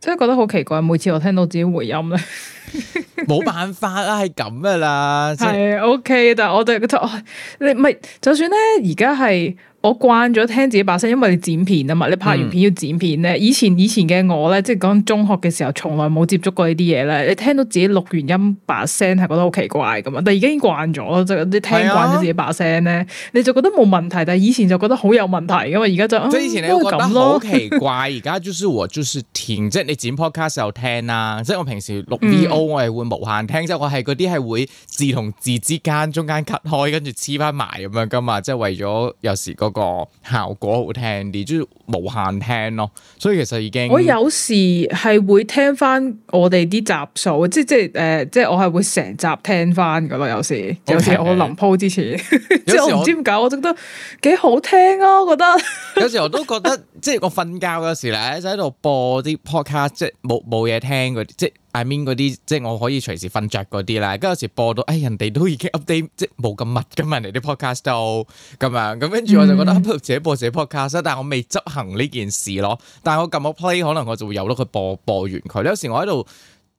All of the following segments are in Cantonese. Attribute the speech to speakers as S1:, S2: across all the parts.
S1: 真係覺得好奇怪，每次我聽到自己回音咧。
S2: 冇 辦法啦，係咁噶啦，
S1: 係、就是、OK 但。但係我哋覺得你唔係，就算咧，而家係我慣咗聽自己把聲，因為你剪片啊嘛，你拍完片要剪片咧，嗯。以前以前嘅我咧，即係講中學嘅時候，從來冇接觸過呢啲嘢咧。你聽到自己錄完音把聲係覺得好奇怪噶嘛？但係已經慣咗，即係你聽慣咗自己把聲咧，你就覺得冇問題。但係以前就覺得好有問題，噶嘛。而家就即係以前你係咁好奇
S2: 怪。而家就是我就是填，即係 你剪 podcast 時候聽啦，啊，即係我平時錄 VO、嗯、我係會。無限聽即係我係嗰啲係會字同字之間中間 cut 開跟住黐翻埋咁樣噶嘛，即係為咗有時嗰個效果好聽啲，即係無限聽咯。所以其實已經我有
S1: 時係會聽翻我哋啲集數，即係即係誒，即係、呃，我係會成集聽翻噶咯。有時有時我臨鋪之前，Okay. 即係我唔知點解，我，我覺得幾好聽咯。覺得
S2: 有時我都覺得， 即係我
S1: 瞓覺嗰
S2: 時咧就喺度播啲 podcast，即係冇冇嘢聽嗰啲，即係。I mean 嗰啲即係我可以隨時瞓着嗰啲啦，跟住有時播到誒人哋都已經 update 即係冇咁密噶嘛，人哋啲 podcast 都咁樣，咁跟住我就覺得自己播自己 podcast，但係我未執行呢件事咯。但係我撳個 play，可能我就會由得佢播播完佢。有時我喺度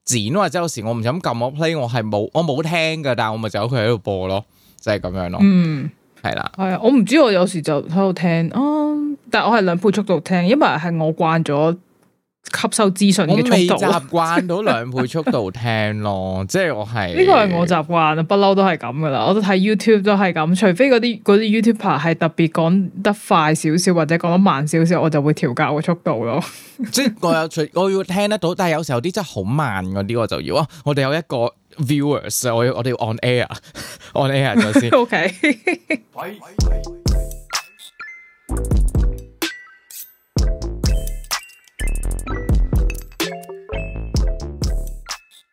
S2: 剪，或者有時我唔想撳個 play，我係冇我冇聽噶，但係我咪就佢喺度播咯，即係咁樣咯。嗯，係啦，
S1: 係啊，我唔知我有時就喺度聽啊，但係我係兩倍速度聽，因為係我慣咗。吸收資訊嘅速度，我未習慣到兩
S2: 倍速度聽咯， 即係我係呢個係我
S1: 習慣啊，不嬲都係咁噶啦，我都睇 YouTube 都係咁，除非嗰啲嗰啲 YouTuber 係特別講得快少少或者講得慢少少，我就會調校個速度咯。
S2: 即係我有，除我要聽得到，但係有時候啲真係好慢嗰啲，我就要啊。我哋有一個 Viewers，我要我哋要 On Air，On Air, on air 先。OK。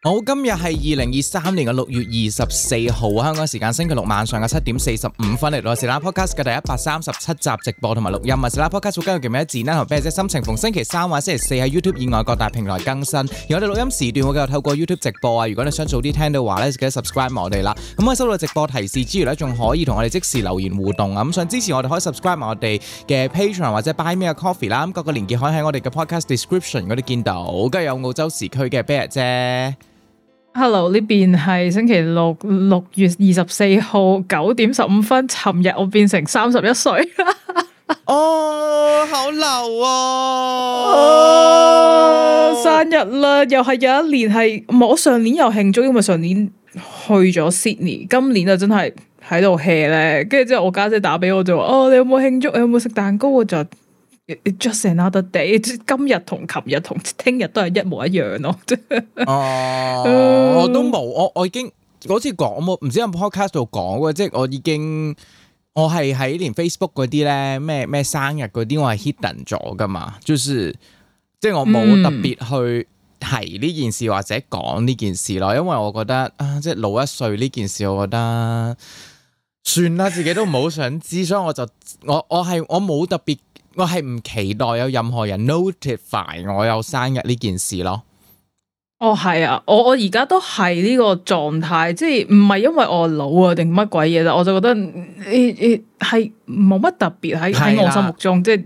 S2: 好，oh, 今日係二零二三年嘅六月二十四號，香港時間星期六晚上嘅七點四十五分，嚟到我哋 Whatever Podcast 嘅第一百三十七集直播同埋錄音啊，Whatever Podcast 今日叫咩字呢：自那同啤梨姐，心情逢星期三或星期四喺 YouTube 以外各大平台更新。而我哋錄音時段，會繼續透過 YouTube 直播啊。如果你想早啲聽到話咧，就記得 subscribe 我哋啦。咁可以收到直播提示之餘咧，仲可以同我哋即時留言互動啊。咁想支持我哋，可以 subscribe 我哋嘅 Patreon 或者 Buy Me a Coffee 啦。咁各個連結可以喺我哋嘅 Podcast Description 嗰度見到。今日有澳洲時區嘅啤梨姐。
S1: hello 呢邊係星期六六月二十四號九點十五分。尋日我變成三十一歲，哦、
S3: oh, 好流啊、哦，oh,
S1: 生日啦，又係有一年係，我上年又慶祝，因為上年去咗 Sydney，今年啊真係喺度 hea 咧，跟住之後我家姐，姐打俾我就話，哦、oh, 你有冇慶祝？你有冇食蛋糕我就。just another day，今日同琴日同聽日都係一模一樣咯。哦，我都冇，我我已經嗰次我之前講
S2: 我唔知有 podcast 度講嘅，即係我已經我係喺連 Facebook 嗰啲咧咩咩生日嗰啲我係 hidden 咗噶嘛，就是即係我冇特別去提呢件事或者講呢件事咯，嗯、因為我覺得啊，即係老一歲呢件事，我覺得算啦，自己都唔好想知， 所以我就我我係我冇特別。我係唔期待有任何人 notify 我有生日呢件事咯。
S1: 哦，係啊，我我而家都係呢個狀態，即係唔係因為我老啊定乜鬼嘢啦，我就覺得誒誒係冇乜特別喺喺我心目中，即係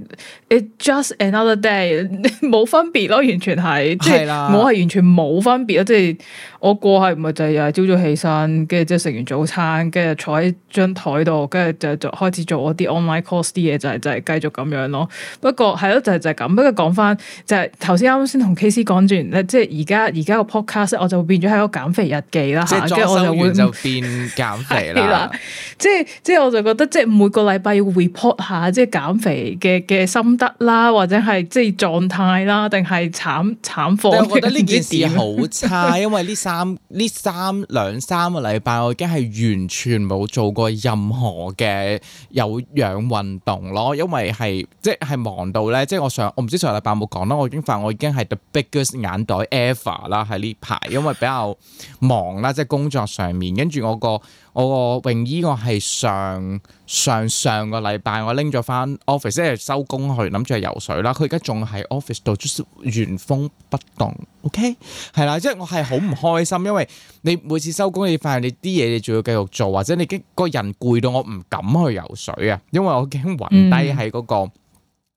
S1: It's just another day，冇分別咯，完全係即係啦，啊、我係完全冇分別咯，即係我過去唔係就係朝早起身，跟住即係食完早餐，跟住坐喺張台度，跟住就就開始做我啲 online course 啲嘢，就係、是、就係、是、繼續咁樣咯。不過係咯、啊，就係、是、就係咁。不過講翻就係頭先啱啱先同 KC 講完，即係而家。而家個 podcast 我就變咗喺個減肥日記肥 啦， 即係我就會就
S2: 變減肥啦。
S1: 即係即係我就覺得，即係每個禮拜要 report 下即減，即係減肥嘅嘅心得啦，或者係即係狀態啦，定係慘慘貨。我覺得呢件事好差， 因為呢三呢三
S2: 兩三個禮拜，我已經係完全冇做過任何嘅有氧運動咯，因為係即係忙到咧，即係我上我唔知上個禮拜有冇講啦，我已經發現我已經係 the biggest 眼袋 ever。啦，喺呢排，因為比較忙啦，即係工作上面。跟住我個我個泳衣，我係上上上個禮拜，我拎咗返 office，即係收工去諗住去游水啦。佢而家仲喺 office 度，原封不動。OK，係啦，即係我係好唔開心，因為你每次收工，你發現你啲嘢，你仲要繼續做，或者你驚個人攰到我唔敢去游水啊，因為我驚暈低喺嗰個。嗯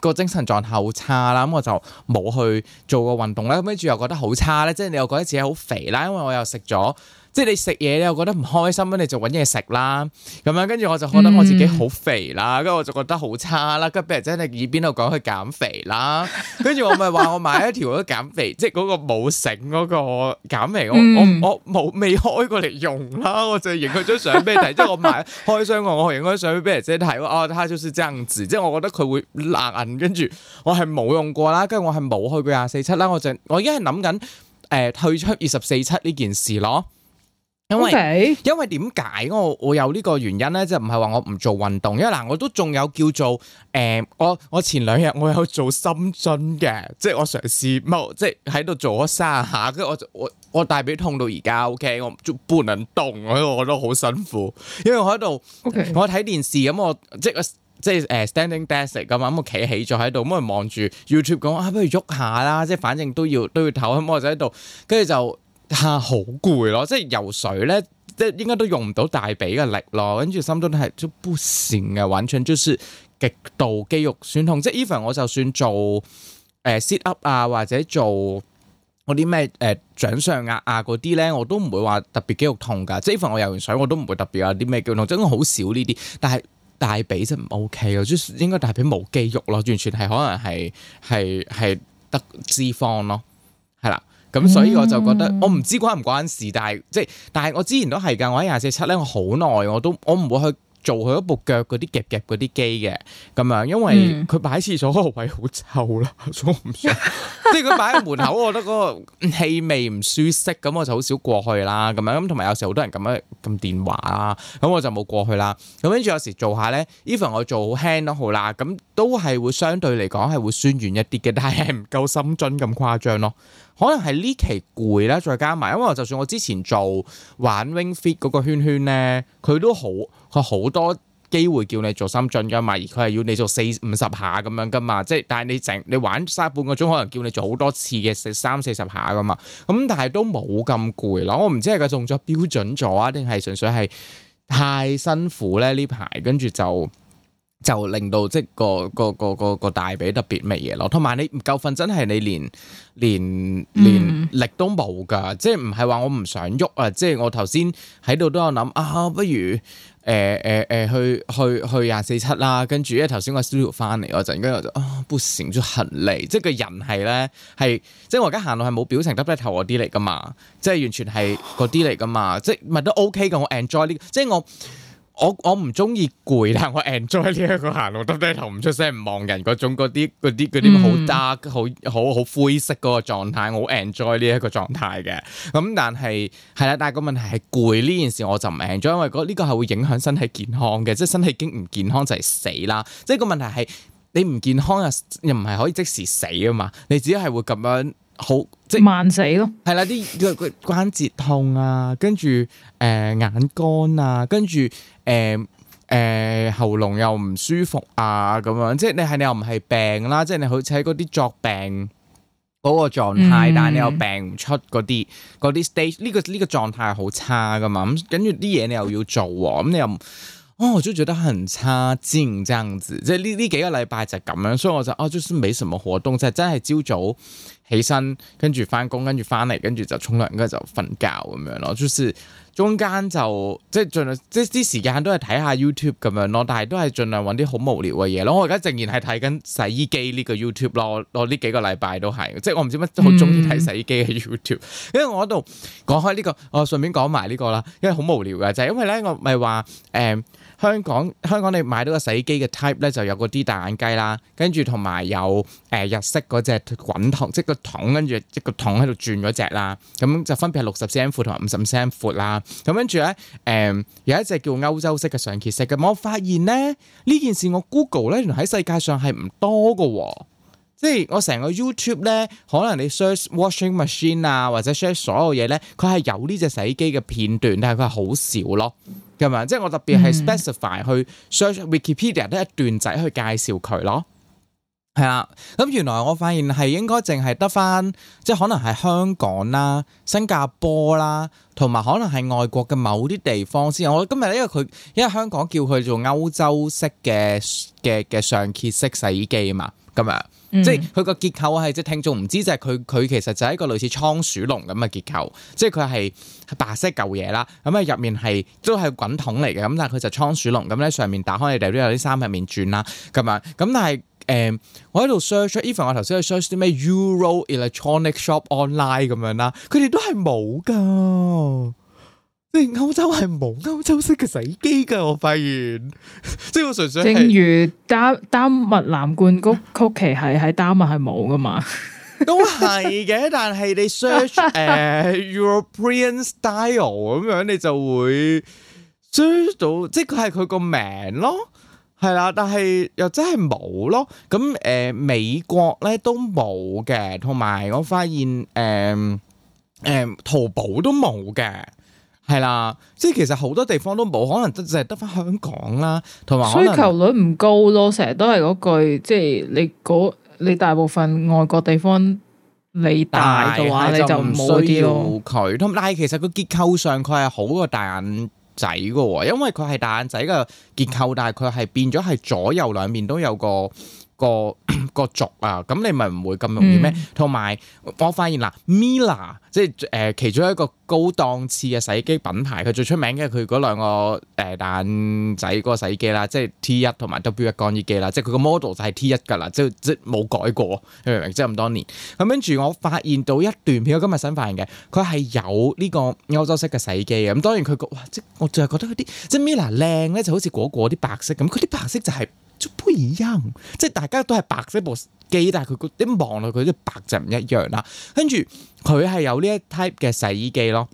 S2: 個精神狀態好差啦，咁我就冇去做過運動啦。咁跟住又覺得好差啦，即係你又覺得自己好肥啦，因為我又食咗。即係你食嘢你又覺得唔開心咁，你就揾嘢食啦。咁樣跟住我就覺得我自己好肥啦，跟住、嗯、我就覺得好差啦。跟住俾人真係喺耳邊度講去減肥啦。跟住我咪話我買一條嗰減肥， 即係嗰個冇繩嗰個減肥。嗯、我我冇未開過嚟用啦。我， 我，我，啊、就影佢張相俾你睇，即係我買開箱我我影張相俾人姐睇。哦，佢就係咁，即係我覺得佢會爛銀。跟住我係冇用過啦，跟住我係冇去過廿四七啦。我就我而家係諗緊誒退出二十四七呢件事咯。因為因為，點解我我有呢個原因咧？即係唔係話我唔做運動，因為嗱，我都仲有叫做誒，我我前兩日我有做深蹲嘅，即係我嘗試，即係喺度做咗三下，跟住我就我我大髀痛到而家，OK，我就半能動，所以我都好辛苦。因為我喺度，我睇電視，咁我即係即係誒，standing desk 噶嘛，咁我企起咗喺度，咁我望住 YouTube，咁啊，不如喐下啦，即係反正都要都要唞咁，我就喺度，跟住就。但係好攰咯，即係游水咧，即係應該都用唔到大髀嘅力咯，跟住心中都係就不行嘅，完全就是極度肌肉酸痛。即係 even 我就算做誒、呃、sit up 啊，或者做嗰啲咩誒掌上壓啊嗰啲咧，我都唔會話特別肌肉痛噶。即係 even 我游完水，我都唔會特別有啲咩肌肉痛，真係好少呢啲。但係大髀真唔 OK 啊，即係應該大髀冇肌肉咯，完全係可能係係係得脂肪咯。咁、嗯、所以我就覺得我唔知關唔關事，但係即係，但係我之前都係㗎。我喺廿四七咧，我好耐我都我唔會去做佢一部腳嗰啲夾夾嗰啲機嘅咁樣，因為佢擺廁所個位好臭啦，所唔想。即係佢擺喺門口， 我覺得嗰個氣味唔舒適，咁我就好少過去啦。咁樣咁同埋有時好多人咁樣撳電話啦，咁我就冇過去啦。咁跟住有時做下咧，even 我做輕好輕都好啦，咁都係會相對嚟講係會酸軟一啲嘅，但係唔夠深蹲咁誇張咯。可能係呢期攰啦，再加埋，因為就算我之前做玩 Wing Fit 嗰個圈圈呢，佢都好，佢好多機會叫你做深蹲㗎嘛，而佢係要你做四五十下咁樣㗎嘛，即係但係你整，你玩晒半個鐘，可能叫你做好多次嘅四三四十下㗎嘛，咁但係都冇咁攰囉。我唔知係個動作標準咗定係純粹係太辛苦呢？呢排，跟住就。就令到即係個個個個個大髀特別味嘢咯，同埋你唔夠瞓真係你連連連力都冇噶，即係唔係話我唔想喐啊！即係我頭先喺度都有諗啊，不如誒誒誒去去去廿四七啦，7，跟住咧頭先我 studio 翻嚟嗰陣，跟住我就啊，搬成咗行李」。即係個人係咧係，即係我而家行路係冇表情耷低頭嗰啲嚟噶嘛，即係完全係嗰啲嚟噶嘛，即係咪都 OK 噶？我 enjoy 呢、呢個，即係我。我我唔中意攰啦，我 enjoy 呢一個行路耷低頭唔出聲唔望人嗰種嗰啲嗰啲嗰啲好 dark 好好好灰色嗰個狀態，我好 enjoy 呢一個狀態嘅。咁但係係啦，但係個問題係攰呢件事我就唔 enjoy，因為呢個係會影響身體健康嘅，即係身體已經唔健康就係死啦。即係個問題係你唔健康又又唔係可以即時死啊嘛，你只係會咁樣好即慢死咯。係啦，啲個關節痛啊，跟住誒眼乾啊，跟住。誒誒、呃、喉嚨又唔舒服啊咁樣，即係你係你又唔係病啦，即係你好似喺嗰啲作病嗰個，嗯這個這個狀態，但係你又病唔出嗰啲嗰啲 stage，呢個呢個狀態好差㗎嘛，咁跟住啲嘢你又要做啊，咁、嗯、你又哦，我都覺得好差勁，這樣子，即係呢呢幾個禮拜就咁樣，所以我就哦，就算，是，沒什麼活動，就是，真係朝早起身，跟住返工，跟住返嚟，跟住就沖涼，跟住就瞓覺咁樣咯，就是。就是中間就即係盡量，即係啲時間都係睇下 YouTube 咁樣咯，但係都係盡量揾啲好無聊嘅嘢咯。我而家仍然係睇緊洗衣機呢個 YouTube 咯，我我呢幾個禮拜都係，即係我唔知乜好中意睇洗衣機嘅 YouTube，、嗯、因為我度講開呢、呢個，我順便講埋呢個啦，因為好無聊嘅就係、是、因為呢我咪話誒。嗯香港，香港你買到個洗衣機嘅 type 咧，就有嗰啲大眼雞啦，跟住同埋有誒、呃、日式嗰隻滾筒，即係個桶跟住一個桶喺度轉嗰隻啦。咁就分別係六十 cm 闊同埋五十 cm 闊啦。咁跟住咧，誒、呃、有一隻叫歐洲式嘅上揭式嘅。我發現咧呢件事我呢，我 Google 咧，原來喺世界上係唔多嘅、哦，即係我成個 YouTube 咧，可能你 search washing machine 啊，或者 search 所有嘢咧，佢係有呢隻洗衣機嘅片段，但係佢係好少咯。咁啊！即係我特別係 specify 去 search Wikipedia 得一段仔去介紹佢咯，係啊！咁原來我發現係應該淨係得返，即係可能係香港啦、新加坡啦，同埋可能係外國嘅某啲地方先。我今日因為佢因為香港叫佢做歐洲式嘅嘅嘅上揭式洗衣機啊嘛，今日。即係佢個結構係即係聽眾唔知，就係佢佢其實就係一個類似倉鼠籠咁嘅結構，即係佢係白色嚿嘢啦，咁啊入面係都係滾筒嚟嘅，咁但係佢就係倉鼠籠咁咧，上面打開你哋都有啲衫入面轉啦，咁樣，咁但係誒、呃，我喺度 search，even 我頭先去 search 啲咩 Euro Electronic Shop Online 咁樣啦，佢哋都係冇㗎。你歐洲係冇歐洲式嘅洗機噶，我發現， 即係我純粹。正如
S1: 丹丹麥藍罐曲奇係喺丹麥係冇噶嘛， 都係
S2: 嘅。但係你 search 誒、uh, European style 咁樣，你就會 search 到，即係佢係佢個名咯，係啦、啊。但係又真係冇咯。咁誒、呃，美國咧都冇嘅，同埋我發現誒誒、呃呃，淘寶都冇嘅。係啦，即係其實好多地方都冇，可能淨係得翻香港啦，同埋需求
S1: 率唔高咯。成日都係嗰句，即係你你大部分外國地方你大嘅話，你就唔需要
S2: 佢。咁但係其實個結構上佢係好過大眼仔噶，因為佢係大眼仔嘅結構，但係佢係變咗係左右兩面都有個。 個個族啊，咁你咪唔會咁容易咩？同埋、嗯、我發現嗱，Mila 即係誒、呃、其中一個高檔次嘅洗衣機品牌，佢最出名嘅係佢嗰兩個誒蛋、呃、仔嗰個洗衣機啦，即係 T 一同埋 W 一乾衣機啦，即係佢個 model 就係 T 一㗎啦，即即冇改過，你明唔明？即係咁多年。咁跟住我發現到一段片，我今日新發現嘅，佢係有呢個歐洲式嘅洗衣機嘅。咁當然佢個，即我就係覺得佢啲即 Mila 靚咧，就好似果果啲白色咁，佢啲白色就係、係。就唔一樣，即係大家都係白色部機，但係佢啲望落佢啲白就唔一樣啦。跟住佢係有呢一 type 嘅洗衣機咯，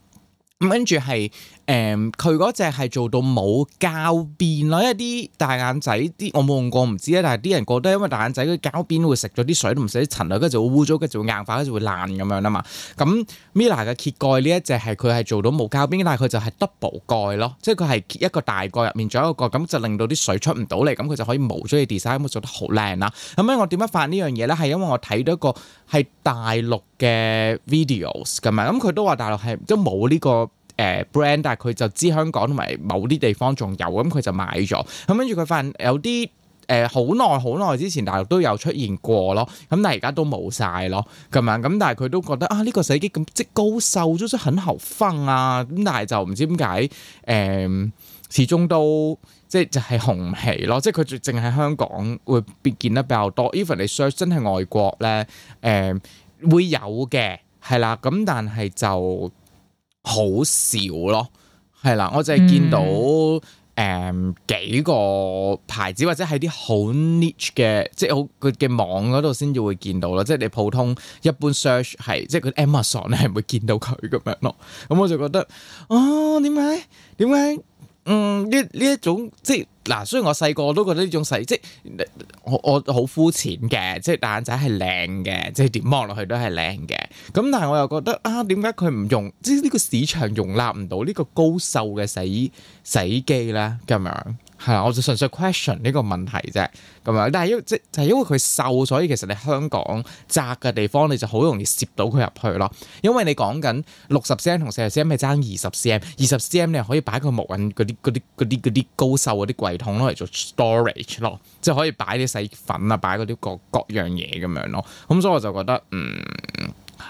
S2: 咁跟住係。誒佢嗰隻係做到冇膠邊咯，一啲大眼仔啲我冇用過唔知咧，但係啲人覺得因為大眼仔佢膠邊會食咗啲水唔使啲塵啦，跟住就會污糟，跟住會硬化，跟住會爛咁樣啊嘛。咁 Mila 嘅揭蓋呢一隻係佢係做到冇膠邊，但係佢就係 double 蓋咯，即係佢係結一個大蓋入面仲有一個蓋，咁就令到啲水出唔到嚟，咁佢就可以冇咗啲 design，做得好靚啦。咁咧我點樣發呢樣嘢咧？係因為我睇到一個係大陸嘅 videos 㗎嘛，咁佢都話大陸係都冇呢個。誒、uh, brand，但係佢就知香港同埋某啲地方仲有，咁、嗯、佢就買咗。咁跟住佢發現有啲誒好耐好耐之前大陸都有出現過咯，咁但係而家都冇晒咯，係嘛？咁但係佢都覺得啊，呢、這個手機咁即高瘦咗，即很後生啊！咁但係就唔知點解誒，始終都即係就係紅唔起咯。即係佢淨係喺香港會見得比較多。Even 你 search 真係外國咧，誒、呃、會有嘅係啦。咁但係就。好少咯，係啦，我就係見到誒、嗯呃、幾個牌子或者係啲好 niche 嘅，即係好佢嘅網嗰度先至會見到啦。即係你普通一般 search 係，即係佢 Amazon 你係唔會見到佢咁樣咯。咁我就覺得哦，點解點解？嗯，呢呢一種即係嗱、啊，雖然我細個我都覺得呢種細即係我我好膚淺嘅，即係眼仔係靚嘅，即係點望落去都係靚嘅。咁但係我又覺得啊，點解佢唔用即係呢、這個市場容納唔到呢個高瘦嘅洗衣洗機咧咁樣？係啦、 嗯，我就純粹 question 呢個問題啫，咁樣。但係因即係因為佢瘦，所以其實你香港窄嘅地方，你就好容易攝到佢入去咯。因為你講緊六十 cm 同四十 cm，係爭二十 cm。二十 cm 你可以擺個木韻嗰啲啲啲啲高瘦嗰啲櫃桶攞嚟做 storage 咯，即係可以擺啲細粉啊，擺嗰啲各各樣嘢咁樣咯。咁所以我就覺得嗯。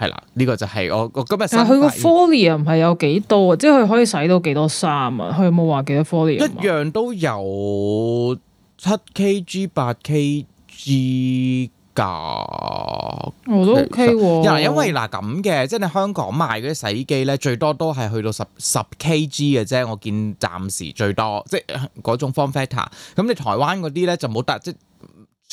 S2: 係啦，呢個就係我我今日。但係佢個 folio
S1: 唔係有幾多啊？即係佢可以洗到幾多衫啊？佢有冇話幾多 folio？一
S2: 樣都有七 kg、八 kg 噶。我都實 OK 喎的。因為嗱咁嘅，即係你香港賣嗰啲洗衣機咧，最多都係去到十十 kg 嘅啫。我見暫時最多，即係嗰種 form factor。咁你台灣嗰啲咧就冇得即。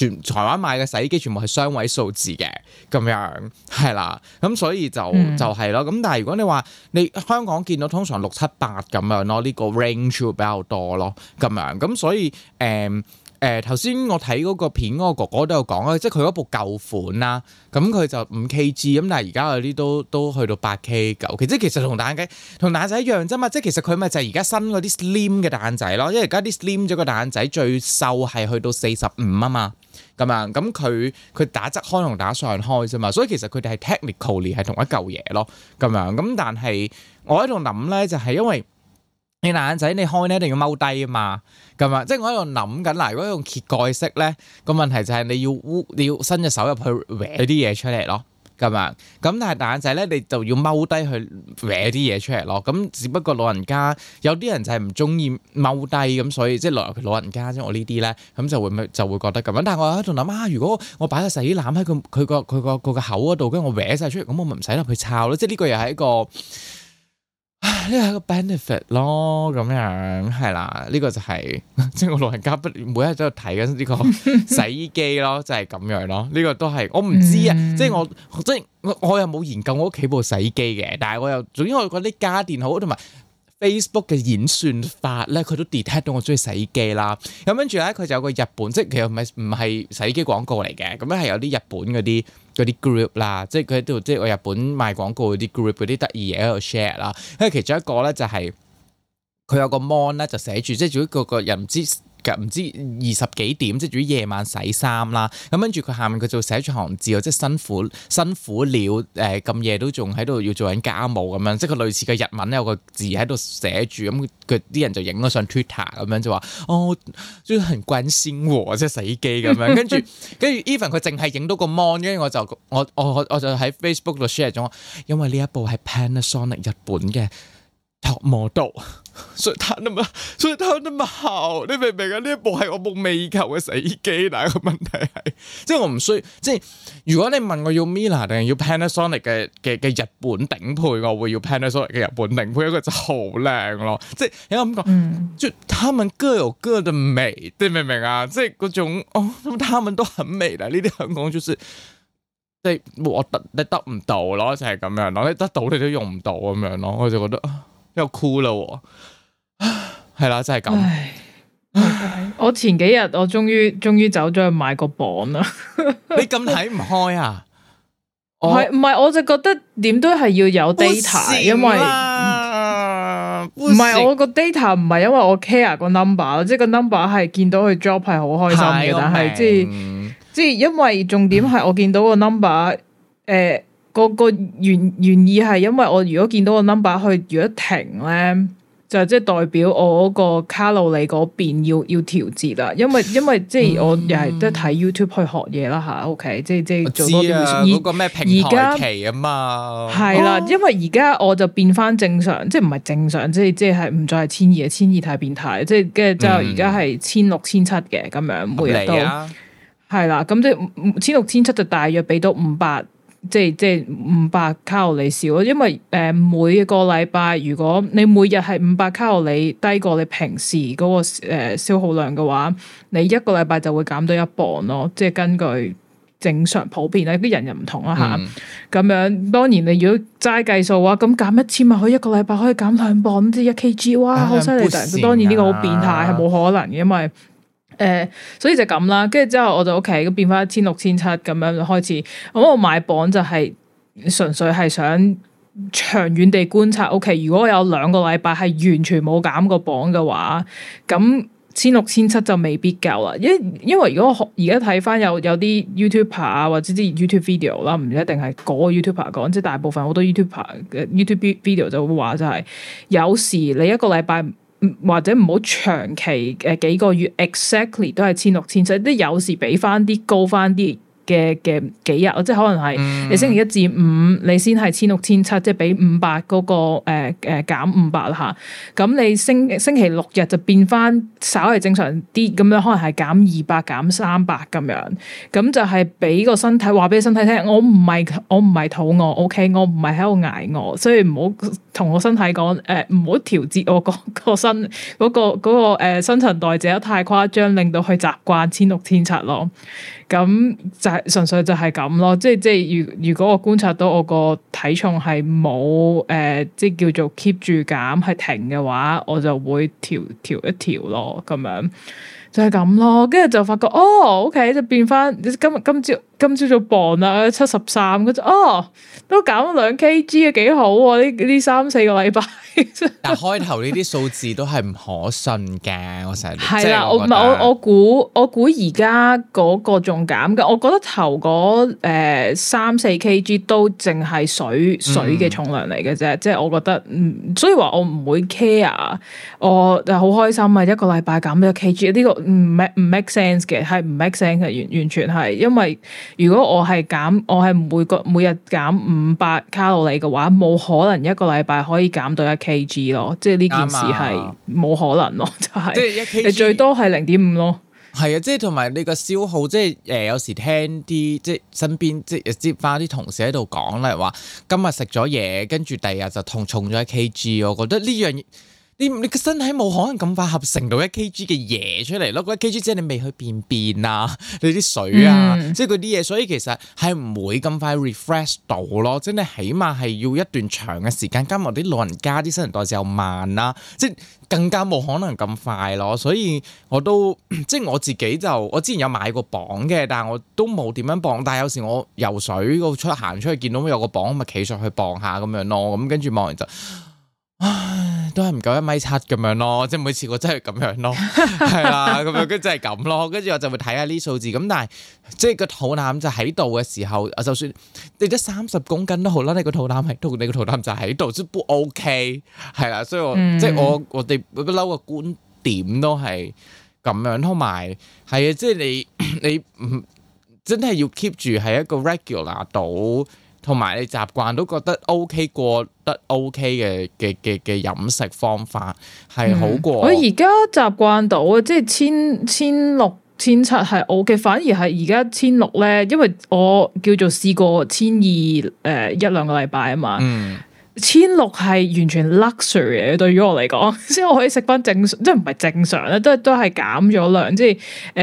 S2: 全台灣買嘅洗衣機全部係雙位數字嘅咁樣，係啦，咁所以就、mm. 就係咯。咁但係如果你話你香港見到通常六七八咁樣咯，呢個 range 會比較多咯，咁樣咁所以誒誒頭先我睇嗰個片嗰個哥哥都有講咧，即係佢嗰部舊款啦，咁佢就五 kg，咁但係而家有啲都都去到八 kg。其實其實同蛋雞同蛋仔一樣啫嘛，即係其實佢咪就係而家新嗰啲 slim 嘅蛋仔咯，因為而家啲 slim 咗個蛋仔最瘦係去到四十五啊嘛。咁樣，咁佢佢打側開同打上開啫嘛，所以其實佢哋係 technically 係同一嚿嘢咯，咁樣咁，但係我喺度諗咧，就係因為你眼仔你開咧一定要踎低啊嘛，咁啊，即係我喺度諗緊嗱，如果用揭蓋式咧，個問題就係你要烏你要伸隻手入去搲啲嘢出嚟咯。噶嘛，咁但係大仔咧，你就要踎低去歪啲嘢出嚟咯。咁只不過老人家有啲人就係唔中意踎低，咁所以即係落入老人家即我呢啲咧，咁就會咪就會覺得咁樣。但係我喺度諗啊，如果我擺個洗衣籃喺佢佢個佢個佢個口嗰度，跟住我歪晒出嚟，咁我咪唔使落去抄咯。即係呢個又係一個。呢個係一個 benefit 咯，咁樣係啦，呢、這個就係、是、即係我老人家不每日都喺度睇緊呢個洗衣機咯， 就係咁樣咯，呢、這個都係我唔知啊、mm.，即係我即係我又冇研究我屋企部洗衣機嘅，但係我又總之我覺得啲家電好同埋。Facebook 嘅演算法咧，佢都 detect 到我中意洗機啦。咁跟住咧，佢就有個日本，即係其實唔係唔係洗機廣告嚟嘅。咁樣係有啲日本嗰啲啲 group 啦，即係佢喺度，即係我日本賣廣告嗰啲 group 嗰啲得意嘢喺度 share 啦。跟住其中一個咧就係、是、佢有個 mon 咧，就寫住即係如果個個人唔知。唔知二十幾點，即係仲喺夜晚洗衫啦。咁跟住佢下面，佢就寫住行字即係辛苦辛苦了。誒咁夜都仲喺度要做緊家務咁樣，即係佢類似嘅日文咧，有個字喺度寫住咁，佢啲人就影咗上 Twitter 咁樣就話：哦，超級先喎，即係洗衣機咁樣。跟住跟住，even 佢淨係影到個 mon，跟住我就我我我就喺 Facebook 度 share 咗，因為呢一部係 Panasonic 日本嘅 top model。所以他那麼，所以他那麼好，你明唔明啊？呢一部係我夢寐以求嘅死機，但係個問題係，即係我唔需要，即係如果你問我要 Mila 定係要 Panasonic 嘅嘅嘅日本頂配，我會要 Panasonic 嘅日本頂配，一個就好靚咯。即係你咁講，就、mm. 他們各有各嘅美，你明唔明啊？即係嗰種哦，咁他們都很美嘅，呢啲香港就是即係我得你得唔到咯，就係、是、咁樣咯。你得到你都用唔
S1: 到咁樣咯，我就覺得。又哭了我，係、啊、啦，真係咁。Okay. 我前幾日我終於終於走咗去買個榜啦。 你咁睇唔開啊？我唔係我，我就覺得點都係要有 data，、啊、因為唔係、啊、我個 data 唔係因為我 care 個 number，即係個 number 係見到佢 drop 係好開心嘅，但係即係即係因為重點係、嗯、我見到個 number 誒、呃。個個原原意係因為我如果見到個 number 去，如果停咧，就即係代表我個卡路里嗰邊要要調節啦。因為因為即係我又係都睇 YouTube 去學嘢啦吓。OK，即係即係。我知啊，嗰個咩平台期啊
S2: 嘛。係啦，
S1: 因為而家我就變翻正常，即係唔係正常，即係即係唔再係千二，千二太變態。即係跟住就而家係千六千七嘅咁樣，每日都係啦。咁即係千六千七就大約俾到五百。即係即係五百卡路里少，因為誒每個禮拜如果你每日係五百卡路里低過你平時嗰個誒消耗量嘅話，你一個禮拜就會減到一磅咯。即係根據正常普遍啦，啲人又唔同啦吓。咁、嗯、樣當然你如果齋計數話，咁減一千萬可以一個禮拜可以減兩磅，即係一 K G，哇好犀利！啊、當然呢個好變態，係冇可能嘅，因為。誒、呃，所以就咁啦，跟住之後我就屋企咁變翻一千六千七咁樣開始。咁、嗯、我買榜就係純粹係想長遠地觀察 OK，如果我有兩個禮拜係完全冇減過榜嘅話，咁千六千七就未必夠啦。因為因為如果我而家睇翻有有啲 YouTuber 啊或者啲 YouTube video 啦，唔一定係嗰個 YouTuber 講，即、就、係、是、大部分好多 YouTuber 嘅 YouTube video 就話就係、是、有時你一個禮拜。或者唔好長期誒幾個月，exactly 都係千六千七。啲有時俾翻啲高翻啲嘅嘅幾日，即係可能係你星期一至五你先係千六千七，即係俾五百嗰個誒誒減五百啦嚇。咁、呃、你星星期六日就變翻稍微正常啲咁樣，可能係減二百減三百咁樣。咁就係俾個身體話俾身體聽，我唔係我唔係肚餓，OK，我唔係喺度捱餓，所以唔好。同我身體講，誒唔好調節我個個身嗰個嗰個誒、呃、新陳代謝得太誇張，令到佢習慣千六千七咯。咁、嗯、就純粹就係咁咯，即係即係。如如果我觀察到我個體重係冇誒，即係叫做 keep 住減，係停嘅話，我就會調調一調咯。咁樣就係、是、咁咯。跟住就發覺，哦，OK，就變翻今今朝。今朝早磅啊，七十三，佢就哦，都減咗兩 K G 啊，幾好啊！呢呢三四個禮拜，
S2: 但開頭呢啲數字都係唔可信嘅。我
S3: 成日係啦，我唔我我
S1: 估我估而家嗰個仲減嘅。我覺得頭嗰誒三四 K G 都淨係水水嘅重量嚟嘅啫，即係、嗯、我覺得，嗯、所以話我唔會 care，我就好開心啊！一個禮拜減咗一 K G，呢、這個唔、嗯、make 唔 make sense 嘅，係唔 make sense 嘅，完完全係因為。如果我係減我係每個每日減五百卡路里嘅話，冇可能一個禮拜可以減到一 kg 咯，即係呢件事係冇可能咯，就係你最多係零點五咯，係啊，即係同埋你個消耗，即係誒有時聽啲
S2: 即係身邊即係接翻啲同事喺度講咧，話今日食咗嘢，跟住第二日就同重咗一 kg，我覺得呢樣。你你個身體冇可能咁快合成到一 K G 嘅嘢出嚟咯，一 K G 即係你未去便便啊，你啲水啊，嗯、即係嗰啲嘢，所以其實係唔會咁快 refresh 到咯。即係你起碼係要一段長嘅時間，加埋啲老人家啲新人代謝又慢啦、啊，即係更加冇可能咁快咯。所以我都即係我自己就我之前有買過磅嘅，但係我都冇點樣磅。但係有時我游水個出行出去見到有個磅，咪企上去磅下咁樣咯，咁跟住望完就。唉，都係唔夠一米七咁樣咯，即係每次我真係咁樣咯，係啦、 啊，咁樣跟住係咁咯，跟住我就會睇下呢數字。咁但係即係個肚腩就喺度嘅時候，就算你得三十公斤都好啦，你個肚腩喺，你個肚腩就喺度，即係不 OK。係啦、啊，所以我、嗯、即係我我哋不嬲嘅觀點都係咁樣，同埋係啊，即係你你真係要 keep 住係一個 regular 度。同埋你習慣都覺得 OK 過得 OK 嘅嘅嘅嘅飲食方法係、嗯、好過。我而
S1: 家習慣到，即係千千六千七係 OK，反而係而家千六咧，因為我叫做試過千二誒一兩個禮拜啊嘛。嗯千六係完全 luxury 嘅。對於我嚟講，即係我可以食翻正常，即係唔係正常咧，都都係減咗量。即係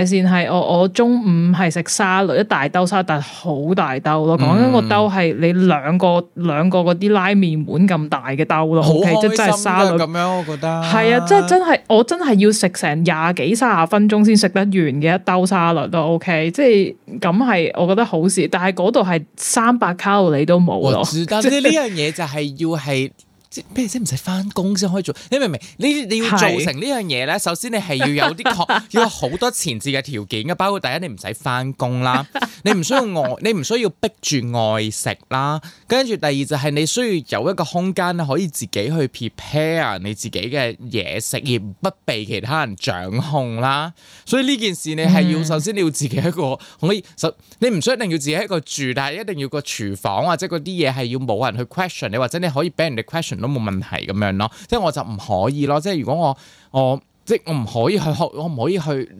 S1: 誒，先係我我中午係食沙律，一大兜沙律但大，嗯，但係好大兜咯，講緊個兜係你兩個、嗯、兩個嗰啲拉麵碗咁大嘅兜咯，即係沙律咁樣，我覺得係啊，啊，即真真係我真係要食成廿幾卅分鐘先食得完嘅一兜沙律都 OK，即係咁係，我覺得好事，但係嗰度係三百卡路里都冇咯，但呢樣
S2: 嘢就係、是。要係。即係你唔使翻工先可以做？你明唔明？你你要做成呢樣嘢咧，是首先你係要有啲確， 要有好多前置嘅條件嘅。包括第一，你唔使翻工啦，你唔需要外，你唔需要逼住外食啦。跟住第二就係你需要有一個空間可以自己去 prepare 你自己嘅嘢食，而不被其他人掌控啦。所以呢件事你係要首先你要自己一個可以、嗯、你唔需要一定要自己一個住，但係一定要一個廚房或者嗰啲嘢係要冇人去 question 你，或者你可以俾人哋 question。都冇問題咁樣咯，即係我就唔可以咯，即係如果我我即係我唔可以去學，我唔可以去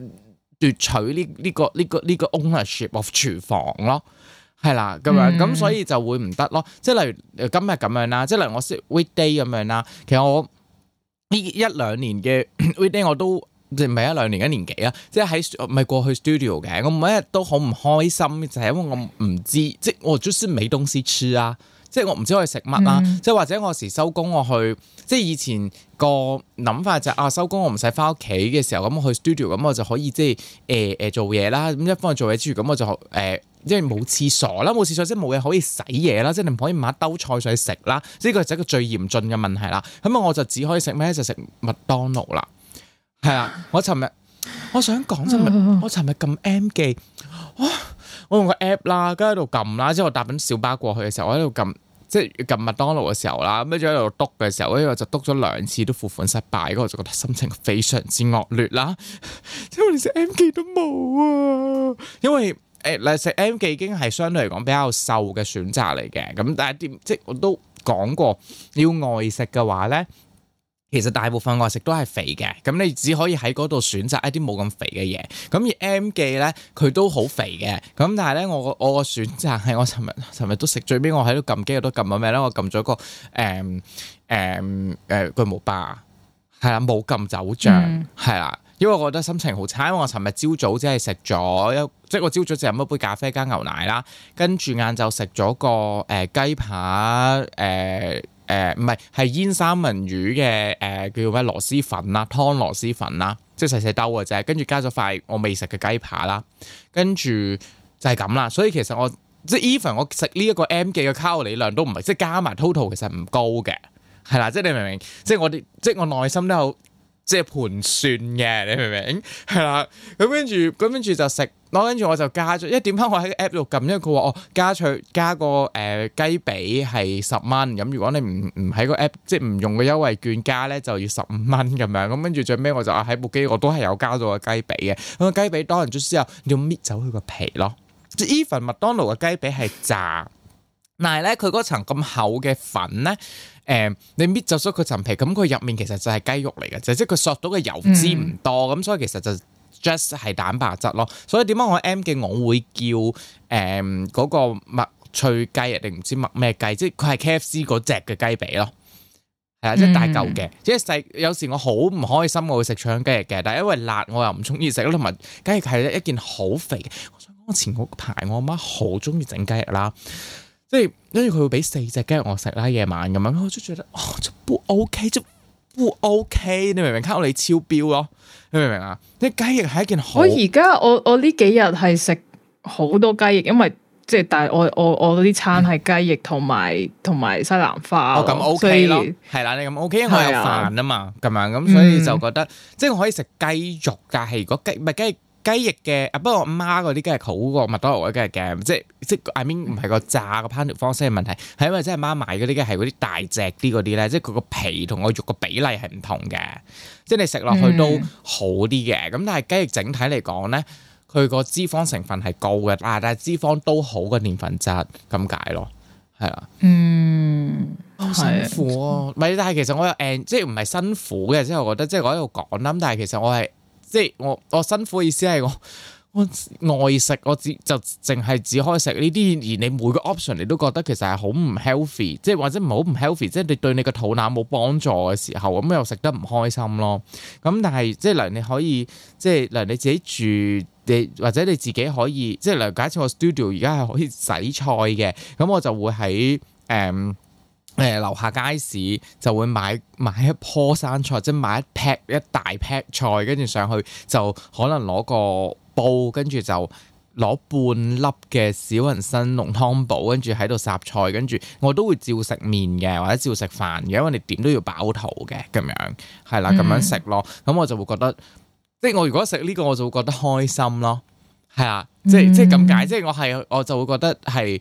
S2: 奪取呢、這、呢個呢、這個呢、這個 ownership of 廚房咯，係啦咁樣，咁、嗯、所以就會唔得咯。即係例如今日咁樣啦，即係例如我識 weekday 咁樣啦，其實我呢一兩年嘅 weekday 我都。唔係一兩年一年幾啊？即係喺唔係過去 studio 嘅，我每一日都好唔開心，就係、是、因為我唔知，即係我冇東西食啊！即係我唔知可以食乜啦。嗯、即係或者我有時收工我去，即係以前個諗法就係、啊，收工我唔使翻屋企嘅時候，咁我去 studio 咁，我就可以即係誒誒做嘢啦。咁一方面做嘢之餘，咁我就誒、呃、即係冇廁所啦，冇廁所即係冇嘢可以洗嘢啦，即係你唔可以買兜菜上去食啦。呢個就係一個最嚴峻嘅問題啦。咁啊，我就只可以食咩？就食麥當勞啦。係啊，我尋日我想講尋日，我尋日撳 M 記，哇！我用個 app 啦，跟住喺度撳啦，之後我搭緊小巴過去嘅時候，我喺度撳，即係撳麥當勞嘅時候啦，咁之後喺度篤嘅時候，呢我就篤咗兩次都付款失敗，嗰個就覺得心情非常之惡劣啦，
S3: 因為連食 M 記都冇啊！
S2: 因為誒，嗱、呃、食 M 記已經係相對嚟講比較瘦嘅選擇嚟嘅，咁但係點即係我都講過，要外食嘅話咧。其實大部分外食都係肥嘅，咁你只可以喺嗰度選擇一啲冇咁肥嘅嘢。咁而 M 記咧，佢都好肥嘅。咁但係咧，我我個選擇係我尋日尋日都食，最尾我喺度撳機，都撳咗咩咧？我撳咗個誒誒誒巨無霸，係、嗯、啦，冇、嗯、撳、呃、酒醬，係啦、嗯。因為我覺得心情好差，因為我尋日朝早只係食咗一，即、就、係、是、我朝早就飲一杯咖啡加牛奶啦，跟住晏晝食咗個誒雞、呃、扒誒。呃誒唔係係煙三文魚嘅誒、呃、叫咩螺絲粉啦，湯螺絲粉啦，即係細細兜嘅啫，跟住加咗塊我未食嘅雞扒啦，跟住就係咁啦。所以其實我即係 even 我食呢一個 M 記嘅卡路里量都唔係，即係加埋 total 其實唔高嘅，係啦。即係你明唔明？即係我啲，即係我內心都有即係盤算嘅，你明唔明？係啦，咁跟住，咁跟住就食。我跟住我就加咗，因為點解我喺個 app 度撳，因為佢話我加咗加個誒雞髀係十蚊，咁、呃、如果你唔唔喺個 app 即係唔用個優惠券加咧，就要十五蚊咁樣。咁跟住最尾我就喺、啊、部機我都係有加咗個雞髀嘅。咁、那個雞髀當完咗之後，你要搣走佢個皮咯。even 麥當勞嘅雞髀係炸，但係咧佢嗰層咁厚嘅粉咧，誒、呃、你搣走咗佢層皮，咁佢入面其實就係雞肉嚟嘅，就即係佢索到嘅油脂唔多，咁、嗯、所以其實就。just 係蛋白質咯，所以點解我 M 嘅我會叫誒嗰、嗯那個麥脆雞定唔知麥咩雞？即係佢係 KFC 嗰隻嘅雞髀咯，係啊、嗯，即係大嚿嘅。即係細有時我好唔開心，我會食腸雞翼嘅，但係因為辣我又唔中意食咯。同埋雞翼係一件好肥嘅。我想講我前嗰排我阿媽好中意整雞翼啦，即係跟住佢會俾四隻雞翼我食啦，夜晚咁樣。我就覺得哦，就 OK，就。唔、哦、OK，你明唔明？卡我你超標咯，你明唔明啊？啲雞翼係一件好，我而
S1: 家我我呢幾日係食好多雞翼，因為即係，但係我我我啲餐係雞翼同埋同埋西蘭花，我咁、哦、OK 咯以，係啦，你咁 OK，因為我有飯啊
S2: 嘛，咁樣咁，所以就覺得、嗯、即係我可以食雞肉，肉，但係如果雞唔係雞翼。雞翼嘅啊，不過我媽嗰啲梗係好過麥當勞嗰啲雞嘅，即係即係 I mean 唔係個炸個烹調方式嘅問題，係、嗯、因為即係媽買嗰啲嘅係嗰啲大隻啲嗰啲咧，即係佢個皮同個肉個比例係唔同嘅，即係你食落去都好啲嘅。咁、嗯、但係雞翼整體嚟講咧，佢個脂肪成分係高嘅、啊，但係脂肪都好過澱粉質咁解咯，係啦，嗯，
S3: 好辛苦
S2: 哦、啊。係的，但係其實我又誒、呃，即係唔係辛苦嘅，即係我覺得即係、就是、我喺度講啦，但係其實我係。即係我我辛苦嘅意思係，我我愛食我就只就淨係只可以食呢啲，而你每個 option 你都覺得其實係好唔 healthy，即係或者唔好唔 healthy，即係你對你個肚腩冇幫助嘅時候，咁又食得唔開心咯。咁但係即係嗱你可以即係嗱你自己住你或者你自己可以即係嗱假設我 studio 而家係可以洗菜嘅，咁我就會喺誒。嗯誒、呃、樓下街市就會買買一棵生菜，即係買一 pack 一大 pack 菜，跟住上去就可能攞個煲，跟住就攞半粒嘅小人參濃湯寶，跟住喺度霎菜，跟住我都會照食麵嘅，或者照食飯嘅，因為你點都要飽肚嘅咁樣，係啦，咁樣食咯。咁、嗯、我就會覺得，即係我如果食呢個，我就會覺得開心咯。係啊，即係、嗯、即係咁解，即係我係我就會覺得係。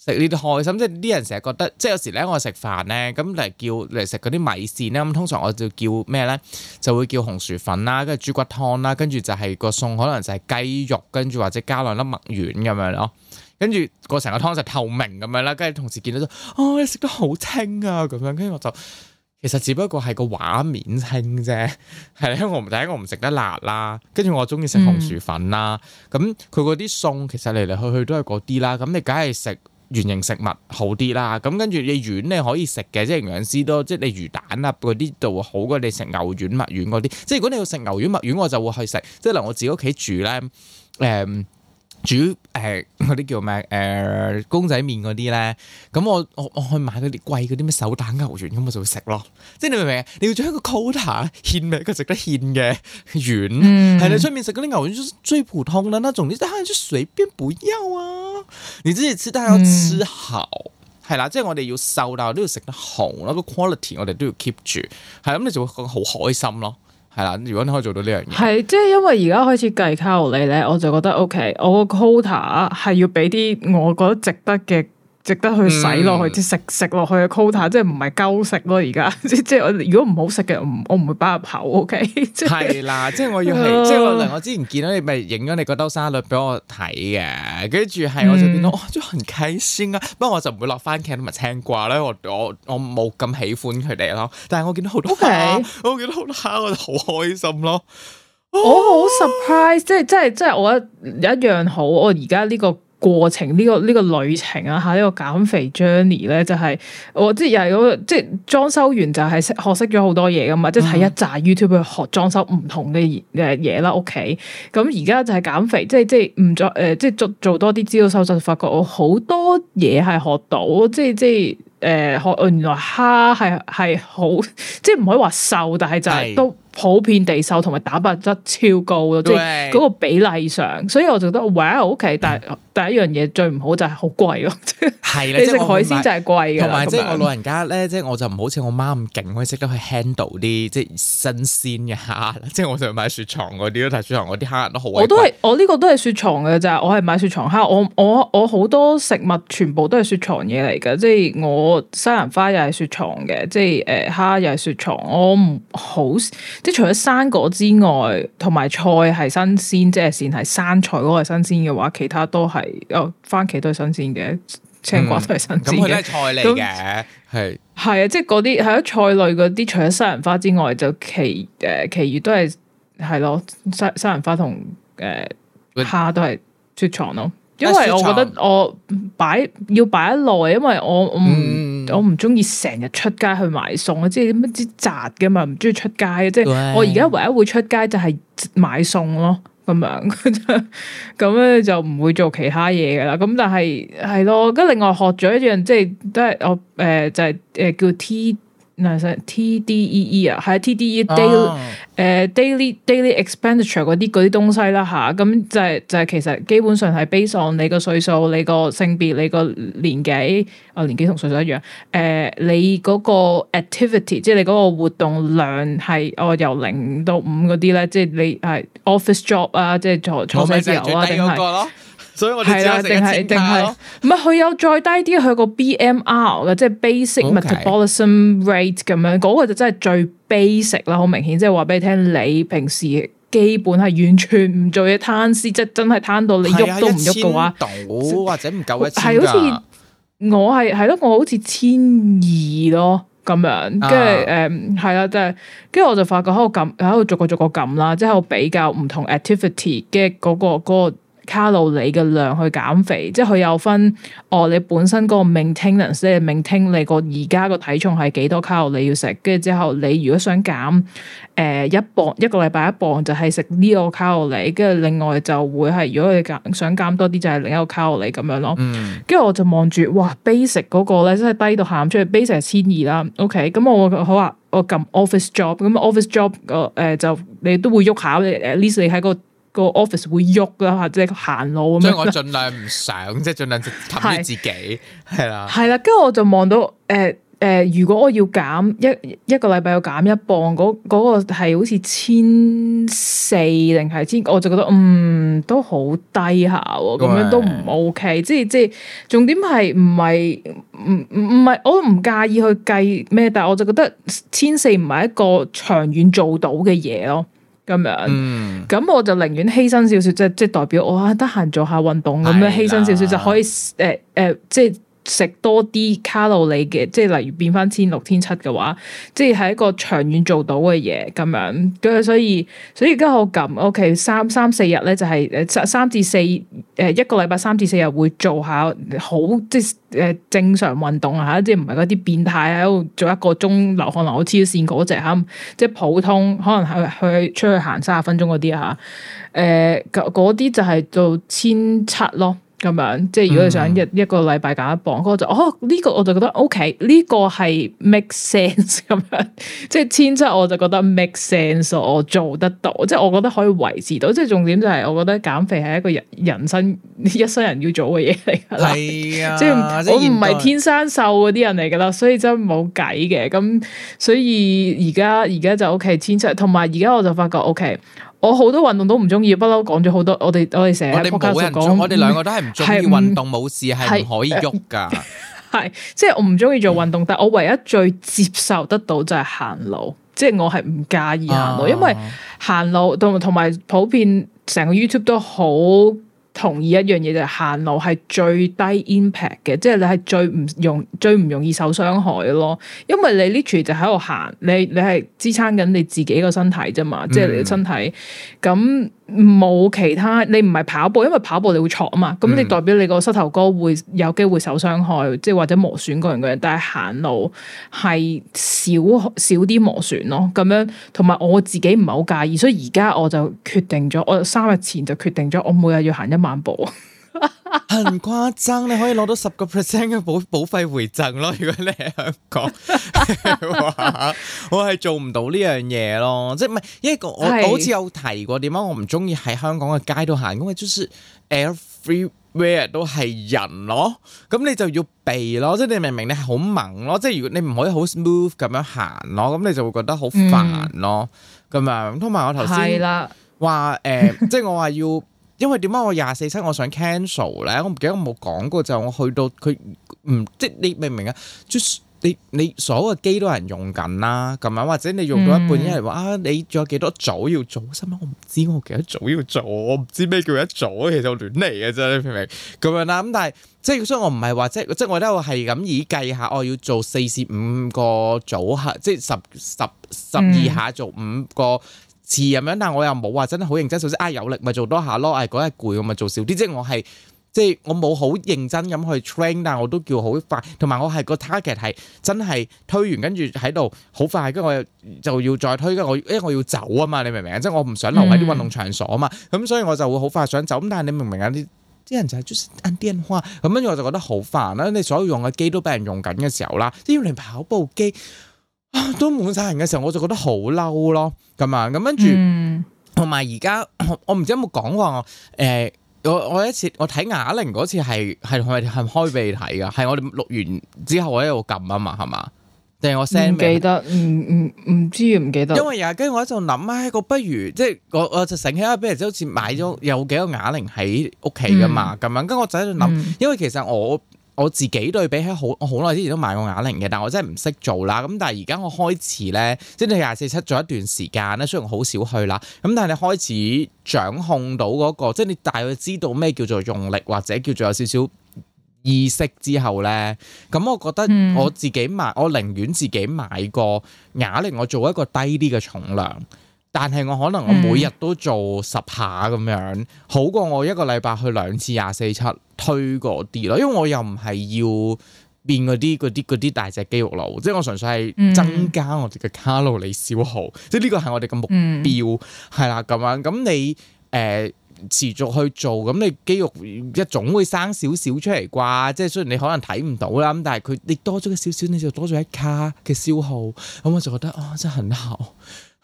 S2: 食呢啲開心，即係啲人成日覺得，即係有時咧，我食飯咧，咁嚟叫嚟食嗰啲米線咧，咁通常我就叫咩咧，就會叫紅薯粉啦，跟住豬骨湯啦，跟住就係個餸可能就係雞肉，跟住或者加兩粒墨丸咁樣咯，跟住個成個湯就透明咁樣啦，跟住同事見到哦，你食得好清啊，咁樣，跟住我就其實只不過係個畫面清啫，係咧，我唔第一，我唔食得辣啦，跟住我中意食紅薯粉啦，咁佢嗰啲餸其實嚟嚟去去都係嗰啲啦，咁你梗係食。圓形食物好啲啦，咁跟住你丸你可以食嘅，即係營養師都，即係你魚蛋啊嗰啲就會好過你食牛丸、墨丸嗰啲。即係如果你要食牛丸、墨丸，我就會去食。即係例如我自己屋企住咧，誒、嗯。煮誒嗰啲叫咩誒、呃、公仔麵嗰啲咧，咁我我我去買啲貴嗰啲咩手打牛丸，咁我就會食咯。即係你明唔明？你要煮一個 quota，獻俾個食得獻嘅丸，係、嗯、你出面食嗰啲牛丸，最普通啦，那種。你得閒就隨便不要啊。你只、嗯、要，要吃得開，吃好係啦。即係我哋要瘦啦，但都要食得紅啦。個 quality 我哋都要 keep 住，係咁你就會覺得好開心咯。係啦，如果你可以做到呢樣嘢，
S1: 係即係因為而家開始計卡路里咧，我就覺得 OK，我個 quota 係要俾啲我覺得值得嘅。值得去洗落去，嗯、去 ta，即食食落去嘅 quota，即唔係鳩食咯。而家即即我，如果唔好食嘅，我唔會擺入口。OK，係啦， 即我要係，啊、即我嚟。我之
S2: 前見到你咪影咗你嗰兜沙律俾我睇嘅，跟住係我就見到哇，真係開心啊！不過、哦、我就唔會落番茄同埋青瓜咧。我我我冇咁喜歡佢哋咯。
S1: 但係我見到好多蝦，Okay? 我見到好多蝦，我就好開心咯。 我好 surprise，即即即我一一樣好，我而家呢個。過程呢、這個呢、這個旅程啊吓呢個減肥 journey 咧就係、是、我即係又係嗰即係裝修完就係學識咗好多嘢㗎嘛，即係睇一紮 YouTube 去學裝修唔同嘅誒嘢啦，屋企咁而家就係減肥，即係即係唔再，誒、呃、即係做做多啲資料收集，就發覺我好多嘢係學到即係即係誒學原來蝦係係好即係唔可以話瘦，但係就係都。普遍地瘦同埋蛋白質超高咯，吧即係嗰個比例上，所以我就覺得哇、wow，OK，嗯、但第一樣嘢，最唔好就係好貴咯，
S2: 係的 你食海鮮就係貴嘅。同埋即係我老人家咧，即係我就唔好似我媽咁勁，可以識得去 handle 啲即係新鮮嘅蝦，即係我想買雪藏嗰啲，但雪藏嗰啲蝦都好。我都係
S1: 我呢個都係雪藏嘅咋，我係買雪藏蝦，我我我好多食物全部都係雪藏嘢嚟㗎，即係我西蘭花又係雪藏嘅，即係誒蝦又係雪藏，我唔好。即除咗生果之外，同埋菜係新鮮，即係算係生菜嗰個新鮮嘅話，其他都係，哦，番茄都係新鮮嘅，青瓜都係新鮮。咁佢、嗯嗯、都係菜嚟嘅，係。係啊，即係嗰啲係咯，菜類嗰啲，除咗西蘭花之外，就其誒、呃、其餘都係係咯，西西蘭花同誒蝦都係雪藏咯。呃因為我覺得我擺要擺得耐，因為我唔、嗯、我唔中意成日出街去買餸，即係點不知雜嘅嘛，唔中意出街對即係我而家唯一會出街就係買餸咯，咁樣咁咧 就唔會做其他嘢噶啦。咁但係係咯，跟住另外學咗一樣，即係都係我誒、呃、就係、是、誒、呃、叫 T。嗱，即 TDEE、e, e e, oh. uh, 啊，係 TDE d a y 誒 daily daily expenditure 嗰啲嗰啲東西啦吓，咁就係、是、就係、是、其實基本上係 based on 你個歲數、你個性別、你個年紀，我、啊、年紀同歲數一樣，誒、uh, 你嗰個 activity，即係你嗰個活動量係哦、啊、由零到五嗰啲咧，即、就、係、是、你係 office job 啊，即係坐坐寫字樓啊定係。是係啦，定係定係，唔係佢有再低啲，佢個 BMR 嘅，即係 Basic Metabolism Rate 咁 Okay. 樣，嗰個就真係最 basic 啦，好明顯。即係話俾你聽，你平時基本係完全唔做嘢，攤屍，即係真係攤到你喐都唔喐嘅話，或者唔夠一千。係好似我係係咯，我好似千二咯咁樣，跟住誒係啦，即係跟住我就發覺喺度撳喺度逐個逐個撳啦，即係我比較唔同 activity 嘅嗰個嗰個。嗰個嗰個卡路里嘅量去減肥，即係佢有分。哦，你本身嗰個 maintenance 咧，maintain 你個而家個體重係幾多卡路里要食。跟住之後，你如果想減，誒一磅一個禮拜一磅，一一磅就係食呢個卡路里。跟住另外就會係，如果你減想減多啲，就係另一個卡路里咁樣咯。跟住、嗯、我就望住，哇，basic 嗰、那個咧真係低到喊出去 basic 係千二啦。00, OK，咁我好啊，我撳 office job，咁 office job 個、呃、就你都會喐下，你 at least 喺個。個 office 會喐啦，或者行路咁樣。所以我盡
S2: 量唔想，即係 盡量氹啲自己，係啦的。係
S1: 啦的，跟住我就望到誒誒、呃呃，如果我要減一一個禮拜要減一磅，嗰嗰、那個係好似千四定係千，我就覺得嗯都好低下，咁樣都唔 OK 喂。即係即係，重點係唔係唔唔唔係，我都唔介意去計咩，但係我就覺得千四唔係一個長遠做到嘅嘢咯。咁樣，咁、嗯、我就寧願犧牲少少，即係即係代表我啊，得閒做下運動咁樣犧牲少少就可以，誒、呃、誒、呃，即係。食多啲卡路里嘅，即係例如變翻千六千七嘅話，即係係一個長遠做到嘅嘢咁樣。咁所以所以而家我咁 OK，三三四日咧就係誒三三至四誒一個禮拜三至四日會做下好即係誒正常運動啊，即係唔係嗰啲變態喺度做一個鐘流汗流好黐線嗰隻嚇，即係普通可能去去出去行三十分鐘嗰啲嚇誒嗰啲就係做千七咯。咁樣，即係如果你想一、嗯、一個禮拜減一磅，嗰個就哦呢、呢個我就覺得 O K，呢個係 make sense 咁樣，樣 即係千七我就覺得 make sense，我做得到，即係我覺得可以維持到。即係重點就係，我覺得減肥係一個人人生一生人要做嘅嘢嚟。
S3: 係啊， 即係我唔係天
S1: 生瘦嗰啲人嚟噶啦，所以真係冇計嘅。咁所以而家而家就 O K 千七，同埋而家我就發覺 O K。Okay, 我好多運動都唔中意，不嬲講咗好多。我哋我哋成日，我哋我哋兩、嗯、個都係唔中意運
S2: 動，冇事係唔可以喐㗎。係
S1: 即係我唔中意做運動，但係我唯一最接受得到就係行路，即、就、係、是、我係唔介意行路，啊、因為行路同同埋普遍成個 YouTube 都好。同意一樣嘢就係、是、行路係最低 impact 嘅，即係你係最唔容、最唔容易受傷害咯。因為你呢處就喺度行，你你係支撐緊你自己個身體啫嘛，嗯、即係你身體咁。冇其他，你唔係跑步，因為跑步你會錯啊嘛，咁、嗯、你代表你個膝頭哥會有機會受傷害，即係或者磨損各樣各樣，但係行路係少少啲磨損咯，咁樣同埋我自己唔係好介意，所以而家我就決定咗，我三日前就決定咗，我每日要行一萬步。
S2: 很誇張，你可以攞到十個 percent 嘅保保費回贈咯。如果你喺香港 我係做唔到呢樣嘢咯。即係唔係？因為我我好似有提過點解我唔中意喺香港嘅街度行，因為就是 everywhere 都係人咯。咁你就要避咯。即係你明明你好猛咯，即係如果你唔可以好 smooth 咁樣行咯，咁你就會覺得好煩咯。咁、嗯、樣，同埋我頭先係啦，話、呃、誒，即係我話要。 因為點解我廿四七我想 cancel 咧？我唔記得我冇講過，就係我去到佢唔即你明唔明啊？即你你所有機都有人用緊啦，咁樣或者你用到一半有人話啊，你仲有幾多組要做？咁我唔知我幾多組要做，我唔知咩叫一組，其實我亂嚟嘅啫，你明唔明？咁樣啦，咁但係即所以，我唔係話即即我咧，我係咁意計下，我要做四至五個組合，即十十十二下做五個。嗯嗯似咁樣，但係我又冇話真係好認真，首先啊，有力咪做多下咯，哎嗰日攰我咪做少啲，即係我係即係我冇好認真咁去 train，但係我都叫好快，同埋我係個 target 係真係推完跟住喺度好快，跟住我又就要再推，跟我因為我要走啊嘛，你明唔明？即係我唔想留喺啲運動場所啊嘛，咁、嗯、所以我就會好快想走。咁但係你明唔明啊？啲啲人就係撳電話，跟住我就覺得好煩啦。你所有用嘅機都俾人用緊嘅時候啦，即要連跑步機。都滿晒人嘅時候，我就覺得好嬲咯，咁啊，咁跟住，同埋而家我唔知有冇講話我誒，我有有、欸、我，我一次我睇啞鈴嗰次係係係係開俾你睇噶，係我哋錄完之後我喺度撳啊嘛，係嘛？定係我 send？記得，
S1: 唔唔唔知唔記得。因
S2: 為又跟住我喺度諗咧，個、哎、不如即係我我就醒起啦，比如好似買咗有幾個啞鈴喺屋企噶嘛，咁、嗯、樣跟住我就喺度諗，嗯、因為其實我。我自己對比起好，我好耐之前都買過啞鈴嘅，但係我真係唔識做啦。咁但係而家我開始咧，即係你廿四七做一段時間咧，雖然好少去啦，咁但係你開始掌控到嗰個，即係你大概知道咩叫做用力或者叫做有少少意識之後咧，咁我覺得我自己買，嗯、我寧願自己買個啞鈴，我做一個低啲嘅重量。但係我可能我每日都做十下咁樣，嗯、好過我一個禮拜去兩次廿四七推嗰啲咯，因為我又唔係要變嗰啲啲啲大隻肌肉佬，即係我純粹係增加我哋嘅卡路里消耗，嗯、即係呢個係我哋嘅目標係啦咁啊。咁、嗯、你誒、呃、持續去做，咁你肌肉一總會生少少出嚟啩？即係雖然你可能睇唔到啦，咁但係佢你多咗一少少，你就多咗一卡嘅消耗，咁我就覺得啊、哦、真係很好。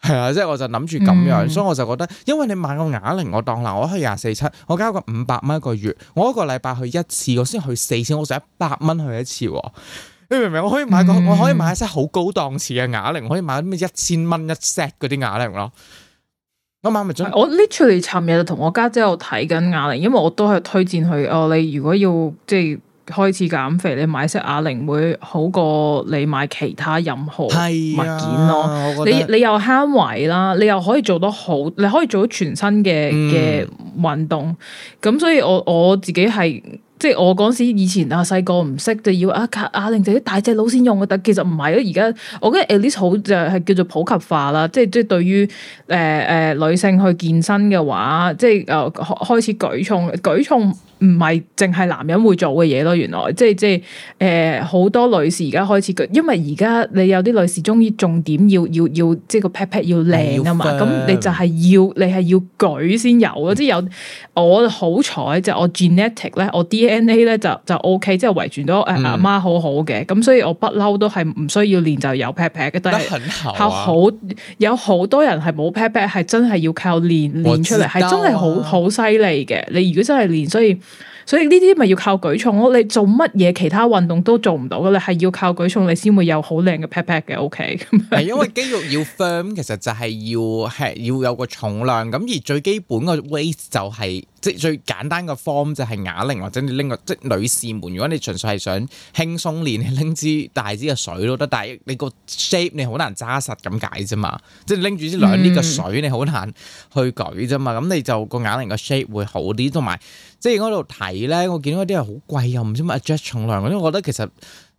S2: 係啊，即係我就諗住咁樣，嗯、所以我就覺得，因為你買個啞鈴我當啦，我去廿四七，7, 我交個五百蚊一個月，我一個禮拜去一次，我先去四次，我成一百蚊去一次喎，你明唔明？我可，嗯、我可以買個，我可以買一 set 好高檔次嘅啞鈴，可以買咩一千蚊一 set 嗰啲啞鈴咯。
S1: 咁啱咪真係我 literally 尋日就同我家姐我睇緊啞鈴，因為我都係推薦佢哦，你如果要即係。開始減肥，你買 set 啞鈴會好過你買其他任何物件咯、啊。你你又慳位啦，你又可以做得好，你可以做啲全身嘅嘅運動。咁所以我，我我自己係即係我嗰時以前時啊，細個唔識就以為啊，啞鈴就啲大隻佬先用嘅，但其實唔係啊。而家我覺得 at least 好就係叫做普及化啦，即係即係對於誒誒、呃呃、女性去健身嘅話，即係誒、呃、開始舉重，舉重。唔係淨係男人會做嘅嘢咯，原來即係即係誒，好、呃、多女士而家開始舉，因為而家你有啲女士中意重點要要即要即係個 pat pat 要靚啊嘛，咁你就係要你係要舉先有咯，嗯、即係有我好彩就我 genetic 咧，我，我 DNA 咧就就 ok，即係遺傳到誒阿、呃、媽，媽好好嘅，咁所以我不嬲都係唔需要練就有 pat pat 嘅，但係、啊、靠好有好多人係冇 pat pat 係真係要靠練練出嚟，係、啊、真係好好犀利嘅。你如果真係練，所以。所以呢啲咪要靠舉重咯，你做乜嘢其他運動都做唔到啦，你係要靠舉重，你先會有好靚嘅 pat pat 嘅。OK，係
S2: 因為肌肉要 firm，其實就係要係要有個重量咁，而最基本嘅 weight 就係、是。即最簡單嘅 form 就係啞鈴或者你拎個即女士們，如果你純粹係想輕鬆練，你拎支大支嘅水都得，但係你個 shape 你好難揸實咁解啫嘛。即拎住啲兩啲嘅水你好難去舉啫嘛，咁、嗯、你就個啞鈴嘅 shape 會好啲，同埋即喺度睇咧，我見到啲係好貴又唔知乜 adjust 重量，所以我覺得其實。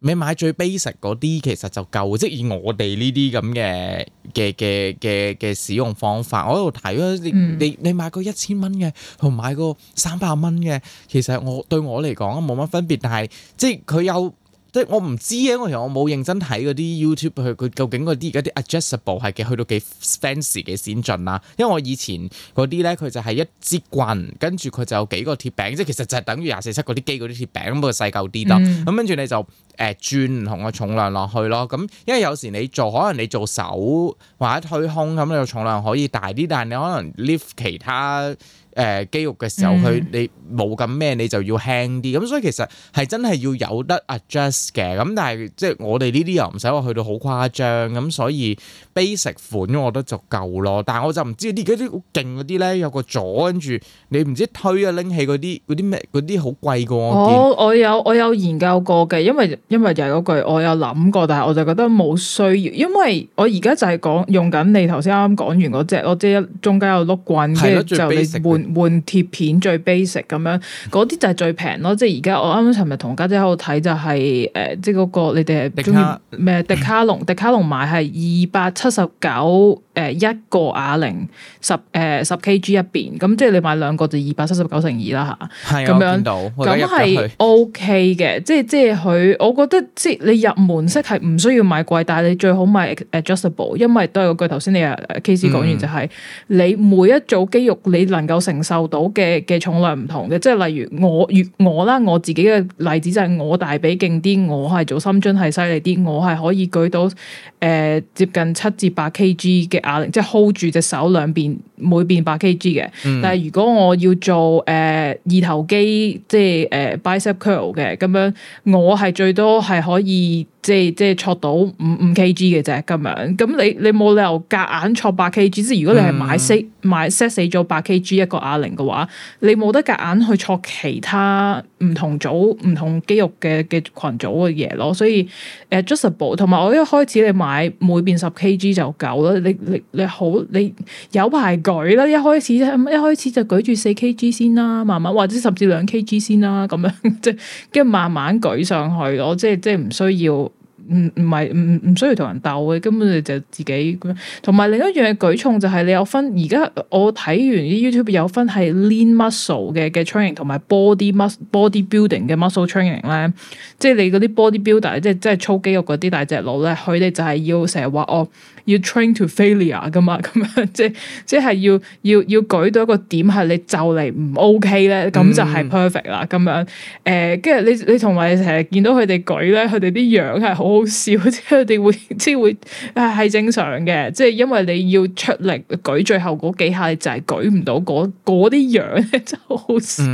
S2: 你買最 basic 嗰啲其實就夠，即以我哋呢啲咁嘅嘅嘅嘅嘅使用方法，我喺度睇咯，你你你買個一千蚊嘅同買個三百蚊嘅，其實我對我嚟講冇乜分別，但係即佢有。即我唔知嘅，因為我其我冇認真睇嗰啲 YouTube，佢佢究竟嗰啲而家啲 adjustable 係幾去到幾 fancy 嘅先進啦、啊。因為我以前嗰啲咧，佢就係一支棍，跟住佢就有幾個鐵餅，即係其實就係等於廿四七嗰啲機嗰啲鐵餅，不過細嚿啲啦。咁跟住你就誒、呃、轉唔同嘅重量落去咯。咁因為有時你做，可能你做手或者推胸咁，你個重量可以大啲，但係你可能 lift 其他。誒、呃、肌肉嘅時候，佢、嗯、你冇咁咩？你就要輕啲。咁、嗯、所以其實係真係要有得 adjust 嘅。咁、嗯、但係即係我哋呢啲又唔使話去到好誇張。咁、嗯、所以 basic 款我覺得就夠咯。但係我就唔知啲而家啲好勁嗰啲咧，有個阻跟住你唔知推啊拎起嗰啲嗰啲咩嗰啲好貴個。哦、我
S1: 見我有我有研究過嘅，因為因為就嗰句我有諗過，但係我就覺得冇需要，因為我而家就係講用緊你頭先啱講完嗰隻，我即係中間有碌棍，跟換鐵片最 basic 咁樣，嗰啲就係最平咯。即係而家我啱啱尋日同家姐喺度睇就係、是、誒、呃，即係嗰個你哋係中意咩？迪卡龍，迪卡龍買係二百七十九誒一個啞鈴十誒十 kg 一邊，咁即係你買兩個就二百七十九乘二啦嚇。係啊樣，我見到咁係 OK 嘅，即係即係佢，我覺得即係你入門式係唔需要買貴，但係你最好買 adjustable，因為都係個句頭先你啊 Casey 講完、嗯、就係你每一組肌肉你能夠成。受到嘅嘅重量唔同嘅，即係例如我，如我啦，我自己嘅例子就係我大髀勁啲，我係做深蹲係犀利啲，我係可以舉到誒、呃、接近七至八 Kg 嘅啞鈴，即係 hold 住隻手兩邊每邊八 Kg 嘅。但係如果我要做誒、呃、二頭肌，即係誒、呃、bicep curl 嘅咁樣，我係最多係可以即係即係戳到五五 Kg 嘅啫。咁樣咁你你冇理由夾硬戳八 Kg。即係如果你係買 s,、嗯、 買 set 死咗八 Kg 一個。啞鈴嘅話，你冇得夾硬去錯其他唔同組唔同肌肉嘅嘅群組嘅嘢咯，所以誒 adjustable 同埋，我一開始，你買每邊十 Kg 就夠啦，你你你好，你有排舉啦，一開始一一開始就舉住四 Kg 先啦，慢慢或者甚至兩 Kg 先啦，咁樣即係跟住慢慢舉上去咯，即係即係唔需要。唔唔係唔唔需要同人鬥嘅，根本就自己咁樣。同埋另一樣嘢舉重就係你有分，而家我睇完 YouTube 有分係 Lean Muscle 嘅嘅 training 同埋 Body Muscle Body Building 嘅 Muscle Training 咧，即係你嗰啲 Body Builder 即係即係操肌肉嗰啲大隻佬咧，佢哋就係要成日話我要 Train to Failure 噶嘛，咁樣即係即係要要要舉到一個點係你 OK, 就嚟唔 OK 咧，咁就係 perfect 啦，咁樣誒，跟、呃、住你你同埋成日見到佢哋舉咧，佢哋啲樣係好。好笑，啊，即係佢哋會，即係會，係正常嘅，即係因為你要出力舉最後嗰幾下，你就係舉唔到嗰啲樣，真係好笑。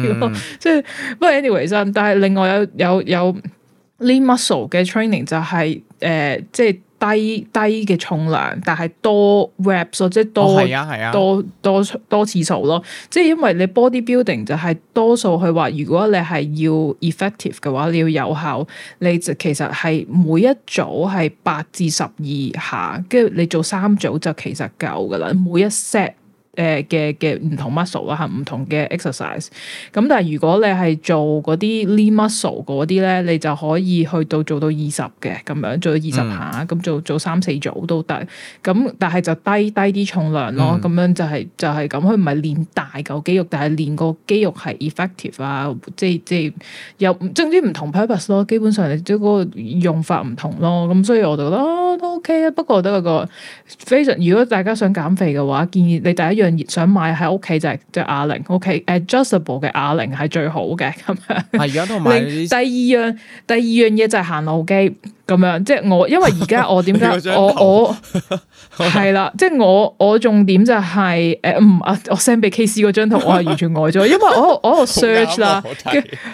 S1: 即係、嗯，不過 anyway，但係另外有有有 lean muscle 嘅 training 就係、是、誒、呃，即係。低低嘅重量，但係多 reps，哦，係啊，係啊，多咯，即係多多多多次數咯。即係因為你 bodybuilding 就係多數去話，如果你係要 effective 嘅話，你要有效，你就其實係每一組係八至十二下，跟住你做三組就其實夠噶啦。每一 set，誒嘅嘅唔同 muscle 啊，係唔同嘅 exercise。咁但係如果你係做嗰啲 lean muscle 嗰啲咧，你就可以去到做到二十嘅，咁樣做到二十下，咁、嗯、做做三四組都得。咁但係就低低啲重量咯，咁、嗯、樣就係、是、就係、是、咁。佢唔係練大嚿肌肉，但係練個肌肉係 effective 啊，即係即係有總之唔同 purpose 咯。基本上你即嗰個用法唔同咯。咁所以我就覺得、哦、都 OK 啦。不過覺得個非常，如果大家想減肥嘅話，建議你第一想買喺屋企就係對啞鈴，屋企誒、okay? adjustable 嘅啞鈴係最好嘅咁樣。係而家都買。第二樣，第二樣嘢就係行路機。咁樣，即係我，因為而家我點解 張我我係啦， 即係我我重點就係誒唔啊，我 send 俾 KC 嗰張圖，我係完全呆咗，因為我我 search 啦，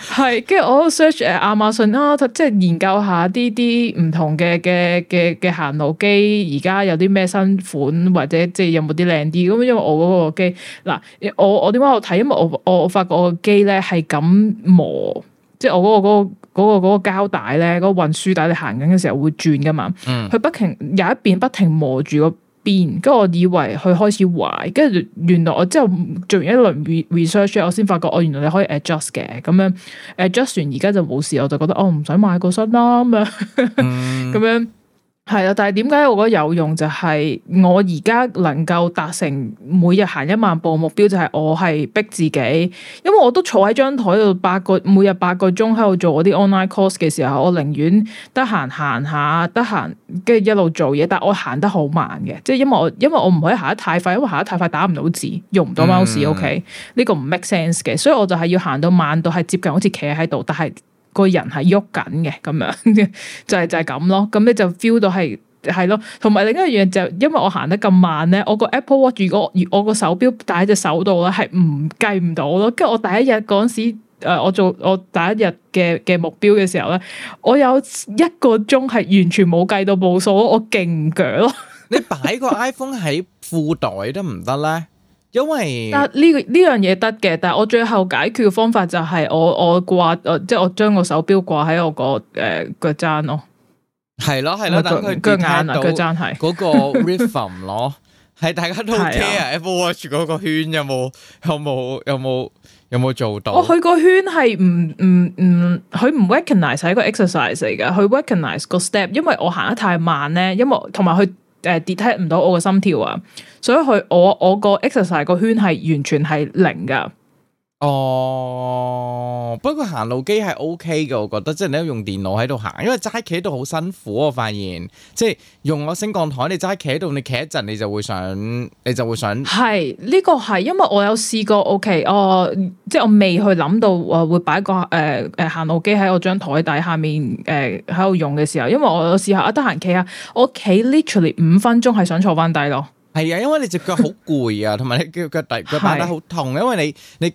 S1: 係跟住我 search 誒亞馬遜啊，即係研究下啲啲唔同嘅嘅嘅嘅行路機，而家有啲咩新款或者即係有冇啲靚啲咁，因為我嗰個機嗱，我我點解我睇，因為我我我發覺我個機咧係咁磨，即係我嗰、嗰個個。嗰個嗰個膠帶咧，嗰、嗰個運輸帶你行緊嘅時候會轉㗎嘛，佢、嗯、不停有一邊不停磨住個邊，跟住我以為佢開始壞，跟住原來我之後做完一輪 research，我先發覺我原來你可以 adjust 嘅咁樣，adjust 完而家就冇事，我就覺得哦唔使買個新啦咁樣。嗯係啦，但係點解我覺得有用就係，我而家能夠達成每日行一萬步目標就係我係逼自己，因為我都坐喺張台度八個每日八個鐘喺度做我啲 online course 嘅時候，我寧願得閒行下，得閒跟住一路做嘢，但係我行得好慢嘅，即係因為我因為我唔可以行得太快，因為行得太快打唔到字，用唔到 mouse，OK，呢個唔 make sense 嘅，所以我就係要行到慢到係接近好似企喺度，但係，個人係喐緊嘅咁樣，就係就係咁咯。咁你就 feel 到係係咯。同埋另一個原因就因為我行得咁慢咧，我個 Apple Watch 如果我個手錶戴喺隻手度咧，係唔計唔到咯。跟住我第一日嗰陣時，誒我做我第一日嘅嘅目標嘅時候咧，我有一個鐘係完全冇計到步數，我勁攰咯。你擺個 iPhone 喺 褲袋得唔得咧？因為但呢個呢樣嘢，得嘅，但係我最後解決嘅方法就係我我掛，即係我將個手錶掛喺我個誒腳踭咯。係咯係咯，但係佢腳眼腳踭係嗰個
S2: reform 咯，係大家都 care，Apple Watch 嗰個圈，有冇有冇有冇有冇做到？我佢個
S1: 圈係唔唔唔，佢唔 recognise 係一個 exercise 嚟嘅，佢 recognise 個 step，因為我行得太慢咧，因為同埋佢。誒、呃、detect 唔到我嘅心跳啊，所以佢我我個 exercise 個圈係完全係零㗎。哦，不過行路機係 O K 嘅，我覺得即係
S2: 你用電腦喺度行，因為齋企喺度好辛苦我發現即係用我升降台，你齋企喺度，你企一陣，你就會想，你就會想，係
S1: 呢、這個係，因為我有試過 O K，哦，即係我未去諗到誒會擺個誒誒、呃、行路機喺我張台底下面誒喺度用嘅時候，因為我有試下啊得閒企下，我企 literally 五分鐘係想坐翻低咯。
S2: 係啊，因為你隻腳好攰啊，同埋 你腳底腳板得好痛，的因為你你。你你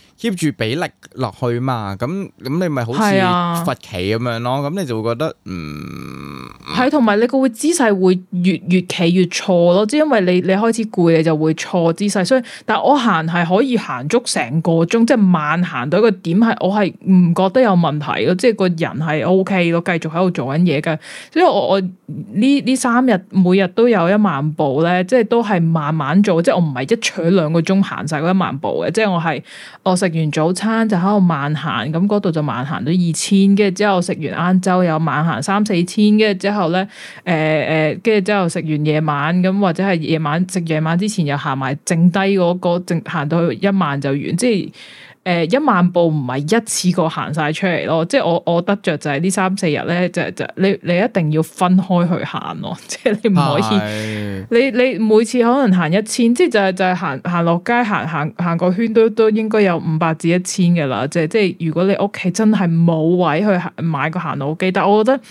S2: keep 住俾力落去嘛，咁咁你咪好似罰企咁樣咯，咁是、啊、你就會覺得嗯，係
S1: 同埋你個會姿勢會越越企越錯咯，即係因為你你開始攰，你就會錯姿勢。所以，但係我行係可以行足成個鐘，即係慢行到一個點係，我係唔覺得有問題咯，即係個人係 O K 咯，繼續喺度做緊嘢嘅。所以我我呢呢三日每日都有一萬步咧，即係都係慢慢做，即係我唔係一取兩個鐘行晒嗰一萬步嘅，即係我係我成完早餐就喺度慢行，咁嗰度就慢行到二千，跟住之後食完晏晝又慢行三四千，跟住之後咧，誒、呃、誒，跟、呃、住之後食完夜晚咁，或者係夜晚食夜晚之前又行埋、那個，剩低嗰個剩行到去一萬就完，即係。誒、呃，一萬步唔係一次過行晒出嚟咯，即係我我得着就係呢三四日咧，就就你你一定要分開去行咯，即係你唔可以，哎、你你每次可能行一千，即係就係、係、就係、係、行行落街行行行個圈都都應該有五百至一千噶啦，即係即係如果你屋企真係冇位去買個行路機，但係我覺得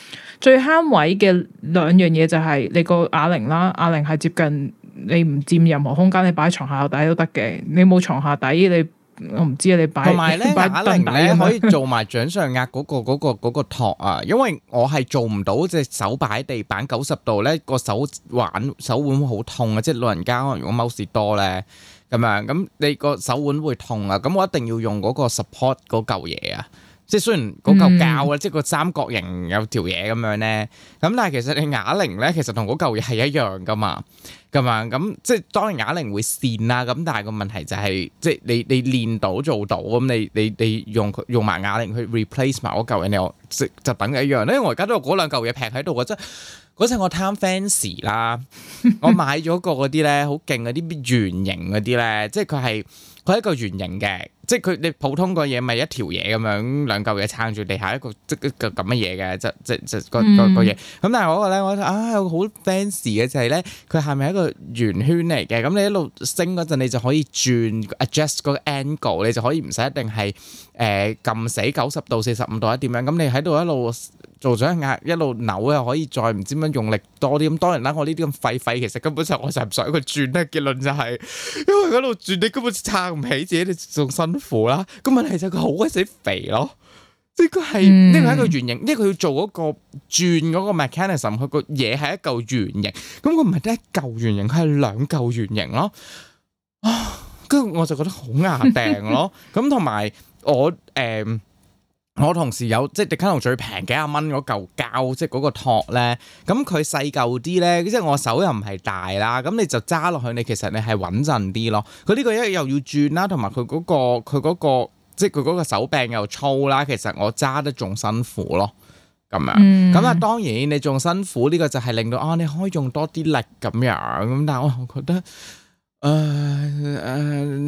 S1: 最慳位嘅兩樣嘢就係你個啞鈴啦，啞鈴係接近你唔佔任何空間，你擺喺床，床下底都得嘅，你冇床下底你。我唔知啊，你擺同埋咧，啞鈴咧可以
S2: 做埋掌上壓嗰個嗰個嗰個托啊，因為我係做唔到隻手擺喺地板九十度咧，個手腕手腕會好痛啊，即係老人家可能如果踎事多咧咁樣，咁你個手腕會痛啊，咁我一定要用嗰個 support 嗰嚿嘢啊，即係雖然嗰嚿膠咧，即係個三角形有條嘢咁樣咧，咁但係其實你啞鈴咧，其實同嗰嚿嘢係一樣㗎嘛。噶嘛咁即係當然啞鈴會練啦，咁但係個問題就係、是、即係你你練到做到咁，你你你用用埋啞鈴去 replace 埋嗰嚿嘢，我就就等嘅一樣咧。因為我而家都有嗰兩嚿嘢劈喺度嘅，即係嗰陣我貪 fancy 啦，我買咗個嗰啲咧好勁嗰啲圓形嗰啲咧，即係佢係佢係一個圓形嘅。.即係佢，你普通個嘢咪一條嘢咁樣兩嚿嘢撐住地下一個即係咁嘅嘢嘅，即即，即，即個、嗯、個嘢。咁但係我覺得咧，我啊好 fancy 嘅就係、是、咧，佢係咪一個圓圈嚟嘅？咁你一路升嗰陣，你就可以轉 adjust 個 angle，你就可以唔使一定係誒撳死九十度、四十五度一點樣，咁你喺度一路做咗一壓一路扭又可以再唔知點樣用力多啲。咁當然啦，我呢啲咁廢廢，其實根本上我就唔想佢轉咧。結論就係、是、因為喺度轉，你根本撐唔起自己，你仲身啦，咁問題就係佢好鬼死肥咯，即係佢係，呢個係一個圓形，呢佢要做嗰個轉嗰個 mechanism，佢個嘢係一嚿圓形，咁佢唔係得一嚿圓形，佢係兩嚿圓形咯，啊，跟住我就覺得好牙病咯，咁同埋我誒。我同事有即係迪卡儂最平幾廿蚊嗰嚿膠，即係嗰個托咧。咁佢細嚿啲咧，即係我手又唔係大啦。咁你就揸落去，你其實你係穩陣啲咯。佢呢個一又要轉啦，同埋佢嗰個佢嗰個，即係佢嗰個手柄又粗啦。其實我揸得仲辛苦咯，咁樣咁啊。嗯、當然你仲辛苦，呢個就係令到啊，你可以用多啲
S1: 力咁樣咁，但係我覺得。誒誒，uh, uh,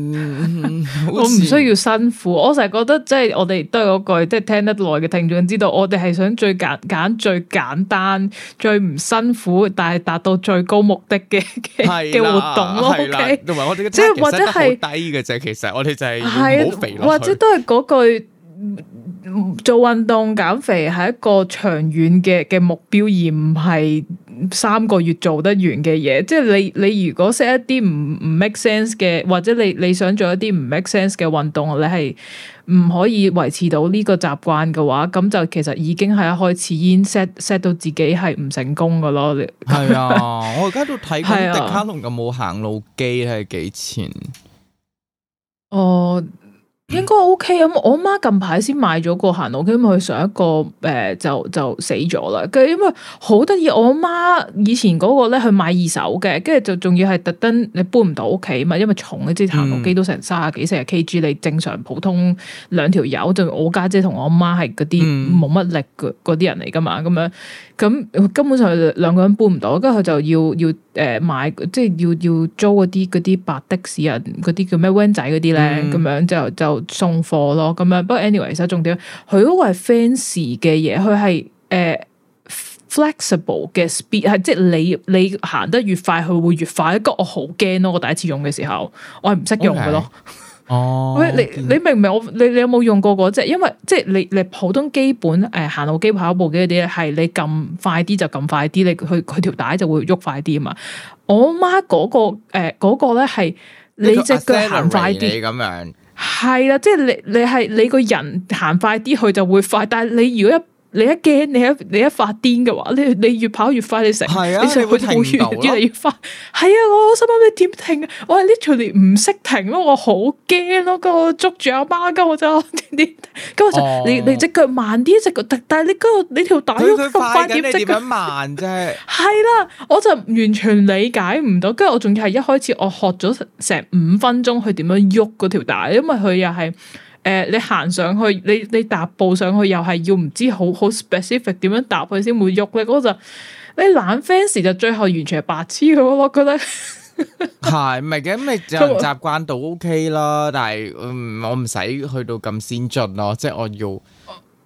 S1: um, 我唔需要辛苦， 我成日覺得即係我哋都係嗰句，即係聽得耐嘅聽眾知道，我哋係想最簡簡最簡單、最唔辛苦，但係達到最高目的嘅嘅、啊、 活動咯。同、okay? 埋、啊啊、我哋嘅即係
S2: 即係低嘅啫，其實我哋就係唔好肥落去、啊、或者
S1: 都係嗰句。做運動減肥係一個長遠嘅嘅目標，而唔係三個月做得完嘅嘢。即係你你如果 set 一啲唔唔 make sense 嘅，或者你你想做一啲唔 make sense 嘅運動，你係唔可以維持到呢個習慣嘅話，咁就其實已經係一開始已經 set set 到自己係唔成功噶咯。係 啊，
S2: 我而家都睇過迪卡儂有冇行路機係幾錢？
S1: 我、啊。應該 OK 咁，我媽近排先買咗個行路機，因為佢上一個誒就就死咗啦。跟住因為好得意，我媽以前嗰個咧去買二手嘅，跟住就仲要係特登你搬唔到屋企嘛，因為重啲行路機都成三十幾、四十 KG，你正常普通兩條友，就我家姐同我媽係嗰啲冇乜力嗰嗰啲人嚟噶嘛，咁樣咁根本上兩個人搬唔到，跟住佢就要要誒、呃、買即係要要租嗰啲嗰啲白的士人嗰啲叫咩 van 仔啲咧，咁樣就就。就送貨咯，咁樣，不過 anyway，啊重點佢嗰個係 fancy 嘅嘢，佢係誒 flexible 嘅 speed，係即係你你行得越快，佢會越快。不過我好驚咯，我第一次用嘅時候，我係唔識用嘅咯。哦，喂，你你明唔明我你你有冇用過個即係因為即係你你普通基本誒、呃、行路機跑步機嗰啲係你撳快啲就撳快啲，你去佢條帶就會喐快啲啊嘛。我媽嗰、那個誒嗰、呃那個咧係你隻腳行快啲咁樣。係啦，即係你你係你個人行快啲去就會快，但係你如果一。你一驚，你一你一發癲嘅話，你你越跑越快，你成、啊、你成佢好越嚟越，越，越，越快。係啊，我心諗你點停啊？我話你條嚟唔識停咯，我好驚咯。跟住我捉住阿媽，跟我就， 我就點跟住就你你隻腳慢啲，隻腳但係你嗰度你條帶喐咁快點，隻腳慢啫。係啦， 我就完全理解唔到。跟住我仲要係一開始我學咗成五分鐘去點樣喐嗰條帶，因為佢又係。誒、呃，你行上去，你你踏步上去又係要唔知好好 specific 點樣踏佢先會喐咧？嗰、嗰陣你懶 fans 就最後完全係白痴咯，我覺得
S2: 係唔係嘅？咁 你就習慣到 OK 啦，但、嗯、係我唔使去到咁先進咯，即係我要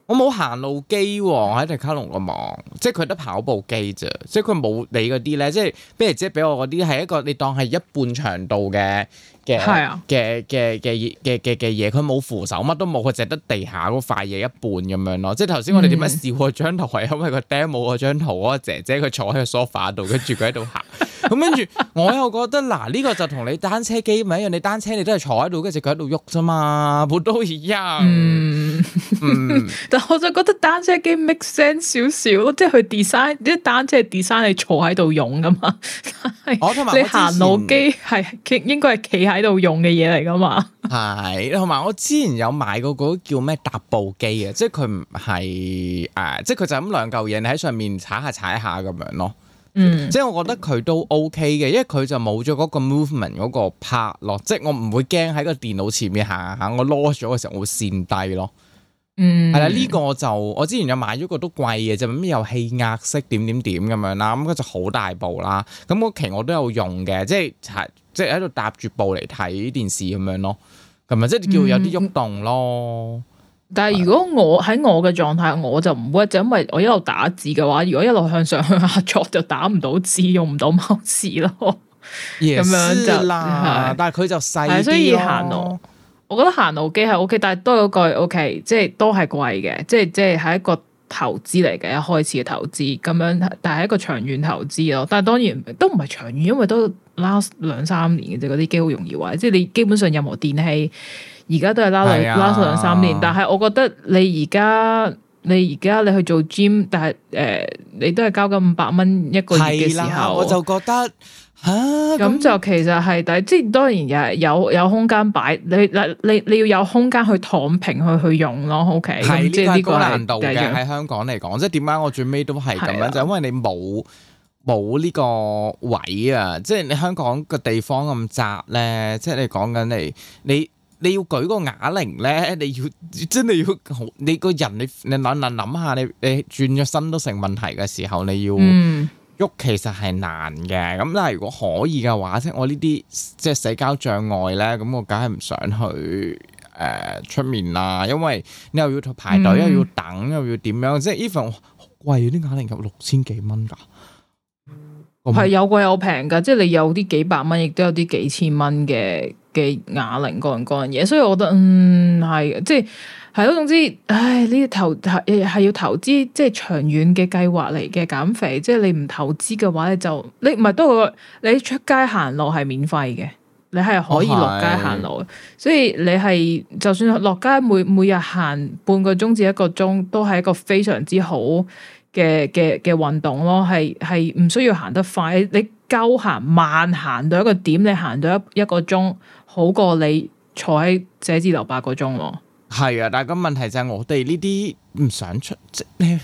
S2: 我冇行路機喎、啊，喺迪卡龍個網，即係佢得跑步機咋。即係佢冇你嗰啲咧，即係不如即係俾我嗰啲係一個你當係一半長度嘅。嘅嘅嘅嘅嘅嘅嘢，佢冇扶手，乜都冇，佢就得地下嗰塊嘢一半咁樣咯。即係頭先我哋點解試過張圖，係因為個 demo 嗰張圖嗰姐姐佢坐喺個 sofa 度，跟住佢喺度行。咁跟住，我又覺得嗱，呢、這個就同你單車機咪一樣，你單車你都係坐喺度，跟住佢
S1: 喺度喐啫嘛，都一樣。啊、嗯！嗯、 但我就覺得單車機 make sense 少少，即係佢 design 啲單車係 design 你坐喺度用噶嘛。哦、我同埋你行路機係企應該係企喺度用嘅嘢嚟噶嘛。
S2: 係，同埋我之前有買過嗰個叫咩踏步機啊，即係佢唔係誒，即係佢就咁兩嚿嘢喺上面踩，踩，踩下踩下咁樣咯。嗯、即係我覺得佢都 OK 嘅，因為佢就冇咗嗰個 movement 嗰個 part 咯，即係我唔會驚喺個電腦前面行行，我 lost 咗嘅時候我會跣低咯。嗯，
S3: 係啦，呢、
S2: 這個就我之前有買咗個都貴嘅啫，咩有氣壓式點點點咁樣啦，咁佢就好大部啦。咁、那、嗰、個、期我都有用嘅，即係即係喺度踏住步嚟睇電視咁樣咯，
S1: 咁啊即係叫有啲喐動咯。嗯嗯但係如果我喺我嘅狀態，我就唔會，就因為我一路打字嘅話，如果一路向上向下作，就打唔到字，用唔到貓字咯。咁 Yes 樣就係，了是但係佢就細啲咯。所以行路，我覺得行路機係 O K，但係、OK，都有貴 O K，即係都係貴嘅，即係即係係一個投資嚟嘅，一開始嘅投資咁樣，但係一個長遠投資咯。但係當然都唔係長遠，因為都 last 兩三年嘅啫，嗰啲機好容易壞。即係你基本上任何電器。而家都係拉嚟、啊、拉咗兩三年，但係我覺得你而家你而家你去做 gym，但係誒、呃，你都係交緊五百蚊一個月嘅時候、啊，我就覺得吓咁、啊、就其實係但即係當然有有有空間擺你嗱你你要有空間去躺平去去用咯，OK？係呢是、嗯、個難度嘅喺少
S2: 香港嚟講，即係點解我最尾都係咁樣？啊、就因為你冇冇呢個位啊，即、就、係、是、你香港個地方咁窄咧，即係你講緊你你。你你要舉個啞鈴咧，你要真係要好，你個人你你諗諗諗下，你你轉咗身都成問題嘅時候，你要喐其實係難嘅。咁但係如果可以嘅話，即係我呢啲即係社交障礙咧，咁我梗係唔想去誒出面啦，因為你又要排隊，又要等，又要點樣？即係 even 好貴啲啞鈴有六千幾蚊噶，係有
S1: 貴有平噶，即係你有啲幾百蚊，亦都有啲幾千蚊嘅。嘅啞鈴嗰樣嗰樣嘢，所以我覺得嗯係，即係係咯，總之，唉，呢啲投資係要投資，即係長遠嘅計劃嚟嘅。減肥，即係你唔投資嘅話咧，你就你唔係都你出街行路係免費嘅，你係可以落街行路。哦，所以你係就算落街每每日行半個鐘至一個鐘，都係一個非常之好嘅嘅嘅運動咯。係係唔需要行得快，你夠行慢行到一個點，你行到一一個鐘。好過你坐喺寫字樓八個鐘咯，
S2: 係啊，但係個問題就係我哋呢啲唔想出即是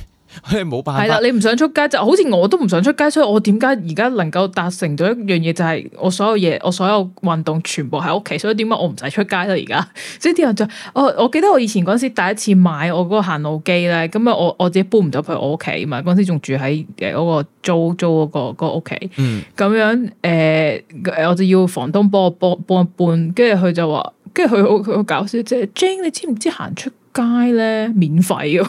S2: 冇 辦法。係啦，你唔
S1: 想出街就好似我都唔想出街，所以我點解而家能夠達成咗一樣嘢，就係我所有嘢，我所有運動全部喺屋企，所以點解我唔使出街啦而家。所以啲人就我我記得我以前嗰時第一次買我嗰個行路機咧，咁啊我我自己搬唔到去我屋企嘛，嗰時仲住喺誒嗰個租租嗰個租那個屋企，
S3: 嗯。
S1: 咁樣誒，呃、我就要房東幫我幫幫搬，跟住佢就話，跟住佢好佢好搞笑，即係 Jane 你知唔知行出街咧，免費嘅，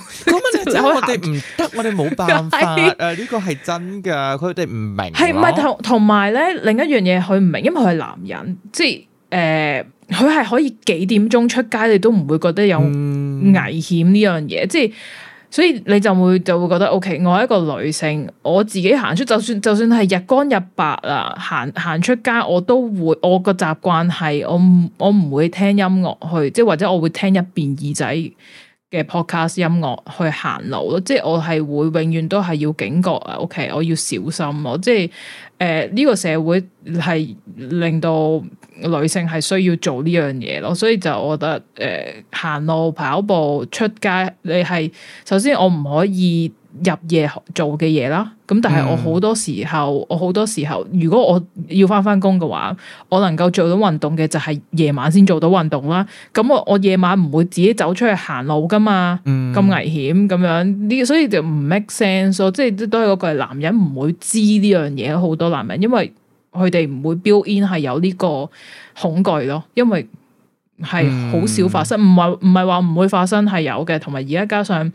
S1: 即係 話我
S2: 哋唔得， 我哋冇辦法。誒 呢個係真㗎，佢哋唔明。係唔係同
S1: 同埋咧另一樣嘢佢唔明，因為佢係男人，即係誒佢係可以幾點鐘出街，你都唔會覺得有危險呢樣嘢，嗯、即係。所以你就會就會覺得 OK，我係一個女性，我自己行出，就算就算係日光日白啊，行行出街，我都會我個習慣係我我唔會聽音樂去，即係或者我會聽一邊耳仔嘅 podcast 音樂去行路咯，即係我係會永遠都係要警覺啊，OK，我要小心咯，我即係。誒，呢、呃呢個社會係令到女性係需要做呢樣嘢咯，所以就我覺得誒、呃，行路、跑步、出街，你係首先我唔可以。入夜做嘅嘢啦，咁但係我好多時候，嗯、我好多時候，如果我要翻翻工嘅話，我能夠做到運動嘅就係夜晚先做到運動啦。咁我我夜晚唔會自己走出去行路噶嘛，咁、嗯、危險咁樣呢，所以就唔 make sense 咯。即、就、係、是、都係嗰句男人唔會知呢樣嘢，好多男人因為佢哋唔會 build in 係有呢個恐懼咯，因為係好少發生，唔係唔係話唔會發生，係有嘅，同埋而家加上。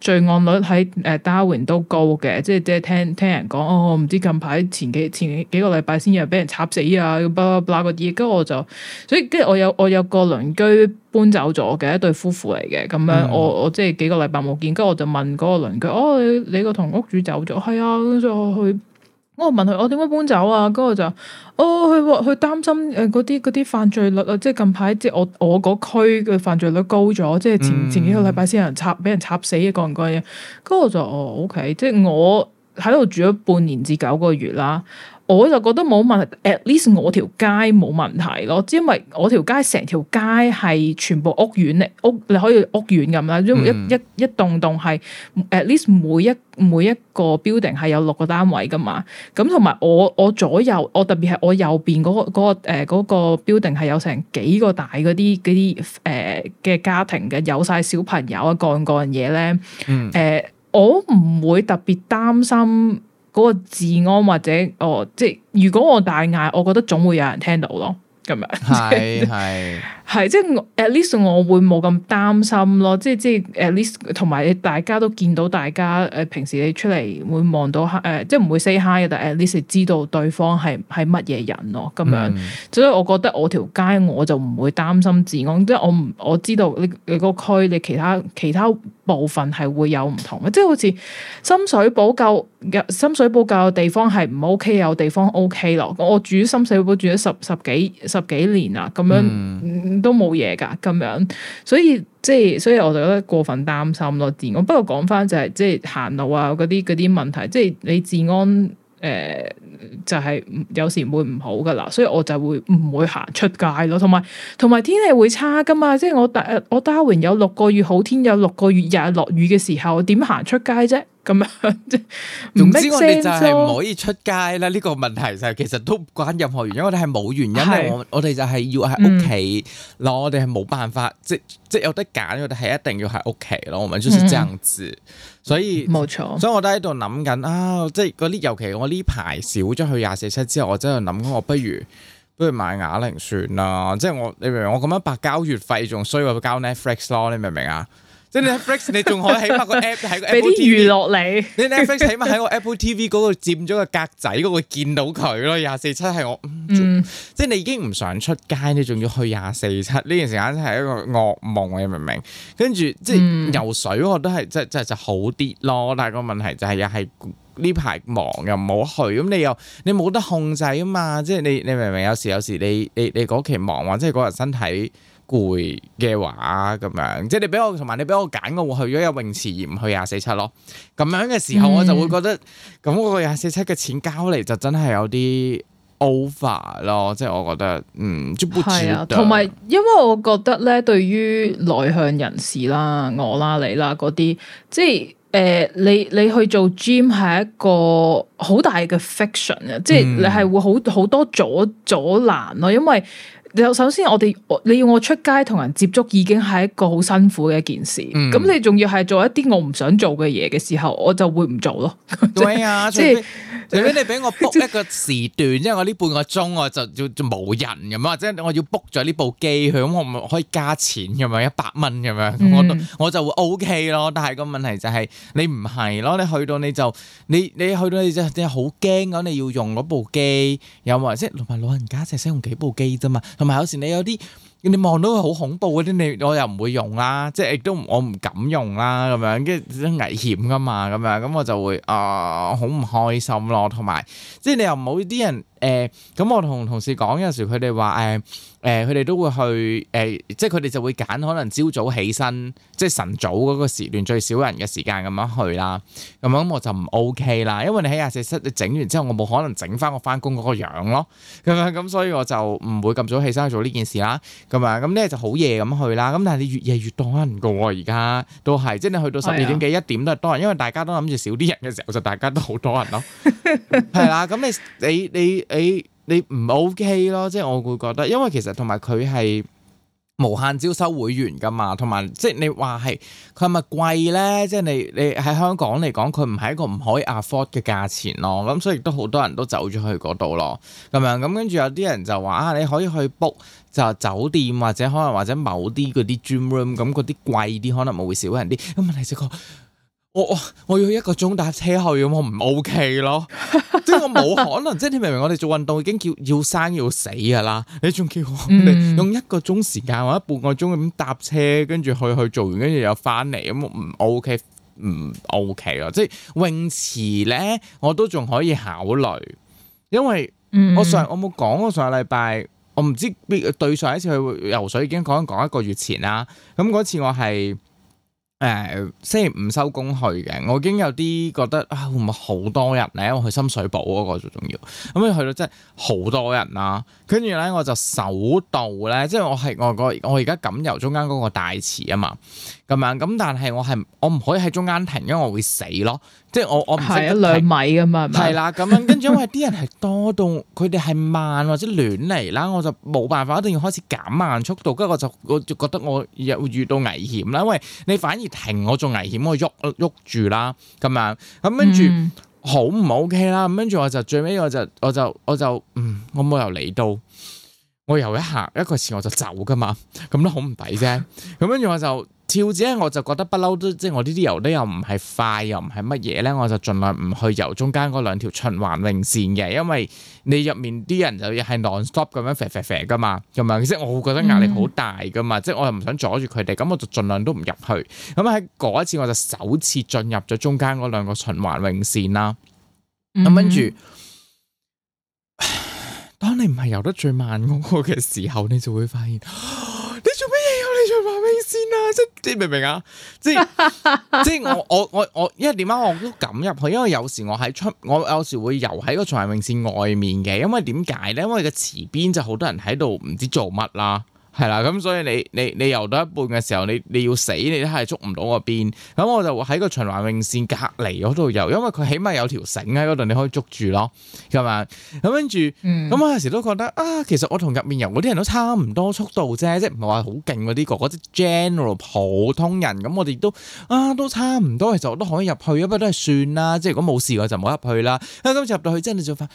S1: 罪案率喺誒 Darwin 都高嘅，即係即係聽聽人講。哦，我唔知近排前，前幾、前幾個禮拜先有人俾人插死啊，巴拉巴拉嗰啲，跟住我就，所以跟住我有我有個鄰居搬走咗嘅，一對夫婦嚟嘅，咁樣我、嗯、我，我即係幾個禮拜冇見，跟住我就問嗰個鄰居，哦，你你個同屋主走咗，係啊，跟住我去。哦、問我問佢我點解搬走啊？咁我就哦，佢佢擔心誒，嗰啲嗰啲犯罪率啊，即係近排即係我我嗰區嘅犯罪率高咗，即係前前幾個禮拜先有人插俾人插死嘅，關唔關嘢？咁我就哦，O、okay, K，即係我喺度住咗半年至九個月啦。我就覺得冇問題，at least 我條街冇問題咯，因為我條街成條街係全部屋苑嚟，屋你可以屋苑咁啦，因為一一一棟棟係 at least 每一每一個 building 係有六個單位噶嘛，咁同埋我我左右，我特別係我右邊嗰、嗰個嗰、嗰個 building 係、嗰個、有成幾個大嗰啲啲誒嘅家庭嘅，有晒小朋友啊，各樣各樣嘢咧，誒、嗯呃、我唔會特別擔心。嗰個治安或者哦，即係如果我大嗌，我覺得總會有人聽到咯，咁樣。係係。 係，即係 at least 我會冇咁擔心咯，即係即係 at least 同埋大家都見到大家誒，平時你出嚟會望到黑、呃、即係唔會 say hi 嘅，但 at least 知道對方係係乜嘢人咯咁樣，嗯、所以我覺得我條街我就唔會擔心治安，即係我唔我知道你你個區你其他其他部分係會有唔同嘅，即係好似深水埗舊深水埗舊地方係唔 OK，有地方 OK 咯。我住喺深水埗住咗十十幾十幾年啦，咁樣。嗯都冇嘢噶，咁樣，所以即係，所以我就覺得過分擔心咯。治安不過講返就係、是，即係行路啊，嗰啲嗰啲問題，即係你治安誒、呃，就係、是、有時會唔好噶啦，所以我就會唔會行出街咯。同埋同埋天氣會差噶嘛，即係我大我 Darwin 有六個月好天，有六個月日，日落雨嘅時候，我點行出街啫？咁啊！ 總之我哋就係唔可
S2: 以出街啦。呢、這個問題就其實都唔關任何原因，我哋係冇原因。是因我哋就係要喺屋企，咯、嗯、我哋係冇辦法，即即有得揀，我哋係一定要喺屋企咯。我們就是這樣子，嗯、所以冇錯。錯所以我都喺度諗緊啊，即係嗰啲，尤其我呢排少咗去廿四七之後，我真係諗，我不如不如買啞鈴算啦。即係我你明唔明？我咁樣白交月費仲衰過交 Netflix 咯？你明唔明啊？即係 Netflix，你仲可以起碼個 app 喺個 Apple TV 俾啲娛樂
S1: 你。你 Netflix 起碼喺個
S2: Apple TV 嗰 app 個佔咗個格仔嗰個見到佢咯。廿四七係我，嗯嗯、即係你已經唔想出街，你仲要去廿四七呢段時間真係一個噩夢，你明唔明？跟住即係游水，我都係即係即係就好啲咯。但係個問題就係、是、又係呢排忙又唔好去，咁你又你冇得控制啊嘛！即係你你明唔明？有時有時你你你嗰期忙或者係個人身體。攰嘅話咁樣，即係你俾我同埋你俾我揀，我會去咗有泳池而唔去廿四七咯。咁樣嘅時候，我就會覺得咁嗰、嗯、個廿四七嘅錢交嚟就真係有啲 over 咯。即係我覺得，嗯，就係同埋
S1: 因為我覺得咧，嗯、對於內向人士啦、我啦、你啦、呃、你啦嗰啲，即係誒你你去做 gym 係一個好大嘅 fiction 啊，即係你係會好好、嗯、多阻阻難咯，因為。首先，我哋你要我出街同人接觸，已經係一個好辛苦嘅一件事。咁、嗯、你仲要係做一啲我唔想做嘅嘢嘅時候，我就會唔做咯。對啊，除非除非你
S2: 俾我 book 一個時段， 因為我呢半個鐘我就要冇人咁，或者我要 book 咗呢部機響，我咪可以加錢咁樣一百蚊咁樣，嗯、我就會 O、OK、K 咯。但係個問題就係你唔係咯，你去到你就你你去到你就你好驚咁，你要用嗰部機又或者，即係同埋老人家就使用幾部機啫嘛。唔係，有時你有啲你望到佢好恐怖嗰啲，你我又唔會用啦，即係亦都我唔敢用啦，咁樣，跟住危險噶嘛，咁樣，咁我就會啊好唔開心咯，同埋即係你又唔好啲人。誒咁，我同同事講有時佢哋話誒誒，佢哋都會去誒，即係佢哋就會揀可能朝早起身，即係晨早嗰個時段最少人嘅時間咁樣去啦。咁樣咁我就唔 OK 啦，因為你喺牙齒室你整完之後，我冇可能整翻我翻工嗰個樣咯。咁樣咁所以我就唔會咁早起身去做呢件事啦。咁樣咁呢就好夜咁去啦。咁但係你越夜越多人嘅喎，而家都係即係你去到十二點幾一點都係多人，因為大家都諗住少啲人嘅時候就大家都好多人咯。係啦，咁你你你。哎、你你唔 OK 咯，即係我會覺得，因為其實同埋佢係無限招收會員噶嘛，同埋即係你話係佢係咪貴咧？即係你係係即你喺香港嚟講，佢唔係一個唔可以 afford 嘅價錢咯。咁、嗯、所以亦都好多人都走咗去嗰度咯。咁樣咁跟住有啲人就話啊，你可以去 book 就酒店或者可能或者某啲嗰啲 gym room，咁嗰啲貴啲可能冇會少人啲。咁問題係、這個。我我要一個鐘搭車去咁，我唔 OK 咯， 即係我冇可能。即係你明唔明？我哋做運動已經叫要，要生要死噶啦，你仲叫我哋用一個鐘時間或者半個鐘咁搭車，跟住去去做完，跟住又翻嚟咁，我唔 OK，唔 OK 咯。即係泳池咧，我都仲可以考慮，因為我上我冇講過上個禮拜，我唔知對上一次去游水已經講講一個月前啦。咁嗰次我係。誒、呃，星期五收工去嘅，我已經有啲覺得啊，會唔會好多人咧？因為去深水埗嗰個最重要，咁、嗯、你去到真係好多人啦，啊。跟住咧，我就守度咧，即係我係我、那個我而家咁由中間嗰個大池啊嘛，咁啊咁，但係我係我唔可以喺中間停，因為我會死咯。即係我我唔識得睇係一兩米㗎嘛，係啦咁樣，跟住因為啲人係多到，佢哋係慢或者亂嚟啦，我就冇辦法，一定要開始減慢速度。跟住我就我就覺得我又遇到危險啦，因為你反而停我仲危險，我喐喐住啦咁樣。咁跟住好唔 OK 啦，咁跟住我就最尾，我就我就我就嗯我冇由嚟到。我游一下一個字我就走噶嘛，咁都好唔抵啫。咁跟住我就跳字咧，我就覺得不嬲都即係我呢啲游得又唔係快又唔係乜嘢咧，我就盡量唔去游中間嗰兩條循環泳線嘅，因為你入面啲人就係 non stop 咁樣肥肥肥噶嘛，咁樣即係我會覺得壓力好大噶嘛，mm hmm. 即係我又唔想阻住佢哋，咁我就盡量都唔入去。咁喺嗰一次我就首次進入咗中間嗰兩個循環泳線啦。
S3: 咁跟住。Mm
S2: hmm. 當你唔係游得最慢嗰個嘅時候，你就會發現，
S3: 你做咩嘢啊？你
S2: 在長泳線啊？即係明唔明啊？即係 即係我我我我，因為點解我都敢入去？因為有時我喺出，我有時會游喺個長泳線外面嘅。因為點解咧？因為個池邊就好多人喺度唔知做乜啦。係啦，咁所以你你你游到一半嘅時候，你你要死，你都係捉唔到個邊。咁我就喺個循環泳線隔離嗰度游，因為佢起碼有條繩喺嗰度你可以捉住咯，係嘛。咁跟住，咁、嗯嗯、我有陣時都覺得啊，其實我同入面游嗰啲人都差唔多速度啫，即係唔係話好勁嗰啲哥哥，即係 general 普通人。咁我哋都啊都差唔多，其實我都可以入去，不過都係算啦。即係如果冇事，我就唔好入去啦。但今次入到去真係就快，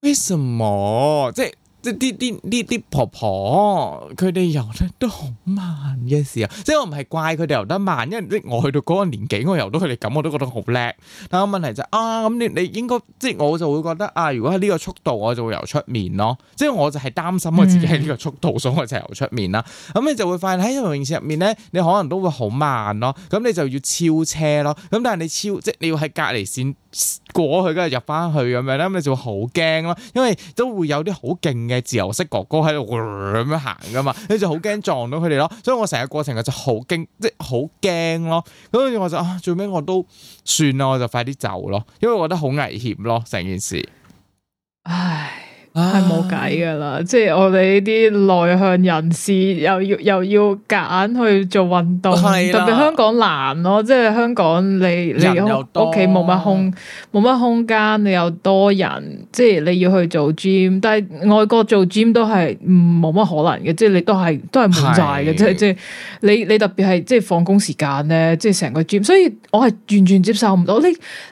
S2: 為什麼？即係。即啲啲啲啲婆婆，佢哋游得都好慢嘅時候，即我唔係怪佢哋游得慢，因為啲我去到嗰個年紀，我游到佢哋咁，我都覺得好叻。但個問題就啊，咁你你應該即我就會覺得啊，如果喺呢個速度，我就會游出面咯。即我就係擔心我自己喺呢個速度，嗯、所以我就游出面啦。咁你就會發現喺游泳池入面咧，你可能都會好慢咯。咁你就要超車咯。咁但係你超即你要喺隔離線。過咗去，跟住入翻去咁樣咧，咁你就會好驚咯，因為都會有啲好勁嘅自由式哥哥喺度咁樣行噶嘛，你就好驚撞到佢哋咯。所以我成個過程就好驚，即係好驚咯。咁所以我就啊，最尾我都算啦，我就快啲走咯，因為我覺得好危險咯，成件事。
S1: 唉。係冇計噶啦，即係我哋呢啲內向人士又要又要夾硬去做運動，是啊、特別香港難咯、哦。即係香港你你屋企冇乜空冇乜空間，你又多，多人，即係你要去做 gym，但係外國做 gym 都係冇乜可能嘅，即係你都係都係滿晒嘅，即係即係你你特別係即係放工時間咧，即係成個 gym，所以我係完全接受唔到你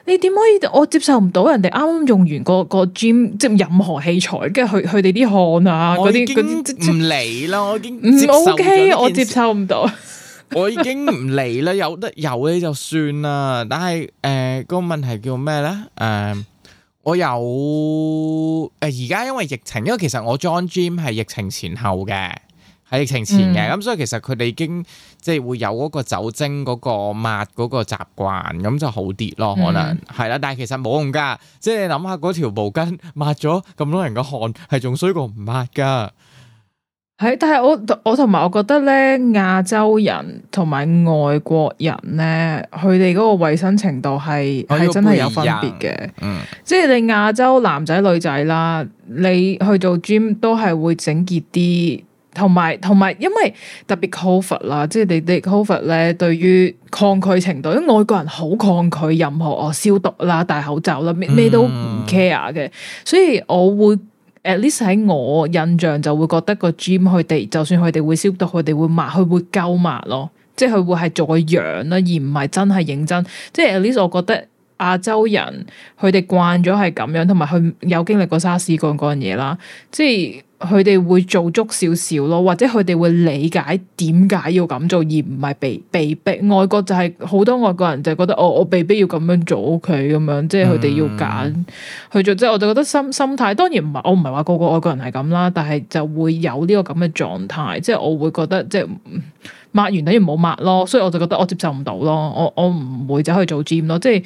S1: 你點可以，我接受唔到人哋啱啱用完、嗰個、嗰個 gym 即係任何器材。跟住佢佢哋啲汗啊，
S2: 嗰啲唔嚟啦，我已經唔 OK、嗯、我，我接受唔到， 我已經唔嚟啦，有得有嘅就算啦。但係誒、呃那個問題叫咩咧？誒、呃，我有誒而家因為疫情，因為其實我 join gym 係疫情前後嘅，係疫情前嘅，咁、嗯、所以其實佢哋已經。即係會有嗰個酒精嗰個抹嗰個習慣，咁就好啲咯。可能係啦、嗯，但係其實冇用噶。即係你諗下嗰條毛巾抹咗咁多人嘅汗，係仲衰過唔抹噶。
S1: 係，但係我我同埋我覺得咧，亞洲人同埋外國人咧，佢哋嗰個衛生程度係係、嗯、真係有分別嘅。嗯，即係你亞洲男仔女仔啦，你去做 gym 都係會整潔啲。同埋同埋，因為特別 COVID 啦，即係你哋 COVID 咧，對於抗拒程度，因為外國人好抗拒任何哦消毒啦、戴口罩啦，咩咩都唔 care 嘅，所以我會 at least 喺我印象就會覺得個 gym 佢哋就算佢哋會消毒，佢哋會抹，佢會鳩抹咯，即係佢會係做樣啦，而唔係真係認真。即係 at least 我覺得。亞洲人佢哋慣咗係咁樣，同埋佢有經歷過沙士嗰樣嘢啦，即係佢哋會做足少少咯，或者佢哋會理解點解要咁做，而唔係被被逼。外國就係、是、好多外國人就覺得，我、哦、我被逼要咁樣做，OK 咁樣，即係佢哋要揀去做。嗯、即係我就覺得心心態，當然唔係，我唔係話個個外國人係咁啦，但係就會有呢個咁嘅狀態，即係我會覺得即係。抹完等於冇抹咯，所以我就覺得我接受唔到咯，我我唔會走去做 gym 咯，即係，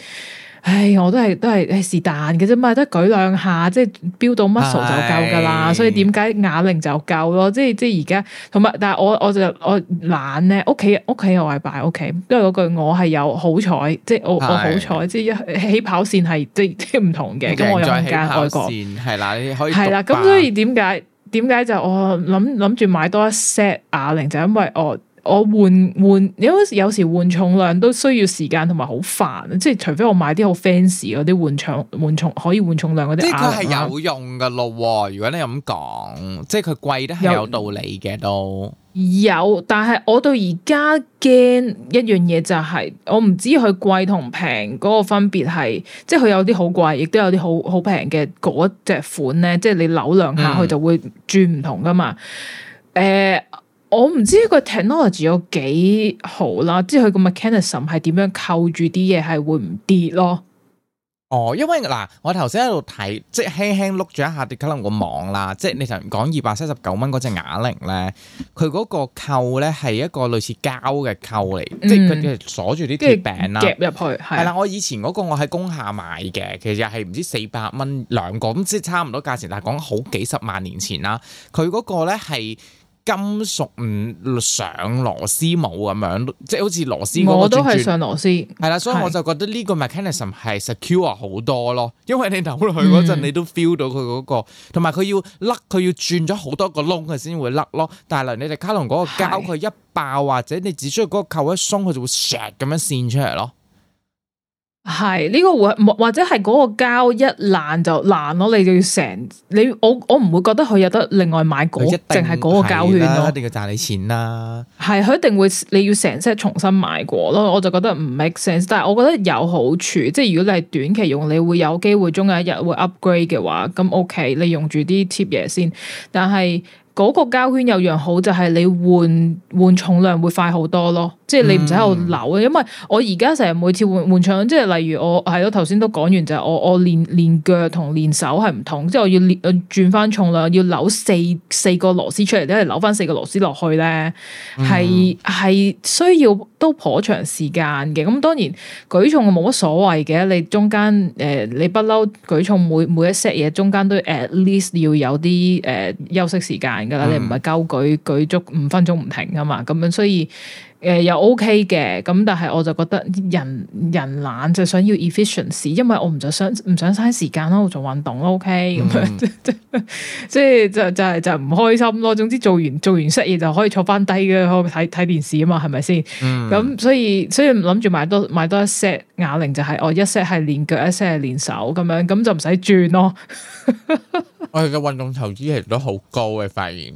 S1: 唉，我都係都係唉是但嘅啫，咪得舉兩下，即係飆到 muscle 的就夠噶啦，所以點解啞鈴就夠咯，即係即係而家同埋，但係我我就我懶咧，屋企屋企又係擺屋企，因為嗰句我係有好彩，即係我的我好彩，即係起跑線係即即唔同嘅，咁我又起跑線係啦，你可以
S2: 係啦，咁所以
S1: 點解點解就我諗諗住買多一 set 啞鈴就因為我。我換換，因為有時換重量都需要時間同埋好煩，即係除非我買啲好 fancy 嗰啲換重換重，換重可以換重量嗰啲。即係佢係有
S2: 用噶咯，如果你咁講，即係佢貴得係有道理嘅。有都
S1: 有，但係我到而家驚一樣嘢就係、是，我唔知佢貴同平嗰個分別係，即係佢有啲好貴，亦都有啲好好平嘅嗰隻款咧。即係你扭兩下，佢就會轉唔同噶嘛。誒。嗯嗯我唔知個 technology 有幾好啦，即係佢個 mechanism 係點樣扣住啲嘢，係會唔跌咯？
S2: 哦，因為嗱，我頭先喺度睇，即係輕輕碌咗一下迪卡儂個網啦。即係你頭先講二百七十九蚊嗰隻啞鈴咧，佢嗰個，個扣咧係一個類似膠嘅扣嚟、嗯嗯，即係佢鎖住啲鐵餅啦，夾
S1: 入去係啦。我
S2: 以前嗰個我喺工廈買嘅，其實係唔知四百蚊兩個，咁即係差唔多價錢。但係講好幾十萬年前啦，佢嗰個咧係。金屬唔上螺絲帽咁樣，即係好似螺絲。我都係上螺絲。
S1: 係啦，所以我就覺
S2: 得呢個 mechanism 係 secure 好多咯，因為你扭落去嗰陣，嗯、你都 feel 到佢嗰、嗰個，同埋佢要甩，佢要轉咗好多個窿佢先會甩咯。但係你哋卡龍嗰個膠佢一爆，是的 或者你只需要嗰個扣一鬆，佢就會石咁樣線出嚟咯。
S1: 係呢，這個或或者係嗰個膠一爛就爛咯，你就要成你我我唔會覺得佢有得另外買嗰，淨係嗰個膠圈咯，一
S2: 定要賺你錢啦。
S1: 係佢一定會你要成 set 重新買過咯，我就覺得唔 make sense。但係我覺得有好處，即係如果你係短期用，你會有機會中有一日會 upgrade 嘅話，咁 OK，你用住啲貼嘢先。但係。嗰個膠圈有樣好就係、是、你換換重量會快好多咯，即係你唔使喺度扭啊。嗯、因為我而家成日每次換換重量即係例如我係咯頭先都講完就係、是、我我練練腳同練手係唔同，即係我要練轉翻重量，要扭四四個螺絲出嚟，即係扭翻四個螺絲落去咧，係係、嗯、需要都頗長時間嘅。咁當然舉重冇乜所謂嘅，你中間誒、呃、你不嬲舉重每每一 set 嘢中間都要 at least 要有啲誒、呃、休息時間。你唔係交舉舉足五分鐘唔停噶嘛，咁樣所以誒、呃、又 OK 嘅，咁但係我就覺得人人懶就想要 efficiency 因為我唔就想唔想嘥時間咯，我做運動咯，OK 咁樣，即係、嗯、 就就係就唔開心咯。總之做完做完 set 嘢就可以坐翻低嘅，可睇睇電視啊嘛，係咪先？咁、嗯、所以所以諗住買多買多一 set 啞鈴就係、是、我一 set 係練腳，一 set 係練手咁樣，咁就唔使轉咯。 我哋
S2: 嘅運動投資其實都好高嘅，發現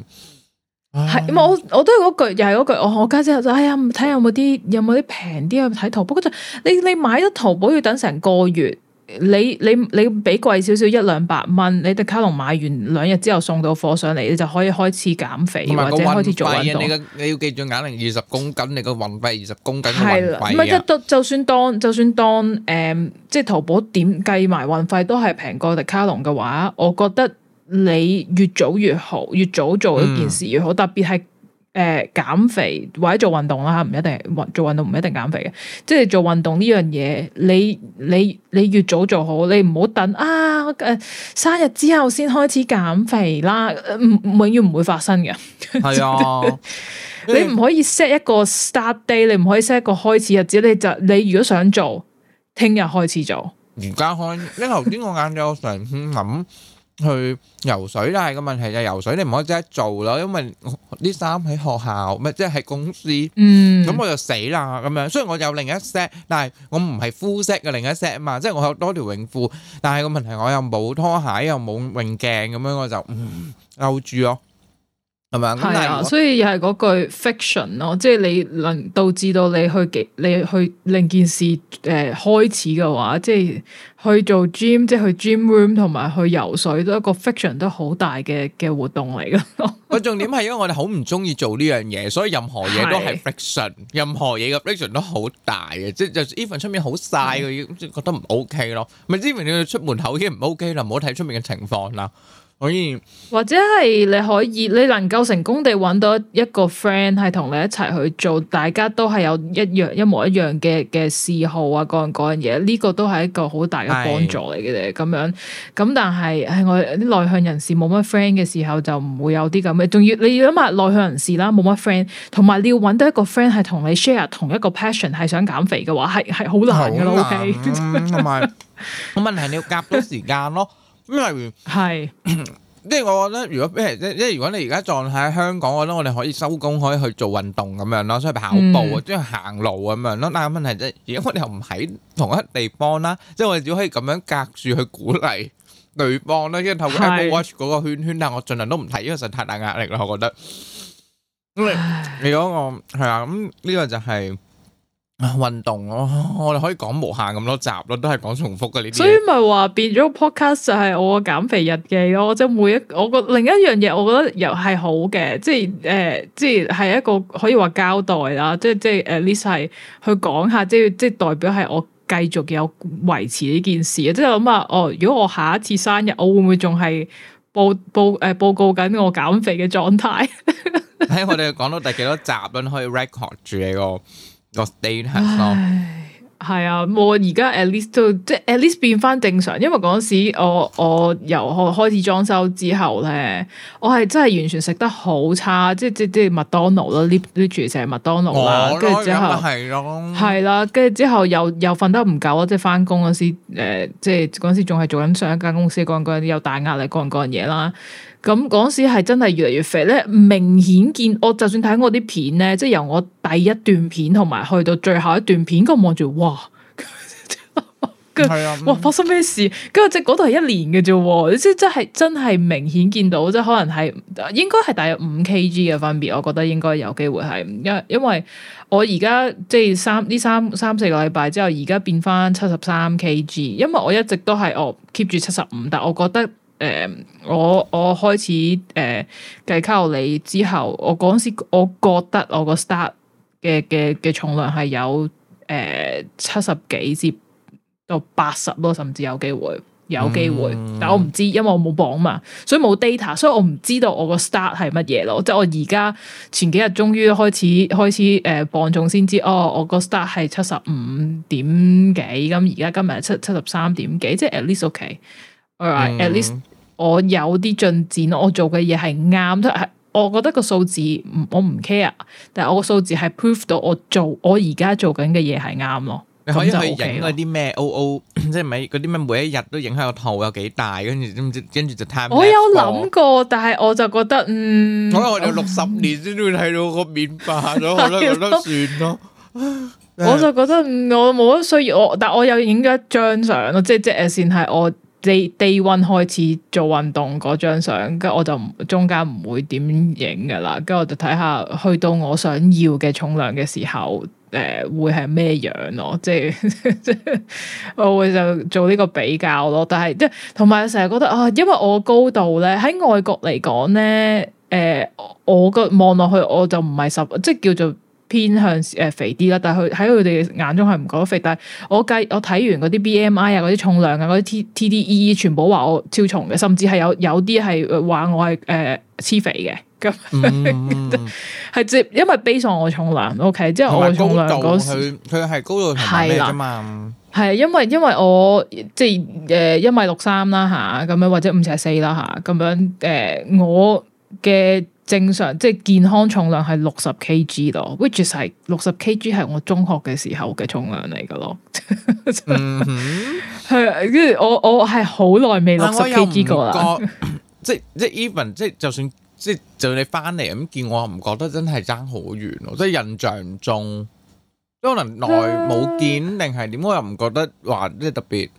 S1: 係、啊，我我都係嗰句，又係嗰句，我我家姐就哎呀，睇下有冇啲有冇啲平啲去睇淘寶嗰陣，你你買咗淘寶要等成個月，你你你畀貴少少一兩百蚊，你迪卡龍買完兩日之後送到貨上嚟，你就可以開始減肥或者開始做嘢。
S2: 你要記住，啞鈴二十公斤，你個運費二十公斤，係啦，唔係
S1: 就算當就算當誒、嗯，即係淘寶點計埋運費都係平過迪卡龍嘅話，我覺得。你越早越好，越早做一件事越好。嗯、特別係誒減肥或者做運動啦吓，唔一定做運動唔一定減肥嘅。即係做運動呢樣嘢，你你你越早做好，你唔好等啊、呃、生日之後先開始減肥啦，呃、永遠唔會發生嘅。係啊， 你唔可以 set 一個 start day，你唔可以 set 一個開始日子，你就你如果想做，聽日開始做。
S2: 而家開，你頭先我眼仔我成天諗。 去游水啦，但係個問題就游水你唔可以即刻做咯，因為啲衫喺學校咩，即係喺公司，咁、嗯、我就死啦咁樣。雖然我有另一 set，但係我唔係膚色嘅另一 set 嘛，即係我有多條泳褲，但係個問題我又冇拖鞋又冇泳鏡咁樣，我就、嗯、勾住咯。係啊，所
S1: 以又係嗰句 friction 咯，iction，即係你能導致到你去幾，你去令件事誒、呃、開始嘅話，即係去做 gym，即係去 gym room 同埋去游水都一個 friction 都好大嘅嘅活動嚟㗎。
S2: 個 重點係因為我哋好唔中意做呢樣嘢，所以任何嘢都係 friction，的任何嘢嘅 friction 都好大嘅，即係就 even 出面好晒，嘅的，經覺得唔 ok 咯。咪即係你出門口已經唔 ok 啦，唔好睇出面嘅情況啦。
S3: 可
S1: 以，或者係你可以，你能夠成功地揾到一個 friend 係同你一齊去做，大家都係有一樣一模一樣嘅嘅嗜好啊，嗰樣各樣嘢，呢、這個都係一個好大嘅幫助嚟嘅啫。咁是樣，咁但係係、哎、我啲內向人士冇乜 friend 嘅時候，就唔會有啲咁嘅，仲要你要諗下內向人士啦，冇乜 friend，同埋你要揾到一個 friend 係同你 share 同一個 passion，係想減肥嘅話，係係好難嘅
S2: 咯，同埋難，問題係你要夾多時間咯。咁例如係，即係是 我覺得如果譬如即即係如果你而家狀態喺香港，我覺得我哋可以收工，可以去做運動咁樣咯，即係跑步啊，即係、嗯、行路咁樣咯。但係問題即係，而家我哋又唔喺同一地方啦，即係我哋只可以咁樣隔住去鼓勵對方啦。因為透過 watch 嗰個圈圈，是但係我盡量都唔睇，因為實在太大壓力啦。我覺得
S3: 咁
S2: 你如果我係啊，咁呢、這個就係、是。運動、啊、我我哋可以講無限咁多集咯，都係講重複嘅呢啲。所以
S1: 咪話變咗個 Podcast 就係我嘅減肥日記咯。即、就、係、是、每一，我覺另一樣嘢，我覺得，我覺得又係好嘅，即係誒、呃，即係係一個可以話交代啦。即係即係誒，呢世去講下，即係即係代表係我繼續有維持呢件事啊。即係諗下，哦，如果我下一次生日，我會唔會仲係報報誒報告緊我減肥嘅狀態？
S2: 睇 我哋講到第幾多集，都可以 record 住你個。個地核
S1: 咯，係啊，我而家 at least 都即係 at least 變翻正常，因為嗰時我我由開開始裝修之後咧，我係真係完全食得好差，即係即係即係麥當勞咯，lift lift 住成日麥當勞啦，跟住、哦、之後係咯，係啦、啊，跟住之後又又瞓得唔夠咯，即係翻工嗰時，誒、呃，即係嗰時仲係做緊上一間公司，嗰樣啲有大壓力，嗰樣嗰樣嘢啦。那個咁嗰時係真係越嚟越肥咧，明顯見，我就算睇我啲片咧，即係由我第一段片同埋去到最後一段片，咁望住哇，係 啊，哇，的哇發生咩事？跟住即係嗰度係一年嘅啫，即係真係真係明顯見到，即係可能係應該係大約五 K G 嘅分別，我覺得應該有機會係，因因為我而家即係三呢三三四個禮拜之後，而家變翻七十三 K G，因為我一直都係我 keep 住七十五，但係我覺得。誒，我我開始誒計、呃、卡路里之後，我嗰時我覺得我個 start 嘅嘅嘅重量係有誒、呃、七十幾至到八十咯，甚至有機會有機會，機會嗯、但我唔知，因為我冇磅嘛，所以冇 data，所以我唔知道我個 start 係乜嘢咯。即係我而家前幾日終於開始開始誒磅、呃、重先知，哦，我個 start 係七十五點幾，咁而家今日係七七十三點幾，即係 at least ok，alright at least。我有啲進展，我做嘅嘢係啱，都係我覺得個數字唔，我唔 care，但係我個數字係 proof 到我做，我而家做緊嘅嘢係啱咯。你可以去影嗰
S2: 啲咩？O O，即係咪？嗰啲咩，每一日都影下個肚有幾大，跟住唔知跟住就睇。我有諗
S1: 過，但係我就覺得，嗯，可能我哋
S2: 六十年先會睇到個變化， 我
S3: 算咯。
S1: 我就覺得我冇乜需要，我但我有影咗一張相咯，即係即係先係我。第 day, day one 開始做運動嗰張相，跟住我就唔中間唔會點影噶啦，跟住我就睇下去到我想要嘅重量嘅時候，誒、呃、會係咩樣咯？即係 我會就做呢個比較咯。但係即係同埋成日覺得啊，因為我高度咧喺外國嚟講咧，誒、呃、我個望落去我就唔係十，即係叫做。偏向誒肥啲啦，但佢喺佢哋眼中係唔覺得肥。但係我計我睇完嗰啲 B M I 啊，嗰啲重量啊，嗰啲 T T D E 全部話我超重嘅，甚至係有有啲係話我係誒黐肥嘅咁，係接、嗯、 因為悲 a 我重量 O K，即係我, okay, 我重量嗰佢佢係高度係咩㗎嘛？係的因為因為我即係誒一米六三啦吓，咁樣，或者五尺四啦吓，咁樣誒，我嘅。正常即係健康重量係六十 kg 咯，which is 係六十 kg 係我中學嘅時候嘅重量嚟噶咯。係跟住我我係好耐未六十 kg 過啦。即
S3: 係
S2: 即係 even 即係就算即係，就算你翻嚟咁見我，唔覺得真係爭好遠咯。即係印象中都可能耐冇見，定係點我又唔覺得話即係特別。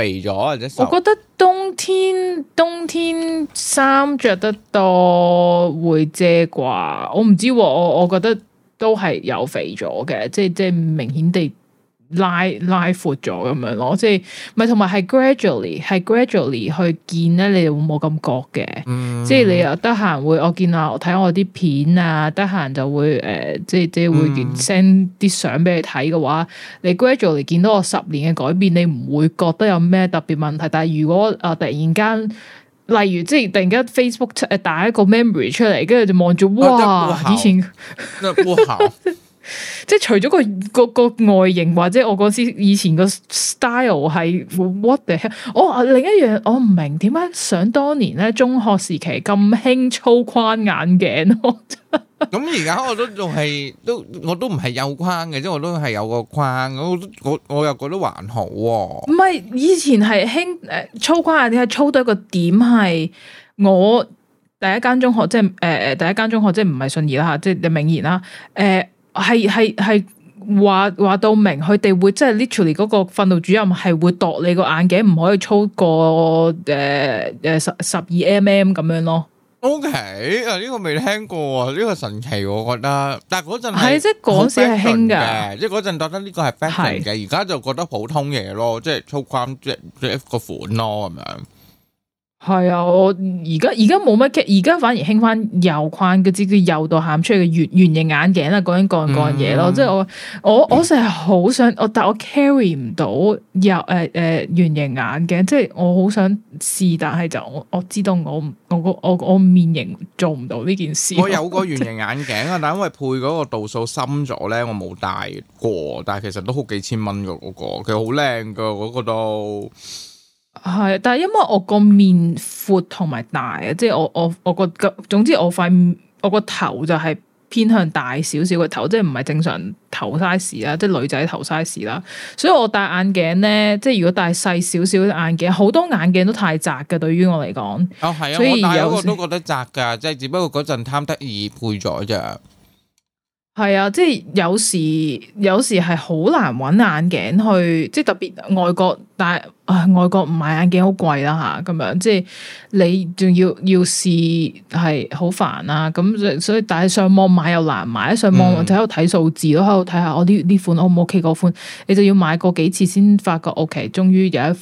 S2: 肥咗，或者我覺
S1: 得冬天冬天衫著得多會遮啩。我唔知喎，我我覺得都係有肥咗嘅，即係即係明顯地。拉拉闊咗咁樣咯，即係咪同埋係 gradually，係 gradually 去見咧，你會冇感覺嘅。嗯、即係你又得閒會，我見下，我睇下我啲片啊，得閒就會誒、呃，即係即係會 send 啲相俾你睇嘅話，嗯、你 gradually 見到我十年嘅改變，你唔會覺得有咩特別問題？但係如果誒、呃、突然間，例如即係突然間 Facebook 誒打一個 memory 出嚟，跟住就望住哇，哦、以前， 即係除咗個個個外形或者我嗰時以前個 style 係 what the heck 我、哦、另一樣我唔明點解，想當年咧中學時期咁興粗框眼鏡，咁
S3: 而家我都仲
S2: 係都我都唔係有框嘅，即係我都係有個框我我，我又覺得還好喎、
S1: 啊，唔係以前係興誒粗框，你係粗到一個點係我第一間中學，即係誒誒第一間中學，即係唔係信義啦，即係你明言啦，誒。呃係係係話話到明，佢哋會即係 literally 嗰個訓導主任係會度你個眼鏡唔可以粗過誒誒十十二 mm 咁樣咯。
S2: OK，啊呢個未聽過啊，呢個神奇我覺得。但係嗰陣係即係嗰陣係興嘅，即係嗰陣覺得呢個係 fashion 嘅，而家就覺得普通嘢咯，即係粗框即係即係一個款咯咁樣。
S1: 係啊，我而家而家冇乜，而家反而興翻右框嗰支叫右度喊出嚟嘅圓圓形眼鏡啊，嗰種嗰樣嗰樣嘢咯。即係我、嗯、我我成日好想，我但我 carry 唔到右誒誒圓形眼鏡。即係我好想試，但係就我我知道我我個我我面型做唔到呢件事。我有個圓形
S2: 眼鏡啊， 但係因為配嗰個度數深咗咧，我冇戴過。但係其實都好幾千蚊噶嗰個，其實好靚噶嗰個都。
S1: 係啊，但係因為我個面闊同埋大啊，即係我我我個，總之我塊我個頭就係偏向大少少個頭，即係唔係正常頭 size 啦，即係女仔頭 size 啦，所以我戴眼鏡咧，即係如果戴細少少眼鏡，好多眼鏡都太窄嘅，對於我嚟講，
S2: 哦係啊，所以有我戴個都覺得窄噶，即係只不過嗰陣貪得意配咗啫。
S1: 係啊，即係有時有時係好難揾眼鏡去，即係特別外國，戴。啊、外國買眼鏡好貴啦嚇，咁樣即係你仲要要試係好煩啦、啊，咁所以但係上網買又難買，上網就喺度睇數字咯，喺度睇下我呢呢款 O 唔 OK 嗰款你就要買過幾次先發覺 O、OK, K，終於有一款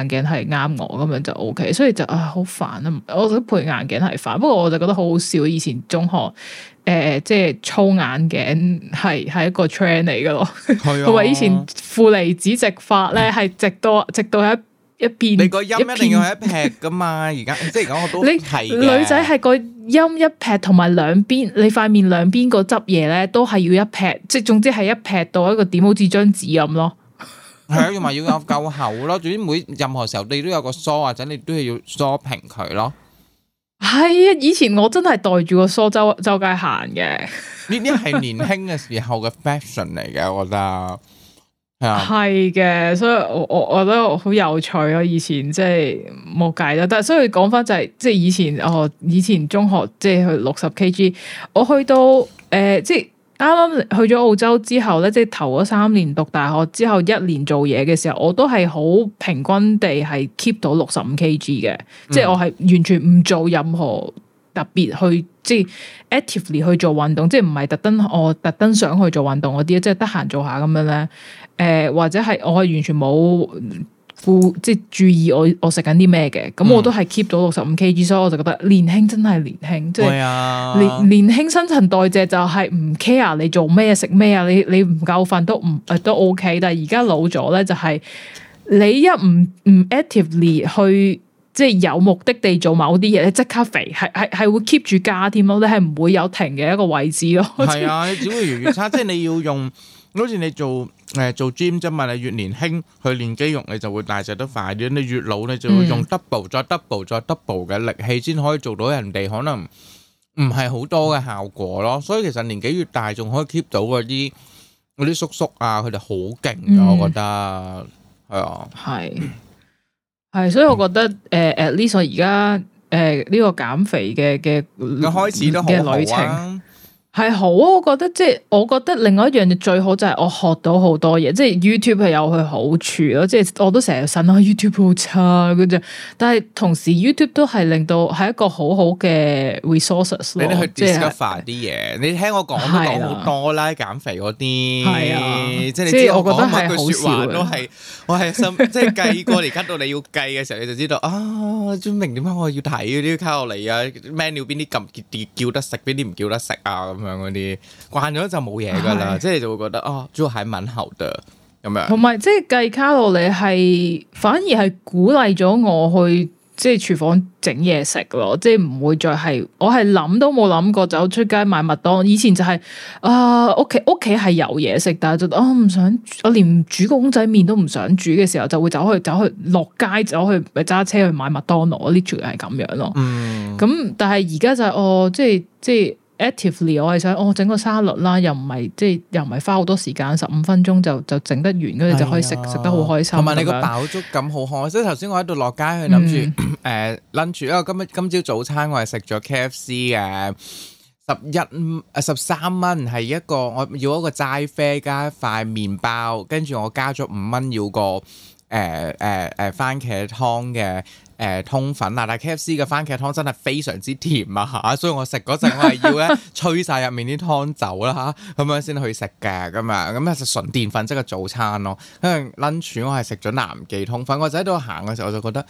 S1: 眼鏡係啱我咁樣就 O、OK, K，所以就啊好煩啊！我覺得配眼鏡係煩，不過我就覺得好好笑。以前中學誒、呃、即係粗眼鏡係係一個 trend 嚟噶咯，同 埋是、啊、 以前負離子直髮咧係直到直到喺。一片，你
S2: 個音一定要係一劈噶嘛？而家 即係講我都你係的女仔
S1: 係個音一劈同埋兩邊你塊面兩邊個執嘢咧，都係要一劈，即係總之係一劈到一個點，好似張紙咁咯。
S2: 係啊，要咪要有夠厚咯。 總之每任何時候你都有個梳，或者你都係要梳平佢咯。
S1: 係啊，以前我真係袋住個梳周周街行嘅。
S2: 呢啲係年輕嘅時候嘅 fashion 嚟嘅，我覺得。係
S1: 嘅，所以我我我覺得好有趣咯。以前即係冇計啦，但係所以講翻就係、是，即係以前哦、呃，以前中學即係去六十 kg，我去到誒、呃，即係啱啱去咗澳洲之後咧，即係頭嗰三年讀大學之後，一年做嘢嘅時候，我都係好平均地係 keep 到六十五 kg 嘅，嗯、即係我係完全唔做任何。特別去即係 actively 去做運動，即係唔係特登我特登想去做運動嗰啲，即係得閒做下咁樣咧。誒、呃，或者係我係完全冇顧即係注意我我食緊啲咩嘅，咁我都係 keep 到六十五 kg，所以我就覺得年輕真係年輕，即係年年輕新陳代謝就係唔 care 你做咩食咩啊，你你唔夠瞓都唔誒、呃、都 ok，但係而家老咗咧就係、是、你一唔唔 actively 去。即係有目的地做某啲嘢，即刻肥，係係係會 keep 住加添咯，你係唔會有停嘅一個位置咯。係啊，只會越越差。
S2: 即係你要用，好似你做誒做 gym 啫嘛。你越年輕去練肌肉，你就會大隻得快啲。你越老，你就用 double 再 double 再 double 嘅力氣先可以做到人哋可能唔係好多嘅效果咯。所以其實年紀越大，仲可以 keep 到嗰啲嗰啲叔叔啊，佢哋好勁㗎，我覺得係
S1: 啊，係。係，所以我覺得，誒、呃、誒，at least 我呢、呃這個而家，誒呢個減肥嘅嘅開始嘅旅程。係好，啊，我覺得即係，我覺得另外一樣嘢最好就係我學到好多嘢，即係 YouTube 係有佢好處咯，即係我都成日去上 YouTube 好差嗰隻，但係同時 YouTube 都係令到係一個好好嘅 resources，俾你去 discover
S2: 啲嘢。你聽我講講好多啦，減的肥嗰啲，係啊的，即係我，我覺得係好少是。都係我係深，即係計過而家到你要計嘅時候，你就知道啊，都明點解我要睇嗰啲卡路里啊，menu 邊啲咁叫得食，邊啲唔叫得食啊咁。啊啊啊咁嗰啲慣咗就冇嘢噶啦，是即係就會覺得哦，主要喺敏喉度，咁樣。同
S1: 埋即係計卡路里係，反而係鼓勵咗我去即係廚房整嘢食咯，即係唔會再係我係諗都冇諗過走出街買麥當。以前就係啊屋企屋企係有嘢食，但係覺得啊唔想煮，我連煮個公仔麵都唔想煮嘅時候，就會走去走去落街走去揸車去買麥當勞。呢主要係咁樣咯。咁但係而家就係、是、哦，即係即係。即 Actively 我係想哦，整個沙律啦，又唔係即係又唔係花好多時間，十五分鐘就就整得完，跟住、哎、呀就可以食食得好開心。同埋你個飽
S2: 足感好開，即係頭先我喺度落街，佢諗住誒 lunch 今日今朝早，早餐我係食咗 KFC 嘅十一啊十三蚊，係一個我要一個齋啡加一塊麵包，跟住我加咗五蚊要個誒誒誒番茄湯嘅。誒、呃，通粉啊！但係 K F C 嘅番茄湯真係非常之甜啊，啊，所以我食嗰陣我係要咧 吹晒入面啲湯走啦，吓咁樣先去食嘅咁啊。咁啊，就純澱粉質嘅早餐咯。因為 lunch 我係食咗南記通粉。我喺度行嘅時候我就覺得，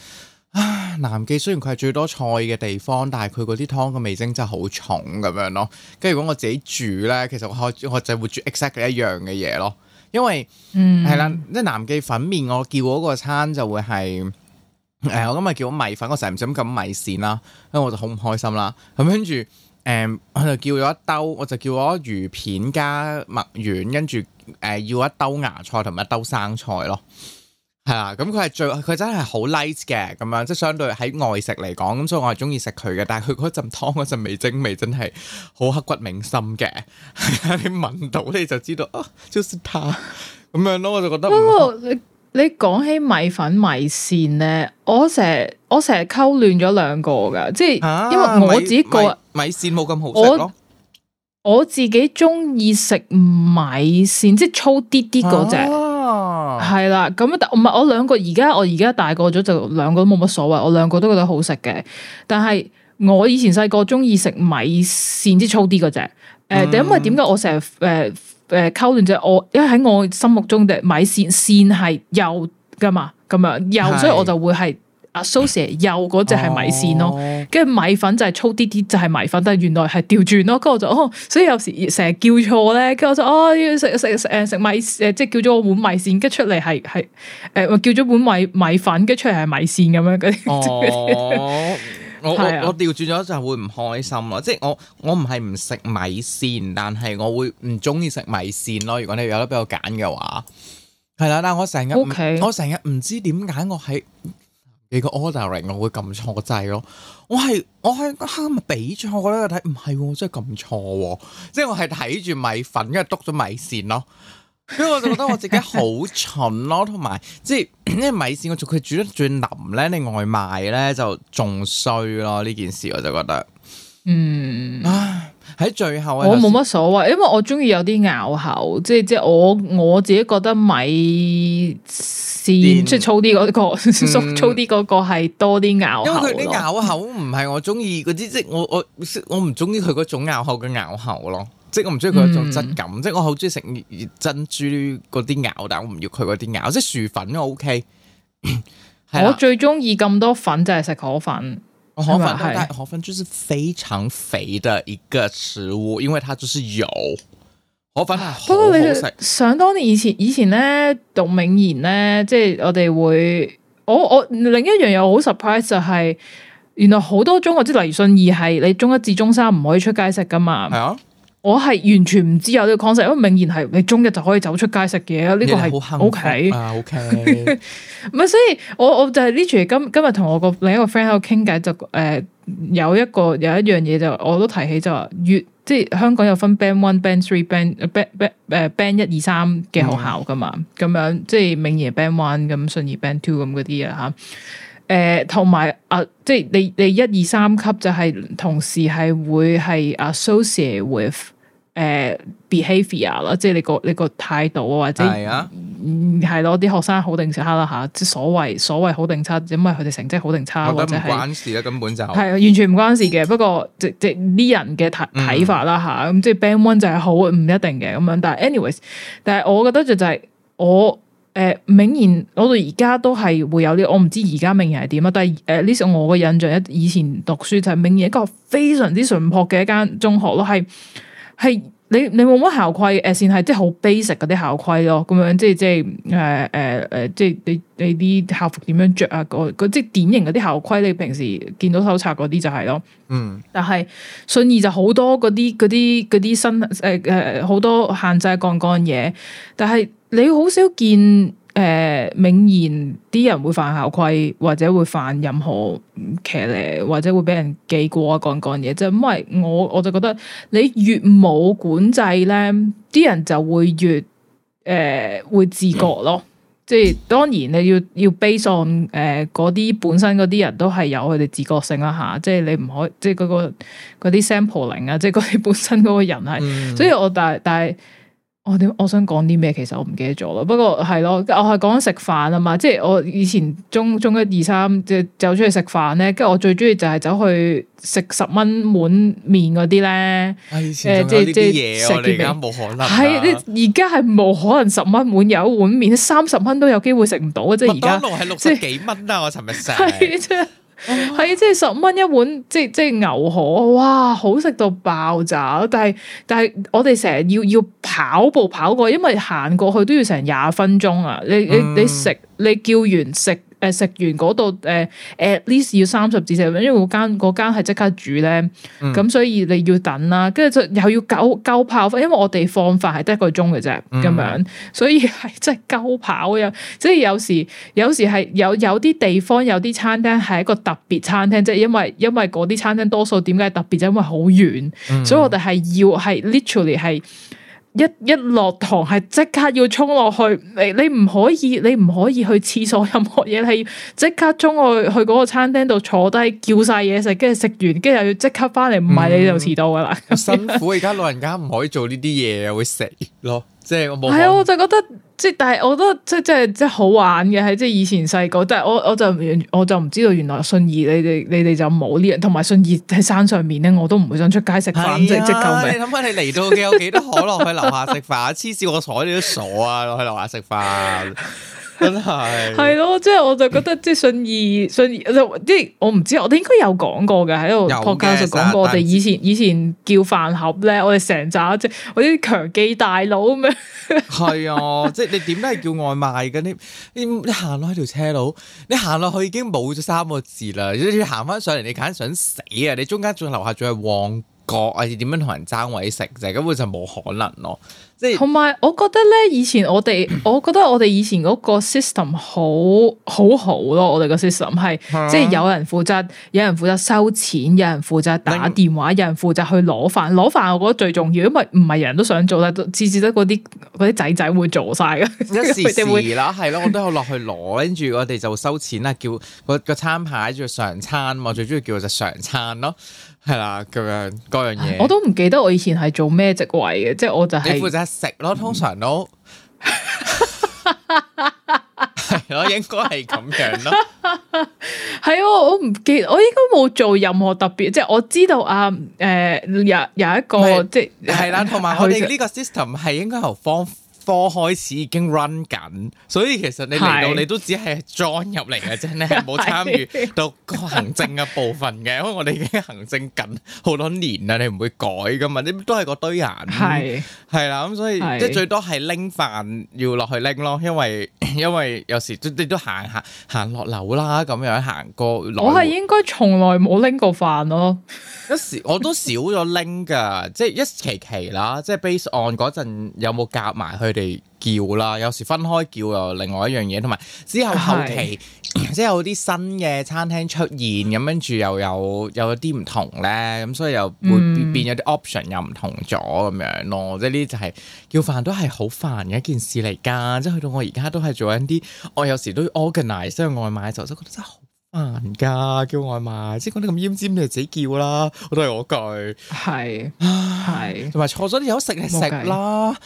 S2: 啊，南記雖然佢係最多菜嘅地方，但係佢嗰啲湯嘅味精真係好重咁樣咯。跟住如果我自己煮咧，其實我我，我就會煮 exactly 一樣嘅嘢咯。因為嗯係啦，即係南記粉麵，我叫嗰個餐就會係。誒、呃，我今日叫咗米粉，我成日唔想咁米線啦，因為我就好唔開心啦。咁跟住，誒、呃，我就叫咗一兜，我就叫咗魚片加墨丸，跟住誒、呃，要一兜芽菜同埋一兜生菜咯。係啦、啊，咁佢係最，佢真係好 nice 嘅，咁樣即係相對喺外食嚟講，咁所以我係中意食佢嘅。但係佢嗰陣湯嗰陣味精味真係好刻骨銘心嘅。 你聞到咧就知道，啊，就是他咁樣咯，我就覺得唔好
S1: 你講起米粉、米線咧，我成我成日溝亂咗兩個噶，即係、啊、因為我自己個米，
S2: 米，米線冇咁好食。
S1: 我自己中意食米線，即係粗啲啲嗰隻，係啦、啊。咁唔係我兩個，而家我而家大個咗，就兩個都冇乜所謂，我兩個都覺得好食嘅。但係我以前細個中意食米線，即係粗啲嗰隻。誒、嗯，因為點解我成日誒？呃誒溝亂就我，因為喺我心目中嘅米線線係幼㗎嘛，咁樣幼，是所以我就會係阿蘇蛇幼嗰隻係米線咯，跟住、哦、米粉就係粗啲啲就係米粉，但係原來係調轉咯，跟住我就哦，所以有時成日叫錯咧，跟住我就哦要食食食食米誒，即係叫咗碗米線，跟住出嚟係係誒叫咗碗米米粉，跟住出嚟係米線咁樣啲。哦
S3: 我我我
S2: 調轉咗就會唔開心咯，即係我我唔係唔食米線，但係我會唔中意食米線咯。如果你有得俾我揀嘅話，係啦。但係我成日 Okay. 我成日唔知點解我喺你個 ordering，我會撳錯掣咯。我係我係啱咪俾錯，我覺得睇唔係，我真係咁錯。即係我係睇住米粉，因為篤咗米線咯。 因為我就覺得我自己好蠢咯，同埋 即係因為米線我做佢煮得最腍咧，你外賣咧就仲衰咯。呢件事我就覺得，嗯，喺最後、就是、我冇乜
S1: 所謂，因為我中意有啲咬口，即係即係我我自己覺得米線電即係粗啲嗰、嗰個，嗯、 粗啲嗰個係多啲咬口。因為咬
S2: 口唔係我中意嗰啲，即係我我我唔中意佢嗰種咬口嘅咬口咯。即我唔中意佢嗰種質感，嗯、即係我好中意食珍珠嗰啲咬，但係我唔要佢嗰啲咬。即係薯粉我 OK，
S1: 啦我最中意咁多粉就係食河粉。河可粉係河
S2: 粉，就是非常肥的一個食物，因為它就是油。河粉係好好食。
S1: 想當年以前以前咧讀明言咧，即、就、係、是、我哋會，我我另一樣嘢好 surprise 就係、是，原來好多中學即係例如信義係你中一至中三唔可以出街食噶嘛。係啊。我係完全唔知有呢個 concept，因為明言係你中日就可以走出街食嘢，呢個係 OK。啊 OK，唔係， 所以我我就係呢條今今日同我個另一個 friend 喺度傾偈，就誒、呃、有一個有一樣嘢就我都提起就話、是，越即係香港有分 Band One、Band Three、Band Band 誒 Band 一二三嘅學校噶嘛，咁、嗯、樣即係明賢 Band One 咁，順義 Band Two 咁嗰啲啊嚇。誒、呃，同埋啊，即係你你一二三級就係同時係會係 associate with。誒、呃、behavior 啦，即係你個你個態度啊，或者係咯，啲、啊嗯、學生好定差啦吓，即所謂所謂好定差，因為佢哋成績好定差，覺得唔關事啦，
S2: 根本就係
S1: 完全唔關事嘅。 不過即、嗯、即係人嘅睇睇法啦吓，咁即係 band one 就係好唔一定嘅咁樣。但係 anyways，但係我覺得就就是、係我誒、呃，明賢我到而家都係會有啲，我唔知而家明賢係點啊。但係誒，呢個我嘅印象一以前讀書就係、是、明賢一個非常之純樸嘅一間中學咯，係。係你你冇乜校規誒，先係即係好 basic 嗰啲校規咯，咁樣即係即係誒誒誒，即係、呃呃、你你啲校服點樣着啊？嗰即係典型嗰啲校規，你平時見到手冊嗰啲就係咯。嗯，但，但係信義就好多嗰啲啲啲新誒誒好多限制槓杆嘢，但係你好少見。誒，明顯啲人會犯校規，或者會犯任何騎呢，或者會俾人記過啊，講講嘢，即係因為我我就覺得你越冇管制咧，啲人就會越誒、呃、會自覺咯。即係當然你要要 base on 嗰啲本身嗰啲人都係有佢哋自覺性啊嚇。即係你唔可即係嗰個嗰啲 sampling 啊，即係嗰啲本身嗰個人係。嗯、所以我但係但係。我點？我想講啲咩？其實我唔記得咗啦。不過係咯，我係講食飯啊嘛。即係我以前中中一二三，即係走出去食飯咧。跟住我最中意就係走去食十蚊碗麵嗰啲咧。誒，即係即係食啲嘢。而家冇可
S3: 能。係，而
S1: 家係冇可能十蚊碗有一碗麵，三十蚊都有機會食唔到啊！即係而家麥當
S2: 勞係六十幾蚊啦？是我尋日食。
S1: 係、oh.，即係十蚊一碗，即係即係牛河，哇，好食到爆炸！但係但係，我哋成日要要跑步跑過，因為行過去都要成廿分鐘啊！你、mm. 你你食。你叫完食，誒食、呃、完嗰度，at least 要三十至四十蚊，因為嗰間嗰間係即刻煮咧，咁、嗯、所以你要等啦、啊，跟住就又要夠夠跑，因為我哋放飯係得一個鐘嘅啫，咁、嗯、樣，所以係真係夠跑呀，即係有時有時係有有啲地方有啲餐廳係一個特別餐廳，即係因為因為嗰啲餐廳多數點解特別，就因為好遠，嗯、所以我哋係要係 literally 係。一一落堂係即刻要衝落去，你你唔可以，你唔可以去廁所，任何嘢係即刻衝落去去嗰個餐廳度坐低叫晒嘢食，跟住食完，跟住又要即刻翻嚟，唔係、嗯、你就遲到噶啦。嗯、
S2: 辛苦，而家老人家唔可以做呢啲嘢，又會死咯，即係我冇。係啊，我
S1: 就覺得。即係，但係我覺得即係，即係，即係好玩嘅，係即係以前細個。但係我我就我就唔知道，原來信義你哋你哋就冇呢樣，同埋信義喺山上面咧，我都唔會想出街食飯，啊、即係救命。諗下你嚟到嘅，有幾多可落去樓下食
S2: 飯？黐線， 我坐你都傻啊，落去樓下食飯。 真係
S1: 係咯，即係我就覺得即係信義信義，即係我唔知，我哋應該有講過嘅喺度。過有嘅，但係我哋以前以前叫飯盒咧是，我哋成扎即係我啲強記大佬咁樣。
S2: 係啊， 即係你點都係叫外賣嘅， 你你行落去條車路，你行落去已經冇咗三個字啦，你行翻上嚟，你簡直想死啊！你中間仲樓下仲係旺。個或點樣同人爭位食就根本就冇可能咯，
S1: 即係同埋我覺得咧，以前我哋， 我覺得我哋以前嗰個 system 好好好咯，我哋個 system 系統、啊、即係有人負責，有人負責收錢，有人負責打電話，有人負責去攞飯，攞飯是我覺得最重要，因為唔係人人都想做啦，但次次都嗰啲嗰啲仔仔會做晒噶，一 時時啦
S2: 係咯，我都有落去攞，跟住我哋就收錢啦，叫、嗰個餐牌叫常餐，嘛，最中意叫就常餐咯。係啦，咁樣嗰樣嘢。我都
S1: 唔記得我以前係做咩職位嘅，即係我就係、是。你負責食咯，通常都、嗯。係 咯， 應該係咁樣咯。係我我唔記得，我應該冇做任何特別，即係我知道啊。誒、呃，有有一個是即係啦，同埋我哋呢個
S2: system 係著應該由方科開始已經 run 緊，所以其實你嚟到是你都只係 join 入嚟嘅啫，你係冇參與到個行政嘅部分嘅， 因為我哋已經行政緊好多年啦，你唔會改噶嘛，你都係嗰堆人，係係啦，咁所以即係是最多係拎飯要落去拎咯，因為。因為有時你都，都行行行落樓啦，咁樣行過。我係
S1: 應該從來冇拎過飯咯，
S2: 啊，有 時我都少咗拎噶，即係一期期啦，即係 base on 嗰陣有冇夾埋佢哋。叫啦，有時分開叫又另外一樣嘢，同埋之後後期是 即係有啲新嘅餐廳出現，咁跟住又有又有啲唔同咧，咁所以又會變咗啲、嗯、option 又唔同咗咁樣咯、哦。即係呢啲就係、是、叫飯都係好煩嘅一件事嚟噶。即係去到我而家都係做緊啲，我有時都 organize 將外賣，就真覺得真係好煩噶叫外賣。即係講啲咁腌尖，你哋自己叫啦，我都係嗰句。係，係是，同埋錯咗啲有食就食啦。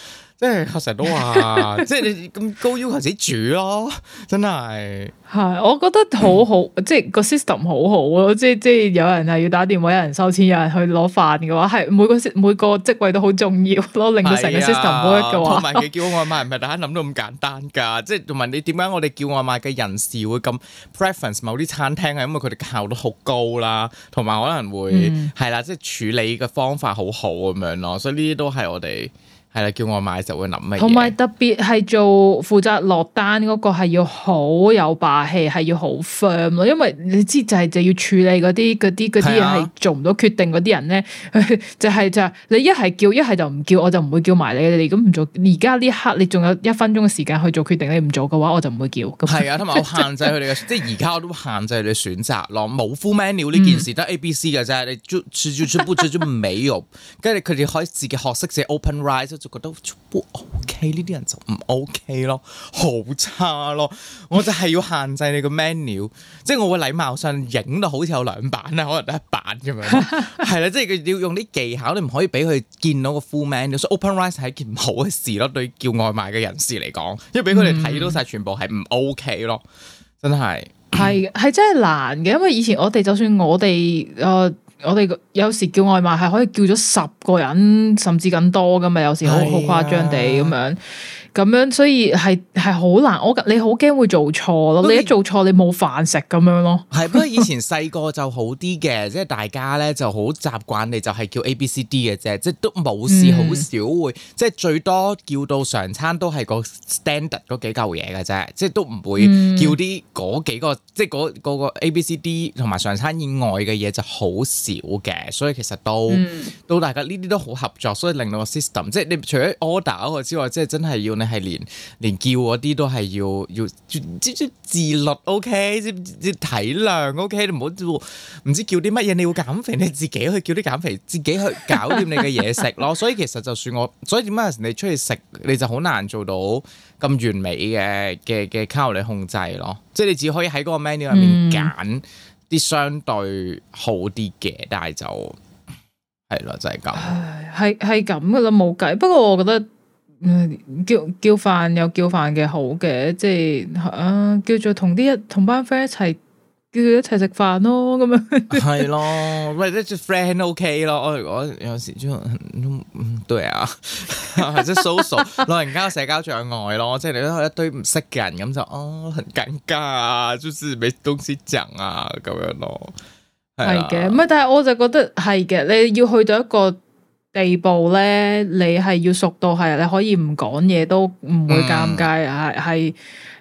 S2: 即係確實都話，即係你咁高要求自己煮咯，真係
S1: 係， 我覺得好好，即係個 system 好好咯，即係即係有人係要打電話，有人收錢，有人去攞飯嘅話，係每個每個職位都好重要咯，令到成個 system 好一嘅話。同埋佢叫外
S2: 賣唔係大家諗到咁簡單噶，即係同埋你點解我哋叫外賣嘅人士會咁 preference 某啲餐廳？係因為佢哋嘅效率好高啦，同埋可能會係啦，即係、嗯啊就是、處理嘅方法好好咁樣咯，所以呢啲都係我哋。係啦，叫我買就會諗起。同埋
S1: 特別係做負責落單嗰個係要好有霸氣，係要好 firm 咯。因為你知就係就要處理嗰啲嗰啲嗰啲嘢，係做唔到決定嗰啲人咧，就係就你一係叫一係就唔叫，我就唔會叫埋你。你咁唔做，而家呢刻你仲有一分鐘嘅時間去做決定，你唔做嘅話，我就唔會叫。係啊，同埋我限制
S2: 佢哋嘅，即係而家我都限制你選擇咯。冇 full menu 呢件事得 A、B、C 嘅啫，你做做做做做做美容，跟住佢哋可以自己學識寫 open rice。就覺得唔 OK，呢啲人就唔 OK 咯，好差咯！我就係要限制你嘅 menu，即係我嘅禮貌上影到好似有兩版啦，可能得一版咁樣，係啦，。 即係佢要用啲技巧，你唔可以俾佢見到個 full menu，所以 OpenRice 係一件唔好嘅事咯，對叫外賣嘅人士嚟講，因為俾佢哋睇到晒，全部係唔 OK 咯，真係
S1: 係係真係難嘅，因為以前我哋就算我哋啊。呃我哋有時叫外賣係可以叫咗十個人甚至更多噶嘛，有時好好誇張地咁樣。咁樣，所以係係好難，我你好驚會做錯咯。其你一做錯，你冇飯食咁樣咯。
S2: 係不過以前細個就好啲嘅，即係大家咧就好習慣，你就係叫 A、B、C、D 嘅啫，即係都冇事，好、嗯、少會，即係最多叫到常餐都係個 standard 嗰幾嚿嘢嘅啫，即係都唔會叫啲幾個，嗯、即係嗰個 A、B、C、D 同埋常餐以外嘅嘢就好少嘅。所以其實都、嗯、到大家呢啲都好合作，所以令到個 system 即係你除咗 order 一個之外，即係真係要。你係連連叫嗰啲都係要要即係自律，OK，即係體諒，OK，你唔好做唔知叫啲乜嘢，你要減肥，你自己去叫啲減肥，自己去搞掂你嘅嘢食咯。 所以其實就算我所以點解你出去食，你就好難做到咁完美嘅嘅嘅卡路里控制咯。即係你只可以喺嗰個 menu 入面揀啲相對好啲嘅，嗯、但係就係咯，就係、係、咁，
S1: 係係咁噶啦，冇計。不過我覺得。嗯、叫叫飯有叫飯嘅好，嘅，即係啊，叫做同啲一同班 friend 一齊叫佢一齊食飯咯，咁樣
S2: 係 咯，喂，即係 friend OK 咯。我如果有時都嗯，對啊，或者 social 老 人家嘅社交障礙咯，即係你都一堆唔識嘅人咁就哦，很尷尬啊，就是沒東西整啊，咁樣
S1: 咯，係嘅，唔係，但係我就覺得係嘅，你要去到一個。地步咧，你係要熟到係，你可以唔講嘢都唔會尷尬，係係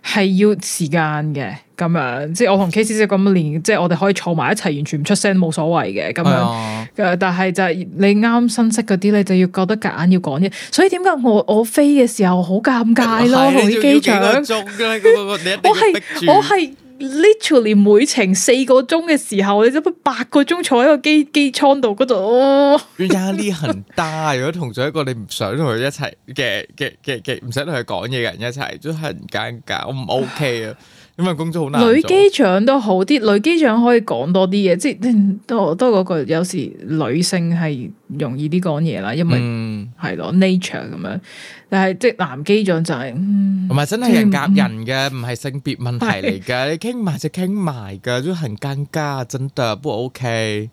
S1: 係要時間嘅咁樣。即係我同 K 師姐咁多年，即係我哋可以坐埋一齊，完全唔出聲冇所謂嘅咁樣。誒、哦，但係就係你啱新識嗰啲，你就要覺得夾硬要講嘢。所以點解我我飛嘅時候好尷尬咯？同啲機長，兩
S3: 種嘅。我
S1: 係我係。literally 每程四個鐘嘅時候，你都八個鐘坐喺個機機艙度嗰度，壓力好
S2: 大。如果同咗一個你唔想同佢一齊嘅嘅嘅嘅，唔想同佢講嘢嘅人一齊，真係尷尬，我唔 OK 啊！ 因為工作
S3: 好難做，女機
S1: 長都好啲，女機長可以講多啲嘢，即係都都嗰句，有時女性係容易啲講嘢啦，因為係咯、嗯、nature 咁樣。但係即係男機長就係、是、同、嗯、埋真係人夾
S2: 人嘅，唔係、嗯、性別問題嚟噶，是你傾埋就傾埋噶，就很尷尬，真得，不過 OK。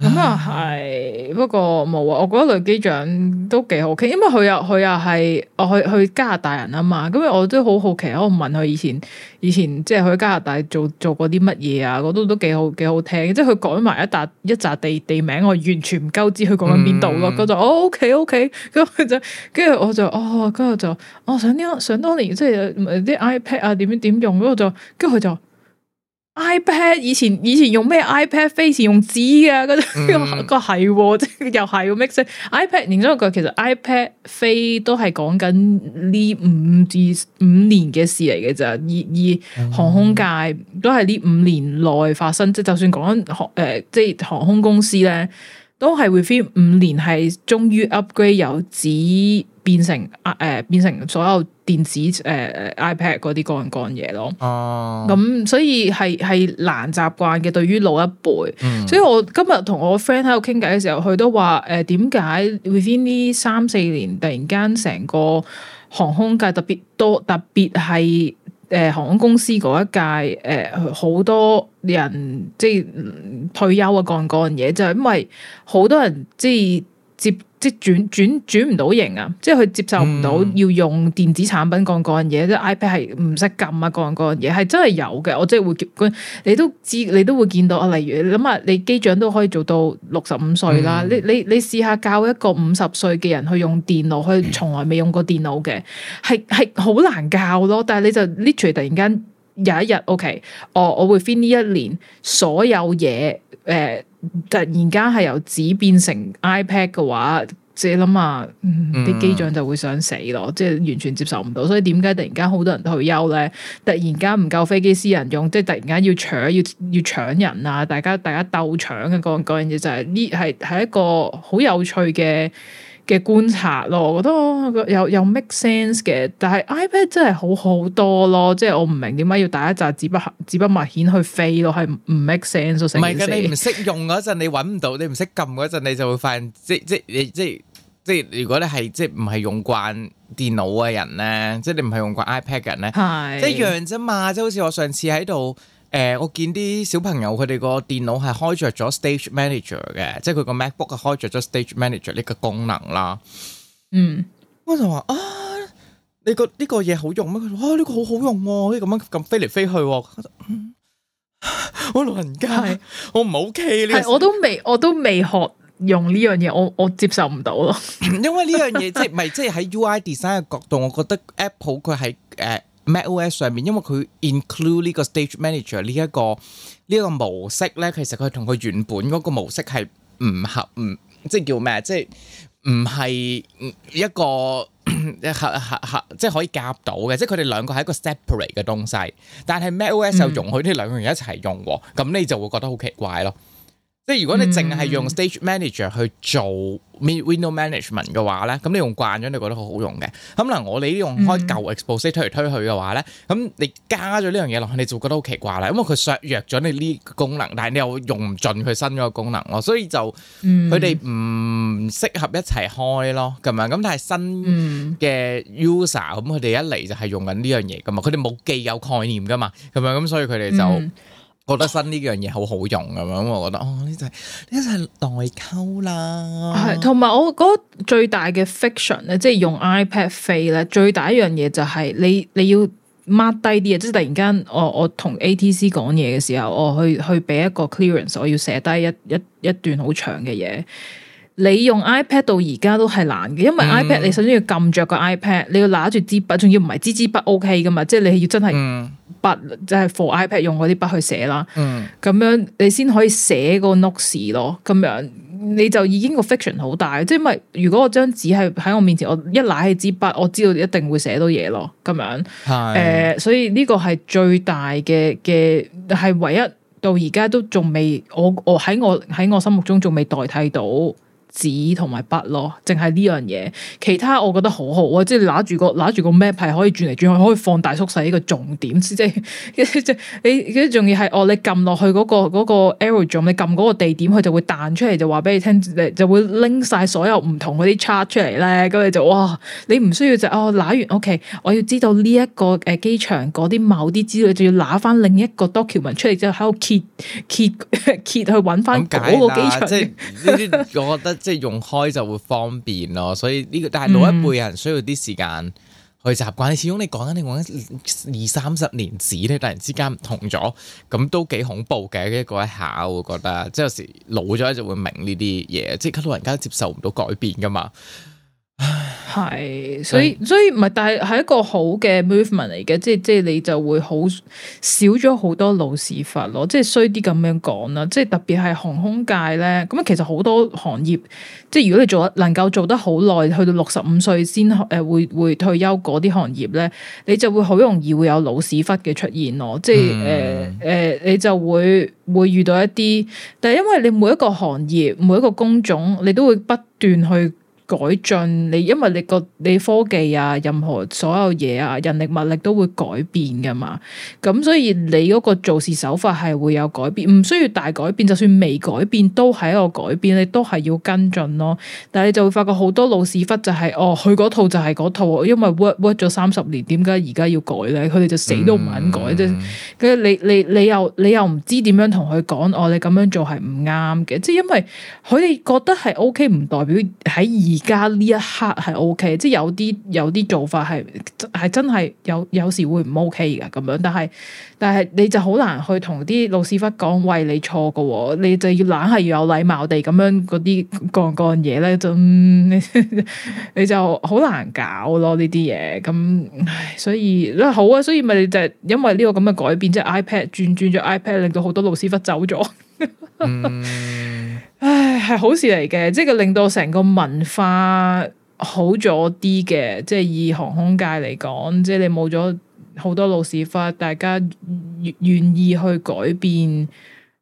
S1: 咁、嗯、啊係，不過冇啊，我覺得劉機長都幾好傾，因為佢又佢又係，我去去加拿大人啊嘛，咁啊我都好好奇，我問佢以前以前即係去加拿大做做過啲乜嘢啊，嗰度都幾好幾好聽，即係佢改埋一笪一笪地地名，我完全唔夠知佢講緊邊度咯，佢、嗯、就哦 OK OK，咁就跟住我就哦，跟住就我想啲想當年即係啲 iPad 啊點點用，咁我就跟住佢就。iPad 以前以前用咩 iPad 飛？iPad 飛前用紙 啊，嗰種個係，即係又係 mix、mm.。iPad 其中一個其實 iPad 飛都係講緊呢五至五年嘅事嚟嘅咋。而而航空界都係呢五年內發生，即係就算講緊航誒，即係航空公司咧。都係 within 五年係終於 upgrade 由紙變成誒、呃、變成所有電子誒 iPad 嗰啲個人乾嘢咯，咁、哦、所以係係難習慣嘅，對於老一輩。嗯、所以我今日同我 friend 喺度傾偈嘅時候，佢都話誒，點解 within 呢三四年突然間成個航空界特別多特別係。誒、呃，航空公司嗰一屆，誒、呃，好多人即係退休啊，幹嗰樣嘢，就係因為好多人即係。接即轉轉轉唔到型啊！即係佢接受唔到要用電子產品嗰嗰樣嘢，嗯、即 iPad 係唔識撳啊，嗰樣嗰樣嘢係真係有嘅。我即係會結，你都知你都會見到啊。例如你諗下，你機長都可以做到六十五歲啦。你你你試下教一個五十歲嘅人去用電腦，佢從來未用過電腦嘅，係係好難教咯。但係你就 literally 突然間有一日，OK，我我會 finish 一年所有嘢，誒、呃。呃突然間係由紙變成 iPad 嘅話，即係諗下啲機長就會想死咯，即係完全接受唔到。所以點解突然間好多人退休咧？突然間唔夠飛機私人用，即係突然間要搶，要要搶人啊！大家大家鬥搶嘅嗰嗰樣嘢就係、是、呢，係係一個好有趣嘅。嘅觀察咯，我覺得有有 make sense 嘅，但係 iPad 真係好好多咯，即係我唔明點解要打一扎紙筆紙筆墨硯去飛咯，係唔 make sense 唔係嘅？你唔識
S2: 用嗰陣，你揾唔到；你唔識撳嗰陣，你就會發現，即即你即即如果你係即唔係用慣電腦嘅人咧，即你唔係用慣 iPad 嘅人咧，係一樣啫嘛，即好似我上次喺度。誒、呃，我見啲小朋友佢哋個電腦係開著咗 Stage Manager 嘅，即係佢個 MacBook 係開著咗 Stage Manager 呢個功能啦。嗯，我就話啊，你覺呢個嘢好用咩？佢話啊，呢個好好用，可以咁樣咁飛嚟飛去。
S1: 我老人家， 我唔 OK 呢？我都未，我都未學用呢樣嘢，我我接受唔到咯。 因為呢樣嘢即係咪即係喺 UI
S2: design 嘅角度，我覺得 Apple 佢係，誒。呃 MacOS 上面，因為佢 include 呢個 Stage Manager 呢、呢、一個呢一、呢個、模式咧，其實佢同佢原本嗰個模式係唔合，唔即係叫咩？即係唔係一個合合合，即係可以夾到嘅。即係佢哋兩個係一個 separate 嘅東西，但係 MacOS 又容許呢兩個人一齊用，咁、嗯、你就會覺得好奇怪咯。即係如果你淨係用 stage manager 去做 window management 嘅話咧，咁你用慣咗，你覺得好好用嘅。咁嗱，我哋呢用開舊 Expose 推嚟推去嘅話咧，咁你加咗呢樣嘢落去，你就覺得好奇怪啦。因為佢削弱咗你呢個功能，但係你又用唔盡佢新嗰個功能咯。所以就，佢哋唔適合一齊開咯，咁樣，咁但係新嘅 user 咁，佢哋一嚟就係用緊呢樣嘢噶嘛，佢哋冇既有概念噶嘛，咁樣，咁所以佢哋就。覺得新呢樣嘢好好用咁樣，我覺得哦，呢就係
S3: 呢
S1: 就係
S2: 代溝啦。
S1: 係，同埋我覺得最大嘅 fiction 咧，即係用 iPad 飛咧，最大一樣嘢就係你你要 mark 低啲嘢，即係突然間我我同 ATC 講嘢嘅時候，我去去俾一個 clearance，我要寫低一一一段好長嘅嘢。你用 iPad 到而家都係難嘅，因為 iPad 你首先要撳着個 iPad，你要拿住支筆，仲要唔係支支筆 OK 㗎嘛？即係你要真係筆，即係、嗯、for iPad 用嗰啲筆去寫啦。咁、嗯、樣你先可以寫個 notes 咯。咁樣你就已經個 fiction 好大，即係因為如果我張紙係喺我面前，我一拿起支筆，我知道你一定會寫到嘢咯。咁樣誒是、呃，所以呢個係最大嘅嘅，係唯一到而家都仲未，我我喺我喺我心目中仲未代替到。紙同埋筆咯，淨係呢樣嘢，其他我覺得好好啊！即係攞住個攞住個 map 係可以轉嚟轉去，可以放大縮細呢個重點，即係即係你仲要係哦，你撳落去嗰、嗰個嗰、嗰個 aerodrome，um, 你撳嗰個地點，佢就會彈出嚟就話俾你聽，就會拎晒所有唔同嗰啲 chart 出嚟咧。咁你就哇，你唔需要就哦攞完，OK，我要知道呢一個誒機場嗰啲某啲資料，就要攞翻另一個 document 出嚟之後喺度揭揭揭去揾翻嗰個機場。咁解啊！即係呢啲，
S2: 我覺得。 即係用開就會方便咯，所以呢、呢個，但係老一輩人需要啲時間去習慣、嗯。你始終你講緊你講緊二三十年紙，你突然之間唔同咗，咁都幾恐怖嘅一個下，我覺得。即係有時老咗就會明呢啲嘢，即係老人家接受唔到改變噶嘛。
S1: 係，所以所以唔係，但係係一個好嘅 movement 嚟嘅，即係即係你就會好少咗好多老屎忽咯，即係衰啲咁樣講啦，即係特別係航空界咧，咁啊其實好多行業，即係如果你做能夠做得好耐，去到六十五歲先誒會會退休嗰啲行業咧，你就會好容易會有老屎忽嘅出現咯，即係誒誒，你就會會遇到一啲，但係因為你每一個行業每一個工種，你都會不斷去。改進你，因為你個你科技啊，任何所有嘢啊，人力物力都會改變噶嘛。咁所以你嗰個做事手法係會有改變，唔需要大改變，就算未改變都係一個改變，你都係要跟進咯。但係你就會發覺好多老屎忽就係、是、哦，佢嗰套就係嗰套，因為 work work 咗三十年，點解而家要改咧？佢哋就死都唔肯改啫。跟、嗯、你你你又你又唔知點樣同佢講，哦，你咁樣做係唔啱嘅，即係因為佢哋覺得係 OK，唔代表喺二。而家呢一刻係 O K，即係有啲有啲做法係係真係有有時會唔 O K 嘅咁樣，但係但係你就好難去同啲老師傅講，喂你錯噶，你就是要懶係要有禮貌地咁樣嗰啲講講嘢咧，就、嗯、 你就好難搞咯呢啲嘢，咁所以好啊，所以咪你就係因為呢個咁嘅改變，即係 iPad 轉轉咗 iPad，令到好多老師傅走咗。唉，係好事嚟嘅，即係令到成個文化好咗啲嘅。即係以航空界嚟講，即係你冇咗好多老屎忽，大家願願意去改變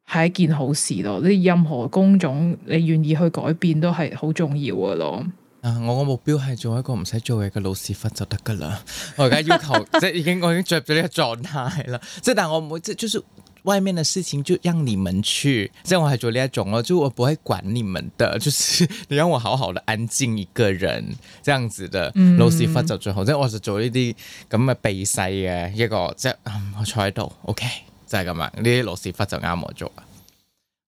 S1: 係一件好事咯。你任何工種，你願意去改變都係好重要嘅咯。啊，我個目標係做一個唔使做嘢嘅老
S2: 屎忽就得噶啦。我而家要求 即係已經，我已經着咗呢個狀態啦。即係但我我唔會，即係就係。外面嘅事情就讓你們去，即係我係做呢一種咯，就我唔會管你們的，就是你讓我好好的安靜一個人，這樣子的。嗯，老屎忽就最好，即係我就做呢啲咁嘅避世嘅一個，即係、嗯、我坐喺度，OK，就係咁啊，呢啲老屎忽就啱我做。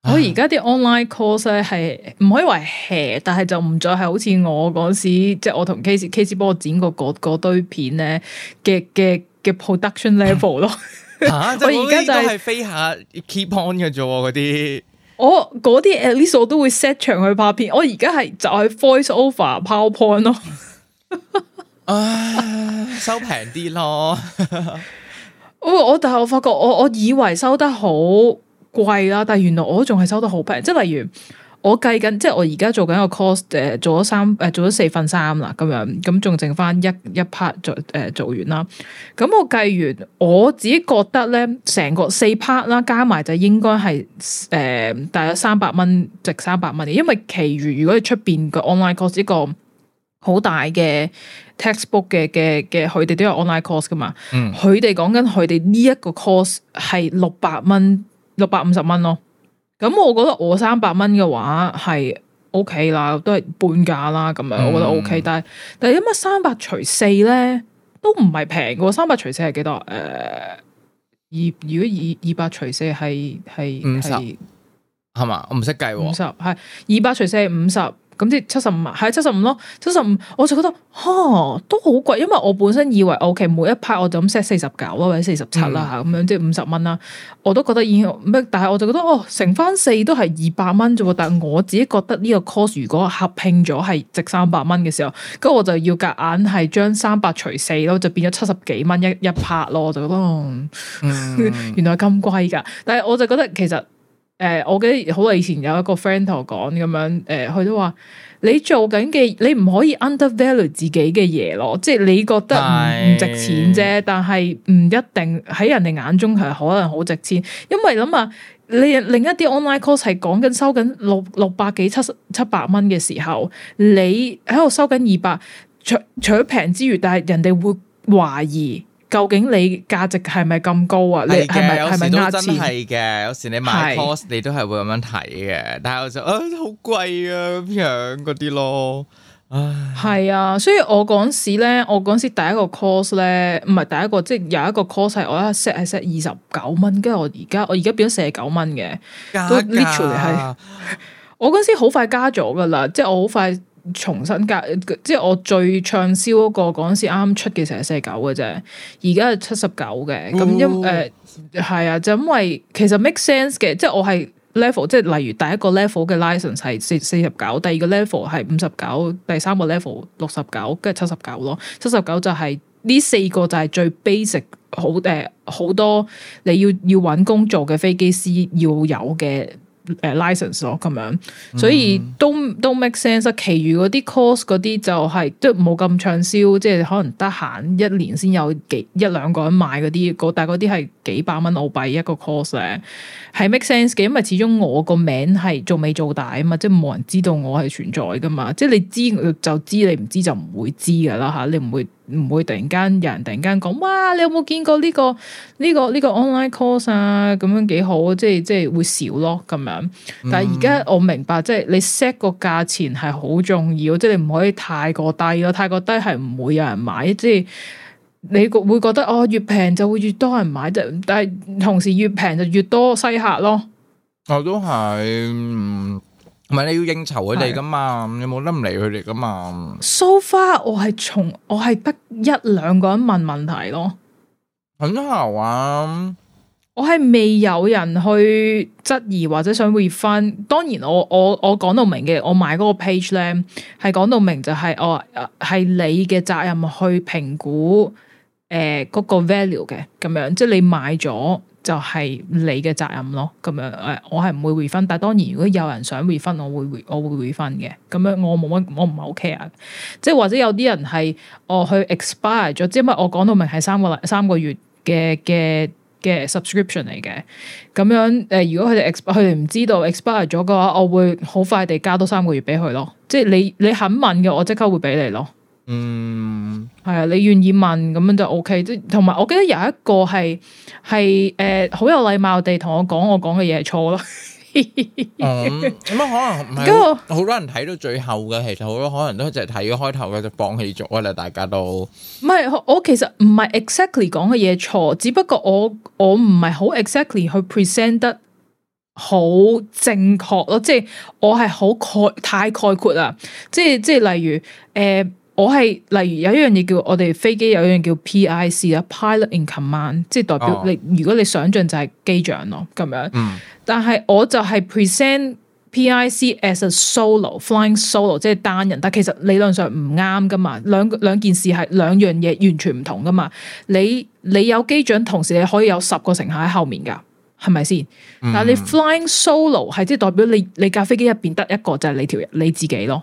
S1: 我而家啲 online course 咧係唔可以話 hea 但係就唔再係好似我嗰時，即係我同 Casey，Casey 幫我剪過嗰堆片咧嘅嘅嘅 production level 咯。 吓！啊、我而家就係
S2: 飛下 keep on 嘅啫，嗰啲
S1: 我嗰啲 at least 我，我都會 set 場去拍片。我而家係就係 voice over PowerPoint 咯， 啊、收平啲咯 我。我我但係我發覺我我以為收得好貴啦，但係原來我仲係收得好平。即係例如。我計緊，即係我而家做緊一個 course，誒做咗三誒做咗四分三啦，咁樣咁仲剩翻一一 part 做誒、呃、做完啦。咁我計完，我自己覺得咧，成個四 part 啦，加埋就應該係誒大約三百蚊值三百蚊。因為其餘如果你出邊個 online course 一個好大嘅 textbook 嘅嘅嘅，佢哋都有 online course 㗎嘛。嗯，佢哋講緊佢哋呢一個 course 係六百蚊，六百五十蚊咯。咁我覺得我三百蚊嘅話係 OK 啦，都係半價啦，咁樣我覺得 OK。嗯，但，但係但係點解三百除四咧都唔係平嘅？三百除四係幾多？誒、呃，二如果二二百除四係係五十係嘛？我唔識計喎。五十係二百除四係五十。咁即七十五係七十五咯，七十五，我就覺得哈都好貴，因為我本身以為 o、OK, k 每一拍我就咁 set 四十九啊或者四十七啦吓咁樣，即係五十蚊啦，我都覺得已咩，但係我就覺得哦乘翻四都係二百蚊啫喎，但係我自己覺得呢個 cost 如果合拼咗係值三百蚊嘅時候，咁我就要夾硬係將三百除四咯，就變咗七十幾蚊一一拍咯，我就覺得，哦嗯、 原來咁貴噶，但係我就覺得其實。誒、呃，我記得好耐以前有一個 friend 同我講咁樣，誒、呃，佢都話你做緊嘅，你唔可以 undervalue 自己嘅嘢咯，即係你覺得唔值錢啫，是的 但係唔一定喺人哋眼中係可能好值錢，因為諗下你另一啲 online course 係講緊收緊六六百幾七七百蚊嘅時候，你喺度收緊二百，除除咗平之餘，但係人哋會懷疑。究竟你價值係咪咁高啊？係嘅，你係咪有時都真係嘅，係
S2: 嘅，係咪有時你買 course 係嘅，你都係會咁樣睇嘅，但係我就好貴啊咁樣嗰啲咯，唉，
S1: 係啊，所以我嗰時咧，我嗰時第一個 course 咧，唔係第一個，即係有一個 course 係我一 set 係 set 二十九蚊，跟住我而家我而家變咗四十九蚊嘅，都 literally 係，我嗰時好快加咗噶啦，即係我好快。重新加，即係我最暢銷嗰個嗰陣時啱啱出嘅成四十九嘅啫，而家係七十九嘅。咁、哦、因誒係、哦呃、啊，就因為其實 make sense 嘅，即係我係 level，即係例如第一個 level 嘅 license 係四四十九，第二個 level 係五十九，第三個 level 六十九，跟住七十九咯。七十九就係呢四個就係最 basic 好誒、呃，好多你要要揾工作嘅飛機師要有嘅。誒，license 咯咁樣，uh, 所以都都 make sense 其、就是。其餘嗰啲 course 嗰啲就係都冇咁暢銷，即係可能得閒一年先有幾一兩個人買嗰啲，但嗰啲係幾百蚊澳幣一個 course 嘅，係 make sense 嘅，因為始終我個名係仲未做大啊嘛，即係冇人知道我係存在噶嘛，即係你知就知，你唔知就唔會知噶啦吓，你唔會。唔會突然間有人突然間講哇！你有冇見過呢個呢個呢個 online course 啊？咁樣幾好，即係即係會少咯咁樣。但係而家我明白，嗯、即係你 set 個價錢係好重要，即係你唔可以太過低咯。太過低係唔會有人買，即係你會覺得哦，越平就會越多人買啫。但係同時越平就越多西客咯。
S2: 我都係。嗯唔係你要應酬佢哋噶嘛？你冇的得唔理佢哋噶嘛
S1: ？So far，我係從我係得一兩個人問問題咯，很好啊。我係未有人去質疑或者想 refund。當然我，我我我講到明嘅，我買嗰個 page 咧係講到明，就是，就係我係你嘅責任去評估誒嗰、呃那個 value 嘅，咁樣，即係你買咗。就係你嘅責任咯，咁樣誒，我係唔會 refund，但係當然如果有人想 refund，我會 refund 我會 refund 嘅，咁樣我冇乜我唔係 ok 啊，即係或者有啲人係、哦就是、我去 expire 咗，即因為我講到明係三個三個月嘅嘅嘅 subscription 嚟嘅，咁樣誒、呃，如果佢哋佢哋唔知道 expire 咗嘅話，我會好快地加多三個月俾佢咯，即係你你肯問嘅，我即刻會俾你咯。嗯，係啊，你願意問咁樣就 OK。即同埋，我記得有一個係係誒，好、呃、有禮貌地同我講、嗯，我講嘅嘢係錯咯。
S3: 哦，咁啊，可能
S2: 唔係好多人睇到最後嘅，其實好多可能都就睇開頭嘅就放棄咗啦。大家都
S1: 唔係、嗯、我其實唔係 exactly 講嘅嘢錯，只不過我我唔係好 exactly 去 present 得好正確咯，即係我係好概太概括啦。即即例如誒。呃我係例如有一樣嘢叫我哋飛機有一樣叫 PIC 啦，pilot in command，即係代表你。Oh. 如果你想像就係機長咯咁樣，mm. 但係我就係 present PIC as a solo flying solo，即係單人。但其實理論上唔啱㗎嘛，兩兩件事係兩樣嘢完全唔同㗎嘛。你你有機長，同時你可以有十個乘客喺後面㗎，係咪先？Mm. 但你 flying solo 係即係代表你你架飛機入邊得一個就係你條你自己咯。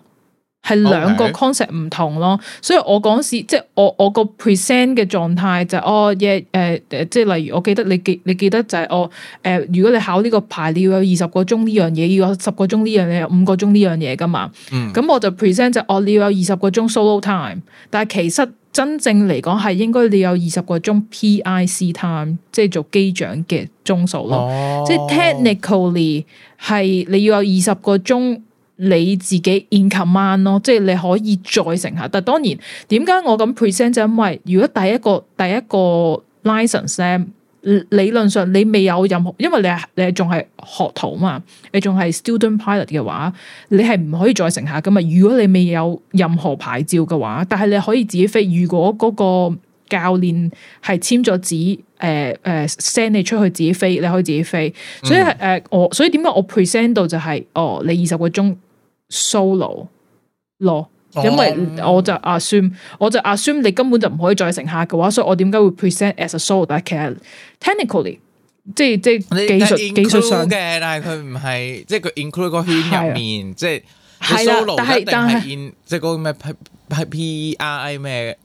S1: 係兩個 concept 唔同咯，Okay. 所以我講時即係我我個 present 嘅狀態就係、哦嘢誒誒，即係例如我記得你記你記得就係我誒、呃，如果你考呢個牌，你要有二十個鐘呢樣嘢，要有十個鐘呢樣嘢，有五個鐘呢樣嘢㗎嘛。咁、mm. 我就 present 就係、哦，你要有二十個鐘 solo time，但係其實真正嚟講係應該你有二十個鐘 PIC time，即係做機長嘅鐘數咯。Oh. 即係 technically 係你要有二十個鐘。你自己 in command 咯，即係你可以再乘下。但當然，點解我咁 present 就因為如果第一個第一個 license，理論上你未有任何，因為你係你仲係學徒嘛，你仲係 student pilot 嘅話，你係唔可以再乘下咁啊。如果你未有任何牌照嘅話，但係你可以自己飛，如果嗰個教練係簽咗紙誒誒 send 你出去自己飛，你可以自己飛，所以係誒我，所以點解我 present 到就係、是、哦，你二十個鐘。solo 咯，因為我就 assume，oh, 我就 assume 你根本就唔可以再成客嘅話，所以我點解會 present as a solo？但係其實 technically，即係即係技術技術上
S2: 嘅，但係佢唔係，即係佢 include 個圈入面，即
S3: 係係啦，但係但係即
S2: 係嗰個咩 p r p r i 咩？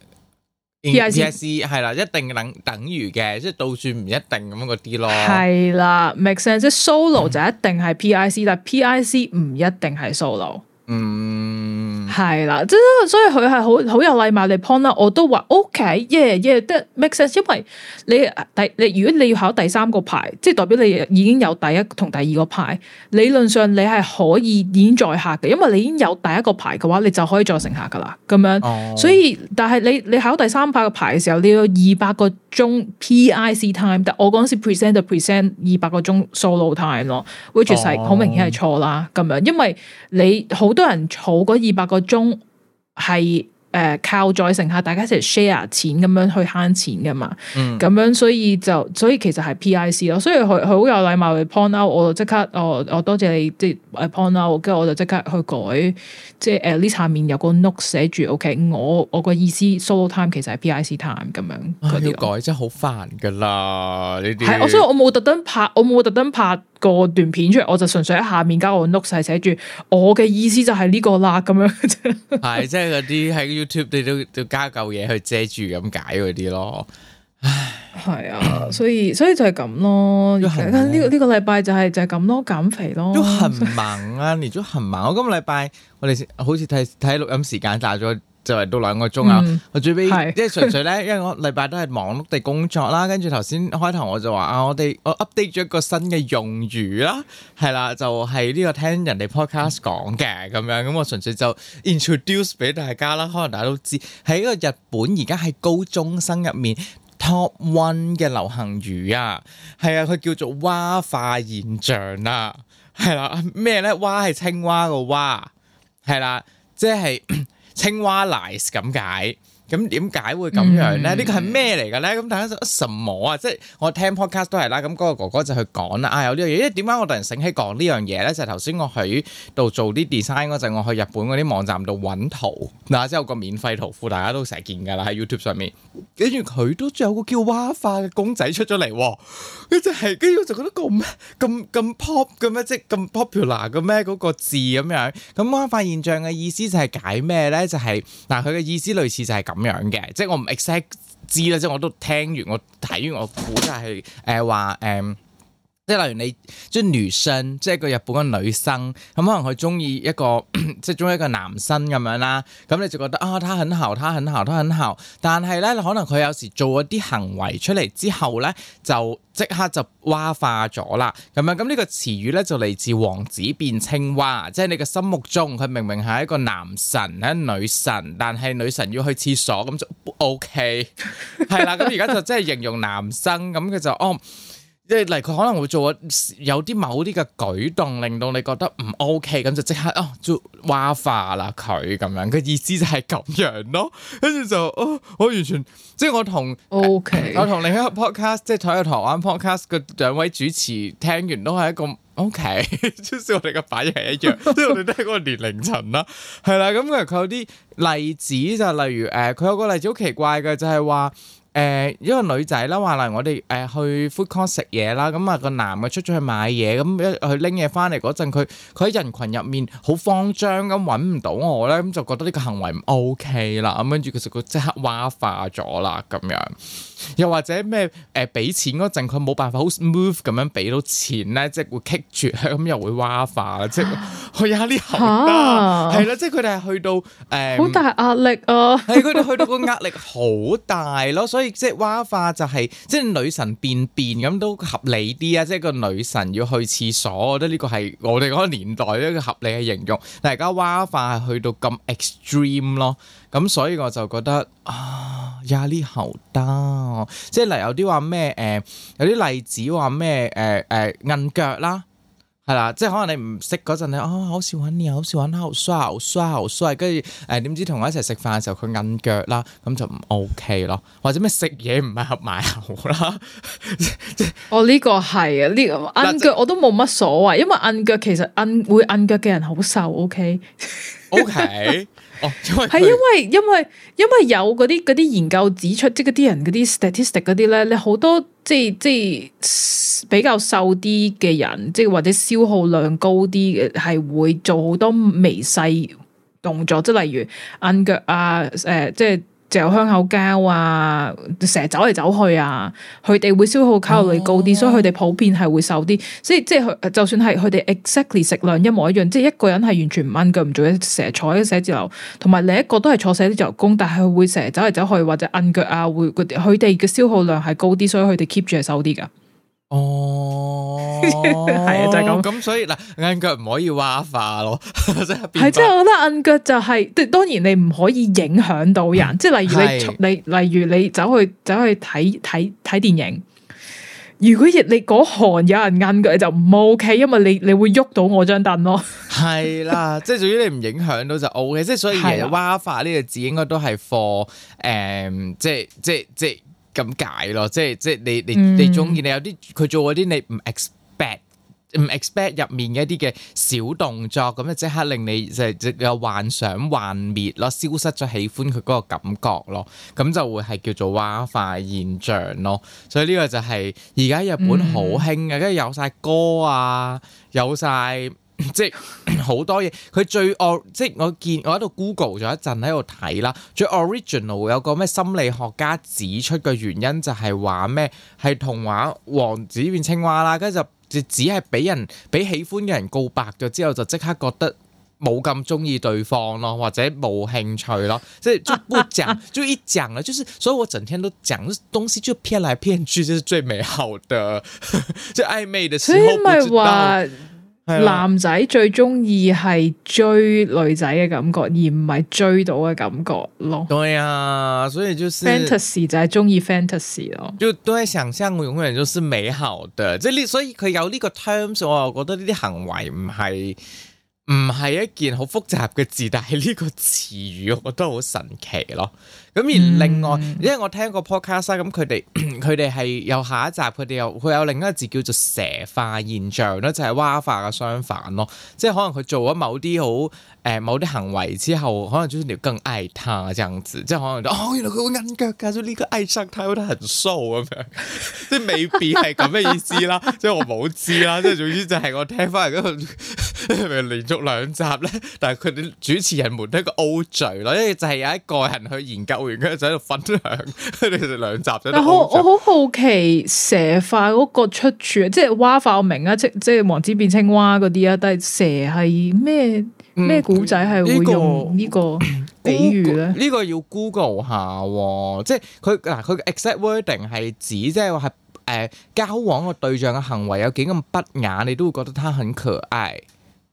S2: PIC 係啦，一定等等於嘅，即係倒算唔一定咁嗰啲咯。係
S1: 啦，make sense，即係 solo、嗯、就一定係 PIC，但係 PIC 唔一定係 solo。嗯。係啦，即所以佢係好好有禮貌嚟 point 啦。我都話 OK，yeah，yeah，得、yeah, makes sense。因為你第你如果你要考第三個牌，即代表你已經有第一同第二個牌。理論上你係可以演載客嘅，因為你已經有第一個牌嘅話，你就可以再剩客㗎啦。咁樣，哦、所以但係你你考第三塊嘅牌嘅時候，你要二百個鐘 PIC time，但我嗰陣時 present 就 present 二百個鐘 solo time 咯，which 係好、哦、明顯係錯啦。咁樣，因為你好多人儲嗰二百個。中係誒靠載乘客，大家一齊 share 錢咁樣去慳錢噶嘛，嗯，咁樣所以就所以其實係 P I C 咯，所以佢佢好有禮貌去 point out，我就即刻我我多謝你即誒 point out，跟住我就即刻去改，即誒呢下面有個 note 寫住，OK，我我個意思 Solo time 其實係 P I C time 咁樣，唉佢要
S2: 改真好煩噶啦呢啲，係我所以我
S1: 冇特登拍，我冇特登拍。個段片出嚟，我就純粹喺下面加我碌晒，寫住我嘅意思就係呢個啦咁樣。 係、就是，
S2: 即係嗰啲喺 YouTube，你都都加嚿嘢，去遮住咁解嗰啲咯。
S1: 唉，係 啊，所以所以就係咁咯。呢、這個呢、這個禮拜就係、是、就係、是、咁咯，減肥咯。好
S2: 忙啊，你都好忙。我今個禮拜我哋好似睇睇錄音時間大咗。就嚟到兩個鐘啊！嗯、我最尾即係純粹咧，是 因為我禮拜都係忙碌地工作啦。跟住頭先開頭我就話啊，我哋我 update 咗一個新嘅用語啦，係啦，就係、是、呢個聽人哋 podcast 講嘅咁樣。咁我純粹就 introduce 俾大家啦。可能大家都知，喺個日本而家喺高中生入面 top one 嘅流行語啊，係啊，佢叫做蛙化現象啊，係啦，咩咧？蛙係青蛙個蛙，係啦，即係。 青蛙 nice 咁解。咁點解會咁樣咧？嗯、呢個係咩嚟嘅咧？咁大家什麼啊？即係我聽 podcast 都係啦。咁、那、嗰個哥哥就去講啦。啊，有呢樣嘢，因為點解我突然醒起講呢樣嘢咧？就係頭先我喺度做啲 design 嗰陣，我去日本嗰啲網站度揾圖，嗱、啊，即係個免費圖庫，大家都成日見㗎啦，喺 YouTube 上面。跟住佢都仲有個叫蛙化嘅公仔出咗嚟，跟住係，跟住、就是、我就覺得咁咁咁 pop 嘅咩？即咁 popular 嘅咩？嗰、那個字咁樣。咁蛙化現象嘅意思就係解咩咧？就係、是、嗱，佢、啊、嘅意思類似就係咁。咁樣嘅，即係我唔 exact 知啦，即係我都聽完，我睇完，我估就係誒話誒。呃即係例如你即係女生，即係個日本嘅女生，咁可能佢中意一個即係中意一個男生咁樣啦。咁你就覺得啊，他、哦、很好，他很好，他很好。但係呢，可能佢有時做一啲行為出嚟之後呢，就即刻就蛙化咗啦。咁樣，咁、這、呢個詞語呢，就嚟自王子變青蛙，即係你嘅心目中佢明明係一個男神，係女神，但係女神要去廁所咁就 O K。係、okay、啦，咁而家就即係形容男生咁，佢就哦。即係嚟，佢可能會做啊，有啲某啲嘅舉動，令到你覺得唔 OK，咁就即刻哦，就歪化啦佢咁樣，個意思就係咁樣咯。跟住就哦，我完全即係我同 OK、呃、我同另一個 podcast，即係睇下台灣 podcast 嘅兩位主持聽完都係一個 OK，即 使我哋嘅反應係一樣。 即係我哋都係嗰個年齡層啦，係啦。咁其實佢有啲例子就例如誒，佢、呃、有個例子好奇怪嘅，就係、是、話。誒，一個女仔啦，話嚟我哋誒去 Food Court 食嘢啦，咁、那、啊，個男嘅出咗去買嘢，咁一去拎嘢翻嚟嗰陣，佢佢喺人群入面好慌張咁，搵唔到我咧，咁就覺得呢個行為唔 OK 啦，咁跟住其實佢即刻蛙化咗啦，咁樣，又或者咩誒，俾錢嗰陣佢冇辦法好 smooth 咁樣俾到錢咧，即係會棘住，咁又會蛙化，啊、即係好有啲含，係咯，即係佢哋係去到誒，好、嗯、大
S1: 壓力啊，係佢哋去到個
S2: 壓力好大咯，所以。所以即係蛙化就係、是，即係女神便便咁都合理啲啊！即係個女神要去廁所，我覺得呢個係我哋嗰個年代一個合理嘅形容。但係而家蛙化係去到咁 extreme 咯，咁所以我就覺得啊，呀，呢喉得，即係例如有啲話咩誒有啲例子話咩誒誒韌腳啦。係啦，即係可能你唔識嗰陣，你啊好似玩你，好似玩，好衰，好衰，好衰，好好跟住誒，點知同我一齊食飯嘅時候佢摁腳啦，咁就唔 OK 咯，或者咩食嘢唔係合埋口啦。
S1: 我呢個係啊，呢、呢個摁腳我都冇乜所謂，因為摁腳其實摁會摁腳嘅人好瘦，OK，OK。Okay?
S3: Okay? 係、
S1: 哦就是、因為因為因為有嗰啲啲研究指出，即係嗰啲人嗰啲 statistics 嗰啲咧，你好多即係即係比較瘦啲嘅人，即係或者消耗量高啲嘅，係會做好多微細動作，即係例如按腳啊，誒、呃，即係。就有香口膠啊，成日走嚟走去啊，佢哋會消耗卡路里高啲，哦、所以佢哋普遍係會瘦啲。所以即係，就算係佢哋 exactly 食量一模一樣，即係一個人係完全唔掹腳唔做嘢，成日坐喺寫字樓，同埋另一個都係坐寫字樓工，但係佢會成日走嚟走去或者掹腳啊，會佢哋嘅消耗量係高啲，所以佢哋 keep 住係瘦啲噶。
S2: 哦，係、oh, 啊，就係、是、咁。咁所以嗱，硬腳唔可以蛙化咯，即係即係我覺
S1: 得硬腳就係、是，當然你唔可以影響到人。嗯、即係例如你，的你例如你走去走去睇睇睇電影，如果亦你嗰行有人硬腳，你就唔 OK，因為你你會喐到我張凳咯。係啦的， 即
S3: 係至於
S2: 你唔影響到就 OK 的。即係所以，蛙化呢個字應該都係 for 誒、um, 嗯，即係即係即係。即即即即咁解咯，即係即係你、嗯、你你中意，你有啲佢做嗰啲你唔 expect 唔 expect 入面嘅一啲嘅小動作，咁就即刻令你就即有幻想幻滅咯，消失咗喜歡佢嗰個感覺咯，咁就會係叫做蛙化現象咯，所以呢個就係而家日本好興嘅，跟住、嗯、有晒歌啊，有晒。即係好多嘢，佢最 o 即係我見我喺度 Google 咗一陣喺度睇啦。最 original 有個咩心理學家指出嘅原因就係話咩係童話王子變青蛙啦，跟住就只係俾人俾喜歡嘅人告白咗之後就即刻覺得冇咁中意對方咯，或者冇興趣咯，即係就不講 就一講啦，就是所以我整天都講嘅東西就偏來偏去，就是最美好的 最曖昧嘅時候。
S1: 男仔最中意係追女仔嘅感覺，而唔係追到嘅感覺咯。對啊，所
S2: 以就是、fantasy
S1: 就係中意 fantasy 咯，
S2: 就都係想象，永遠都是美好的。即係呢，所以佢有呢個 terms，我我覺得呢啲行為唔係唔係一件好複雜嘅字，但係呢個詞語，我覺得好神奇咯。咁而另外，嗯、因為我聽過 podcast 咁佢哋佢哋係有下一集，佢哋又會有另一個字叫做蛇化現象咯，就係、是、蛙化嘅相反咯，即係可能佢做咗某啲好誒、呃、某啲行為之後，可能總之你更愛他，這樣子，即係可能哦原來佢好韌腳、啊，所以呢個好多人 show 咁樣，即係未必係咁嘅意思啦， 即係我冇知啦，即係總之就係我聽翻嚟咁連續兩集咧，但係佢哋主持人們都一個 O 嘴咯，因為就係有一個人去研究。完佢就喺度分享，佢哋瞓兩集。但係好我我
S1: 好好奇蛇化嗰個出處，即係蛙化我明啊，即係即係王子變青蛙嗰啲啊，但係蛇係咩咩古仔係會用呢、嗯這個、個比喻咧？
S2: 呢個要 Google 下，即係佢嗱佢 exact wording 係指即係話係誒交往個對象嘅行為有幾咁不雅，你都會覺得他很可愛，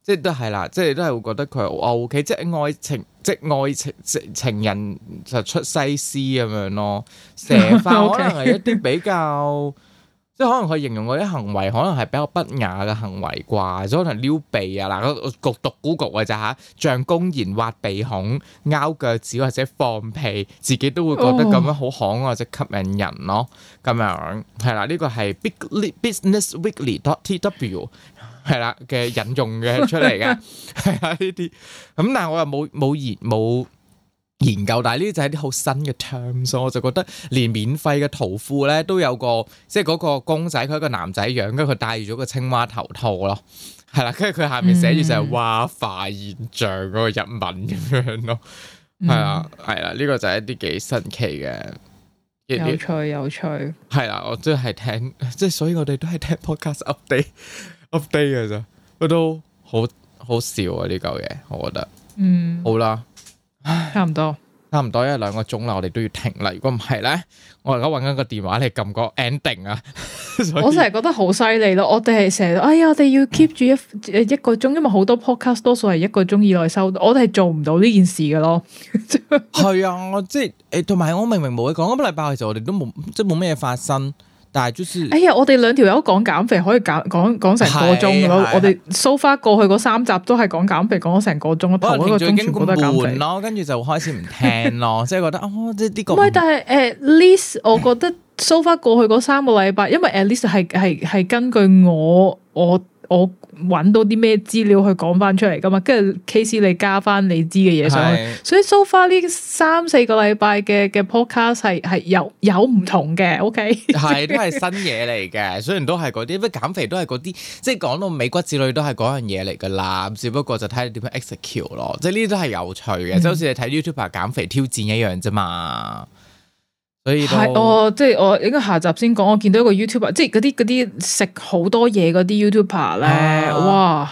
S2: 即係都係啦，即係你都係會覺得佢 ok，即係愛情。即愛情，即情人就出西施咁樣咯。蛇化可能係一啲比較， 即係可能佢形容嗰啲行為，可能係比較不雅嘅行為啩。所以可能撩鼻啊，嗱個獨獨孤局嘅就吓，像公然挖鼻孔、勾腳趾或者放屁，自己都會覺得咁樣好可愛或者、oh. 吸引人咯。咁樣係啦，呢、這個係 Big ly, Business Weekly T W。係啦嘅引用嘅出嚟嘅，係啊呢啲咁，但係我又冇冇研冇研究，但係呢啲就係啲好新嘅 terms，所以我就覺得連免費嘅圖庫咧都有個，即係嗰個公仔佢係個男仔樣，跟住佢戴住咗個青蛙頭套咯，係啦，跟住佢下面寫住就係蛙化現象嗰個日文咁樣咯，係啊係啦，呢、嗯這個就係一啲幾神奇嘅，有趣有趣，係啦，我都係聽，即係所以我哋都係聽 podcast update。 Update 嘅咋，不過都好好笑啊，呢嚿嘢，我覺得，
S1: 嗯，好
S2: 啦了，唉差唔多，差唔多，因為兩個鐘啦，我哋都要停啦。如果唔係咧，我而家搵緊個電話嚟撳個 ending 啊！ 以我成
S1: 日覺得好犀利咯，我哋係成日，哎呀，我哋要 keep 住一、嗯、一個鐘，因為好多 podcast 多數係一個鐘以內收，我哋係做唔到呢件事嘅咯。係 啊，我即係誒，同埋我明明冇你講，
S2: 今個禮拜其實我哋都冇，即係冇咩嘢發生。但係就是，哎呀，
S1: 我哋兩條友講減肥可以講講講成個鐘咯，是是是我哋 so far 過去嗰三集都係講減肥，講咗成個鐘，同好一個主題，咁
S2: 悶咯，跟住就開始唔聽咯， 即係覺得哦，即係啲個，唔係，但
S1: 係 at least 我覺得 so far、 so、過去三個禮拜，因為 at least 係係係根據我我。我揾到啲咩資料去講翻出嚟噶嘛？跟住 case 你加翻你知嘅嘢上去，是所以 so far 呢三四個禮拜嘅嘅 podcast 係係有有唔同嘅，OK 係 都係新
S2: 嘢嚟嘅，雖然都係嗰啲，乜減肥都係嗰啲，即係講到美骨之類，都係嗰樣嘢嚟噶啦，只不過就睇你點樣 execute 咯，即係呢啲都係有趣嘅，即好似你睇 YouTuber 減肥挑戰一樣啫嘛。
S3: 係哦，
S1: 即係我應該下集先講。我見到一個 YouTuber，即係嗰啲嗰啲食好多嘢嗰啲 YouTuber 咧、啊，哇！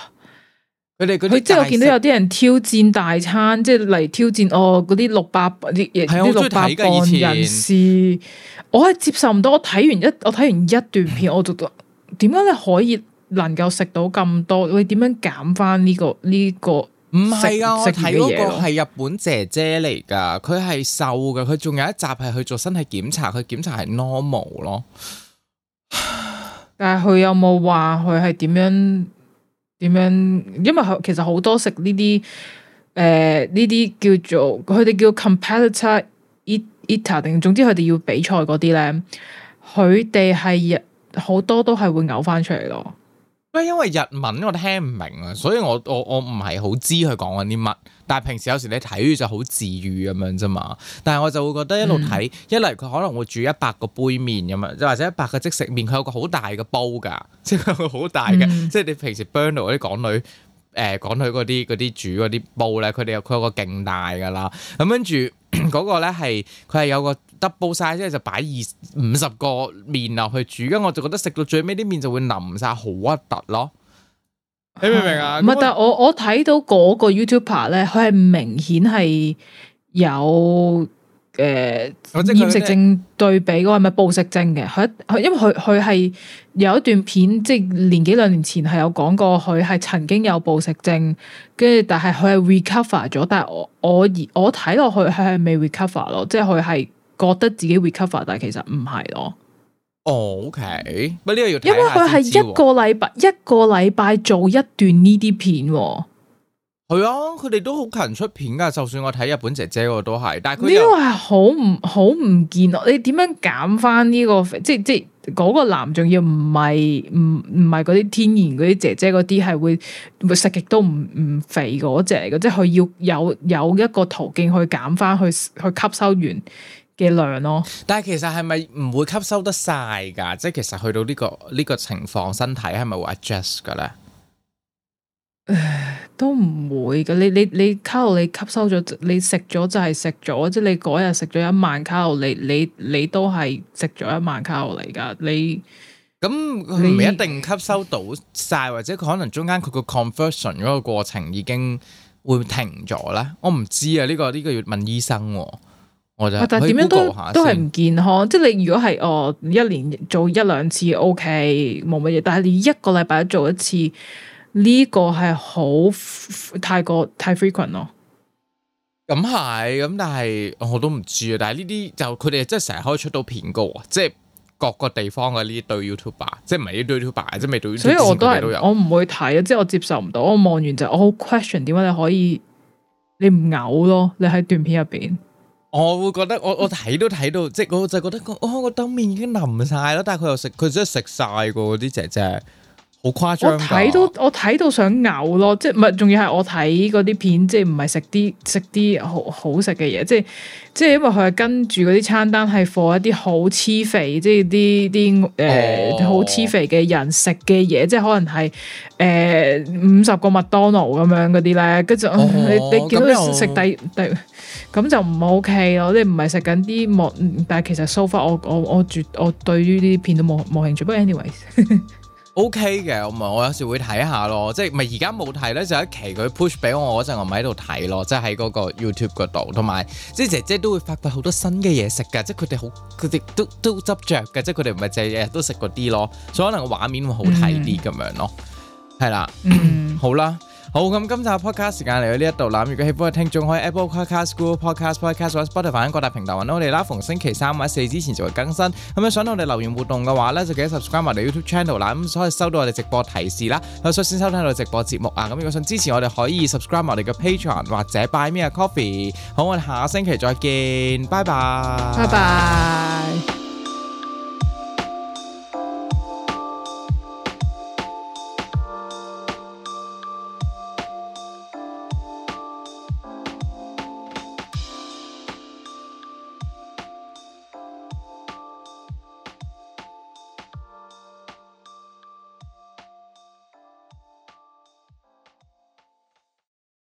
S1: 佢哋佢即係我見到有啲人挑戰大餐，即係嚟挑戰哦嗰啲六百，啲六百磅人士，我係接受唔到。我睇完一，我睇完一段片， 我就覺得點解你可以能夠食到咁多？你點樣減翻呢個呢個？這個唔係啊！我睇嗰個係
S2: 日本姐姐嚟噶，佢係瘦噶，佢仲有一集係去做身體
S1: 檢查，佢檢查係 normal 咯。但係佢有冇話佢係點樣點樣？因為其實好多食呢啲誒呢啲叫做佢哋叫 competitor eater，定總之佢哋要比賽嗰啲咧，佢哋係好多都係會嘔翻出嚟咯。
S2: 因為日文我都聽唔明啊，所以我我我唔係好知佢講緊啲乜。但係平時有時你睇就好治癒咁樣啫嘛。但係我就會覺得一路睇，嗯、一嚟佢可能會煮一百個杯麵咁樣，或者一百個即食麵。佢有個好大嘅煲㗎，即係佢好大嘅。嗯、即係你平時 burn 嗰啲港女誒、呃、港女嗰啲啲煮嗰啲煲咧，佢哋佢有，有個勁大㗎啦。咁跟住。嗰、 嗰個咧係佢係有個 double size，即係就擺二五十個麵落去煮，咁我就覺得食到最尾啲麵就會腍晒，好核突咯。是你明唔明啊？唔係，但係我
S1: 我睇到嗰個 YouTuber 咧，佢係明顯係有。誒，厭、呃就是、食症對比嗰個係咪暴食症嘅？佢佢因為佢佢係有一段片，即係年幾兩年前係有講過佢係曾經有暴食症，跟住但係佢係 recover 咗，但係我我我睇落去佢係未 recover 咯，即係佢係覺得自己 recover，但係其實唔係咯。
S2: 哦，OK，乜呢個要因為佢係一個
S1: 禮拜一個禮拜做一段呢啲片。
S2: 係啊，佢哋、 嗯、都好勤出片噶，就算我睇日本姐姐嗰個都係，但係佢呢個係
S1: 好唔好唔見你點樣減翻呢個肥？即係即係嗰、嗰個男要，仲要唔係唔唔係嗰啲天然嗰啲姐姐嗰啲，係會，會食極都唔唔肥嗰隻嚟嘅，即係佢要有有一個途徑去減翻去去吸收完嘅量咯、
S2: 啊。但係其實係咪唔會吸收得晒噶？即係其實去到呢、呢個呢、呢個情況，身體係咪會 adjust 嘅咧？
S1: 誒，都唔會噶，你你你卡路里吸收咗，你食咗就係食咗，即係你嗰日食咗一萬卡路里，你你都係食咗一萬卡路里噶。你咁唔、嗯、你一定吸
S2: 收到晒，或者佢可能中間佢個 conversion 嗰個過程已經會停咗咧。我唔知啊，呢個呢個要問醫生啊。我就但係點樣都都係唔
S1: 健康。即係你如果係哦，一年做一兩次，OK，冇乜嘢。但係你一個禮拜做一次。呢個係好太過太 frequent 咯，
S2: 咁係、嗯，咁但係我都唔知啊。但係呢啲就佢哋真係成日可以出到片嘅喎，即係各個地方嘅呢啲對 YouTuber，即係唔係啲 YouTuber，即係未對。所以我都係我
S1: 唔會睇啊，即係我接受唔到。我望完就，我好 question，點解你可以你唔嘔咯？你喺段片入邊，
S2: 我會覺得我我睇都睇到，即係我就覺得哦個燈麵已經腍晒咯，但係佢又食佢真係食晒個嗰啲姐姐。好誇張！我睇到
S1: 我睇到想嘔咯，即係唔係？仲要係我睇嗰啲片，即係唔係食啲食啲好好食嘅嘢，即係即係，因為佢係跟住嗰啲餐單係放一啲好黐肥，即係啲啲誒好黐肥嘅人食嘅嘢，即係可能係誒五十個麥當勞咁樣嗰啲咧。跟住、哦、你你見到食底，咁就唔 OK 咯。你唔係食緊啲莫，但係其實 so far 我我我,我絕我對於呢啲片都冇冇興趣。不過 anyways。
S2: O K 嘅，我咪、okay、我有時會睇下咯，即係咪而家冇睇咧，就一期佢 push 俾我嗰陣，我咪喺度睇咯，即係喺嗰個 YouTube 嗰度，同埋即係姐姐都會發掘好多新嘅嘢食噶，即係佢哋好，佢哋都都執着噶，即係佢哋唔係就日日都食嗰啲咯，所以可能個畫面會好睇啲咁樣咯，係、嗯、啦，嗯、 好啦。好，咁今集嘅 podcast 時間嚟到呢一度啦。如果喜歡嘅聽眾可以 Apple Podcast、Google Podcast、Spotify 喺各大平台揾到我哋啦。逢星期三或者四之前就會更新。咁想到我哋留言活動嘅話咧，就記得 subscribe 我哋 YouTube channel 啦，咁所以收到我哋直播提示啦，可以率先收聽我哋直播節目啊。咁如果想支持我哋，可以 subscribe 我哋嘅 Patreon 或者 buy me a coffee。好，我哋下星期再見，拜拜，拜
S1: 拜。